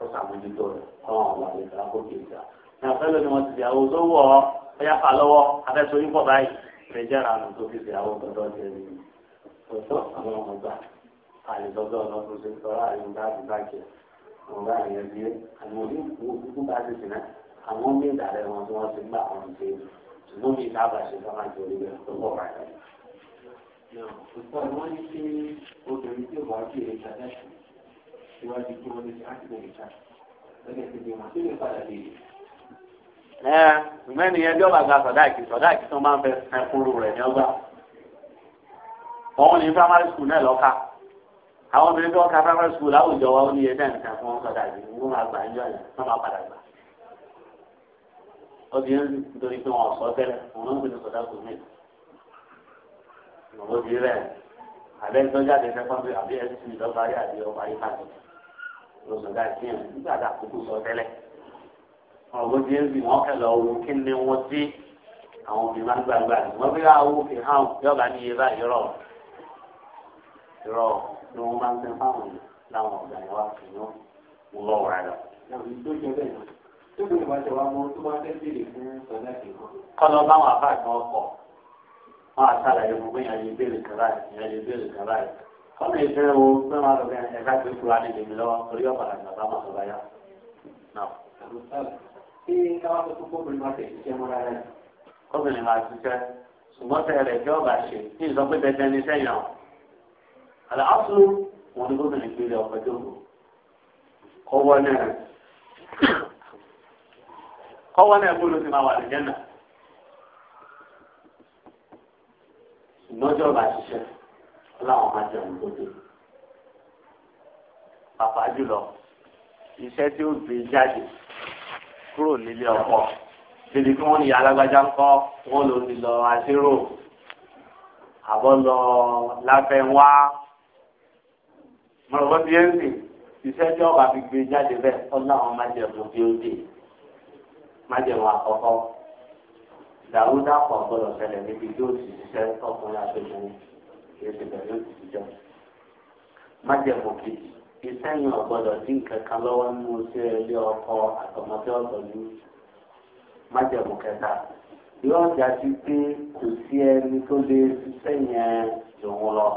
ó sàmójútó rẹ̀ ọ̀hún ọ̀la lè fà kó kì í gbà. ní àfẹ́lẹ́ ni wọ́n ti di àwọn sówó ọ ẹ̀yà fà lọ́wọ́ afẹ́sọ yín pọ̀ báyìí rẹ̀ jẹ́ ìrànà tó fi di àwọn gbọ́dọ̀ jẹ́ mi. ọ̀tọ̀ àwọn ọmọ gbà àlejòjọ́ ọlọ́dún ṣe sọ́ra àyùnbá àti bàjẹ́ ọ̀gá àyẹ̀ bí àwọn oníkùnkùn bá ti sìn náà àwọn bí ìdàrẹ́ wọn tí wọ́n ti gbà wọn ṣe ṣùgbọ́n mi ìta àbàṣe sọ́ra jẹ́ orí rẹ̀ tó pọ̀ báyìí síwájú kí wọ́n lè ṣe àti bẹ̀rẹ̀ ṣá lẹ́yìn tí bí wọ́n lè padà dé. ẹ ṣùgbọ́n bí ọba gba sọ̀dáàkì sọ̀dáàkì tó máa ń fẹ́ ẹ rẹ̀ ní ọgbà òun ní primary school náà lọ́ka àwọn obìnrin tó ka primary school láwùjọ wa ó ní ẹ̀dá nǹkan fún sọ̀dáàkì wọ́n máa gbà ń yẹn wọ́n máa padà gbà obìnrin nítorí pé wọn sọ tẹ́lẹ̀ wọn ló ń gbèsè sọdá kò ní ìmọ̀lódì rẹ̀ àbẹ́ ìtọ́jáde fẹ́fọ́n bí àbí lóṣù sí ẹ̀ nígbà tá a kò sọ tẹ́lẹ̀ ọ̀gbọ́n ti ń sìn wọ́n kẹlẹ̀ ọ̀wọ́ kí ni wọ́n ti àwọn obìnrin máa ń gbàgbà ní wọ́n fi àwọ̀ fi hàn yọ̀gá ní iye báyìí rọ̀ rọ̀ ni wọ́n máa ń tẹ́ fáwọn láwọn ọ̀gá yẹn wá fi yàn wọ́n lọ́wọ́ rẹ̀ lọ. kọ́lọ́ báwọn afáàkì wọn kọ̀ wọ́n á sàlàyé gbogbo yẹn lè béèrè kàrá yẹn lè béèrè kàrá kọ́nà ìfẹ́ wo fẹ́ máa lọ bẹ́ẹ̀ ẹ̀ka tó kura ní ìdèmí lọ́wọ́ torí ọ̀pàdà ní bàbá máa sọ̀rọ̀ yá. Ṣé káwá tó tó kóbìnrin máa tẹ̀ ṣiṣẹ́ mọ́ra rẹ̀? Kóbìnrin máa ṣiṣẹ́ ṣùgbọ́n tẹ̀ rẹ̀ jẹ́ ọ̀gá ṣe kí n sọ pé tẹ̀tẹ̀ ní sẹ́yìn ọ̀. Àlọ́ àṣù wọn ni kóbìnrin fi lè ọ̀pẹ tó kù. Kọ́wọ́ náà kọ́wọ́ náà gbọ́dọ̀ ti láwọn máa jẹun tó dé. pàpà jùlọ iṣẹ́ tí ó gbé jáde kúrò nílé ọkọ níbi tí wọ́n ní alágbájá ń kọ́ wọ́n lò ní lọ àṣírò àbọ̀ lọ lábẹ́ wá mọ̀lọ́bọ́ bí ń sìn iṣẹ́ tí ọba fi gbé jáde bẹ́ẹ̀ ọ láwọn májẹ̀mú bí ó dé májẹ̀mú àkọ́kọ́ dàrú dàpọ̀ gbọ́dọ̀ ṣẹlẹ̀ níbi tí ó ti ṣiṣẹ́ ọkùnrin àti obìnrin èsì bẹ̀rẹ̀ ti ti jọ. májèmú kejì ìsẹ́yìn ọ̀gbọ́dọ̀ dín kankan lọ́wọ́ nínú sí ilé ọkọ àtọmọdé ọ̀tọ̀lú. májèmú kẹta yóò jáde pé kò sí ẹni tó lè ṣiṣẹ́ yẹn lòun lọ.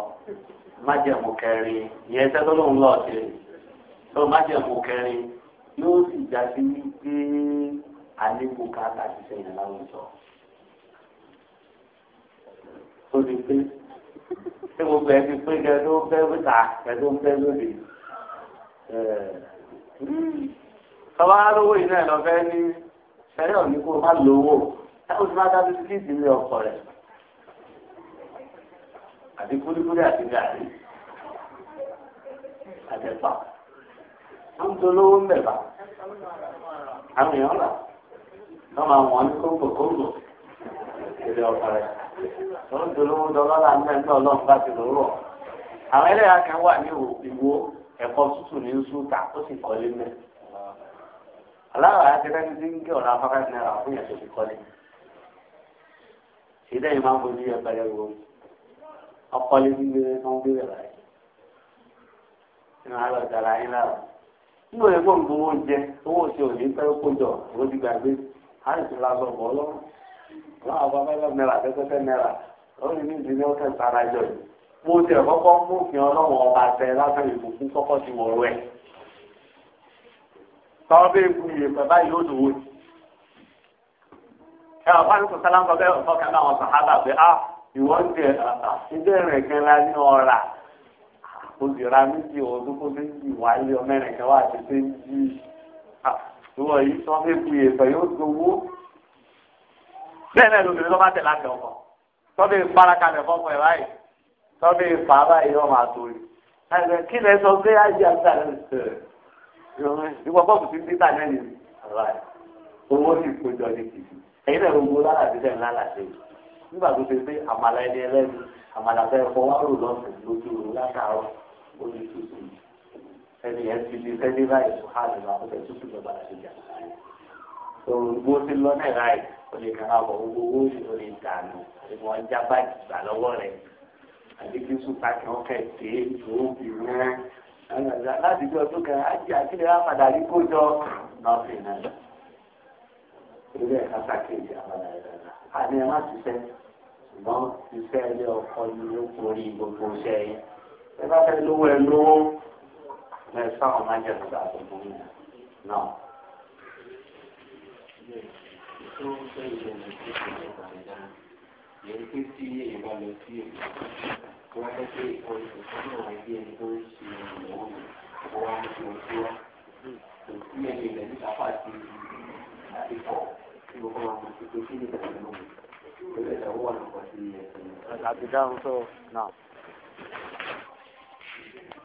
májèmú kẹrin yẹn ṣẹ́ tó lòun lọ ṣe. tó májèmú kẹrin yóò sì jáde wípé àlékò ká àtàṣiṣẹ́ yẹn láwùjọ ṣé gbogbo ẹ ti pé kẹtó ń fẹ́ wíta kẹtó ń fẹ́ lóde. Sọba arówó iná ẹ̀ lọ fẹ́ ní ṣẹlẹ̀ òní kó má lówó. Ẹ ó ti máa dábí sílíìtì ní ọkọ rẹ̀. Àti kúlíkúlí àti gàrí. Àtẹ̀pà. Wọ́n ń dolówó ń bẹ̀ bá. Àwọn èèyàn rà. Wọ́n máa wọ̀n ní kóńgò kóńgò ìdílé àwọn ẹlẹ́yà kan wà ní ìwo ẹ̀kọ́ tútù ní nsúta ó sì kọ́lé mẹ́ aláwọ̀ akẹ́kẹ́ ti ń gé ọ̀rọ̀ afárá náírà fún yẹn tó ti kọ́lé ìdẹ́yìn máa ń fojú yẹn pẹ̀lẹ́ wo ọkọ́lé gbígbé tó ń gbé rẹ̀ nínú àlọ́ ìdára yín lára nínú ẹ̀gbọ́n gbowó oúnjẹ owó ṣe òní pẹ́ kó jọ òwò ti gbàgbé àìsí lásán bọ́ ọlọ́run wọn àwọn abẹ́lẹ̀ náírà tẹ́tẹ́tẹ́ náírà lórí ní ìdílé ọ̀tẹ̀ tara jọ yìí mo tẹ̀ kọ́kọ́ mú fi ọlọ́wọ́n ọba tẹ lásán ìbùkún kọ́kọ́ ti wọ̀ rẹ̀ tọ́wọ́ bẹ́ẹ̀ kú yìí bàbá yìí ó dòwò yìí ẹ ọ̀pá ní kò sálámù bẹ́ẹ̀ ọ̀tọ́ kan náà sàhábà pé a ah, ìwọ́n ti ẹ̀jẹ̀ rẹ̀ kan la ní ọ̀rà olùyọ̀rá méjì ọdún kó méjì wáyé ọmọ ẹ̀rẹ̀ kan wà tètè yìí àwọn yìí tọ́wọ́ bẹ́ẹ̀ kú yìí bẹ́ẹ̀ náà lóbìnrin tó bá tẹ̀ láti ọkọ̀ tọ́bí parakalẹ̀ fọ́pọ̀ ẹ̀ báyìí tọ́bí fà báyìí wọ́n máa torí. ẹ̀rẹ̀ kí lẹ sọ pé àyè àgbà ìwọ bọ́ọ̀bù ti ń títà náà nìyí. owó ti kojọ ní kìkì ẹ̀yin náà gbogbo lálàdé tẹ̀ lálàdé nígbà tó ṣe pé àmàlà ẹni ẹlẹ́ni àmàlà fẹ́ fọ́ wá rò lọ́sẹ̀ lójú rò látàárọ̀ omi tútù ẹni ẹ ti di sẹ́ni báyìí sùhánù àkọsẹ̀ tútù lọ́ba àti ìjà. òògùn ti lọ náà ráì kò lè kàn ábọ̀ gbogbo owó sì ló lè dànù àti wọn já báyìí gbà lọ́wọ́ rẹ̀ àti kí sùpà kí wọ́n kẹ̀ dé lóòbí rẹ̀ láti gbé ọdún kan ájì àkílẹ̀ wá padà rí kó jọ nọ́ọ̀fìn náà ilé ẹ̀ka pàkéjì àbàlà ìdáná àní ẹ má ṣiṣẹ́ ṣùgbọ́n iṣẹ́ ilé ọkọ ni ó kórìí gbogbo iṣẹ́ yìí ẹ bá fẹ́ lówó ẹ lówó ẹ sáwọn májèlú gbà gbogbo yìí náà tó ń fẹ́ yẹ lọ sí ìpínlẹ̀ ìbàdàn yẹn pé tí èyí bá lọ sí èkó tó fẹ́ pé ìkọ́ ìṣòro náà wáyé bí ẹni tó ń ṣe ìnáwó mi ó wá ní ìwọ̀n tó wá kò sí ẹni ilẹ̀ níta fàtí àdìpọ̀ tí mo kọ́ ọmọ tuntun sí ní ìbàdàn lóhùn ó lè dáwọ́ wà lọ́kọ̀ sí ẹ̀sìn. àti dáhùn sọ náà.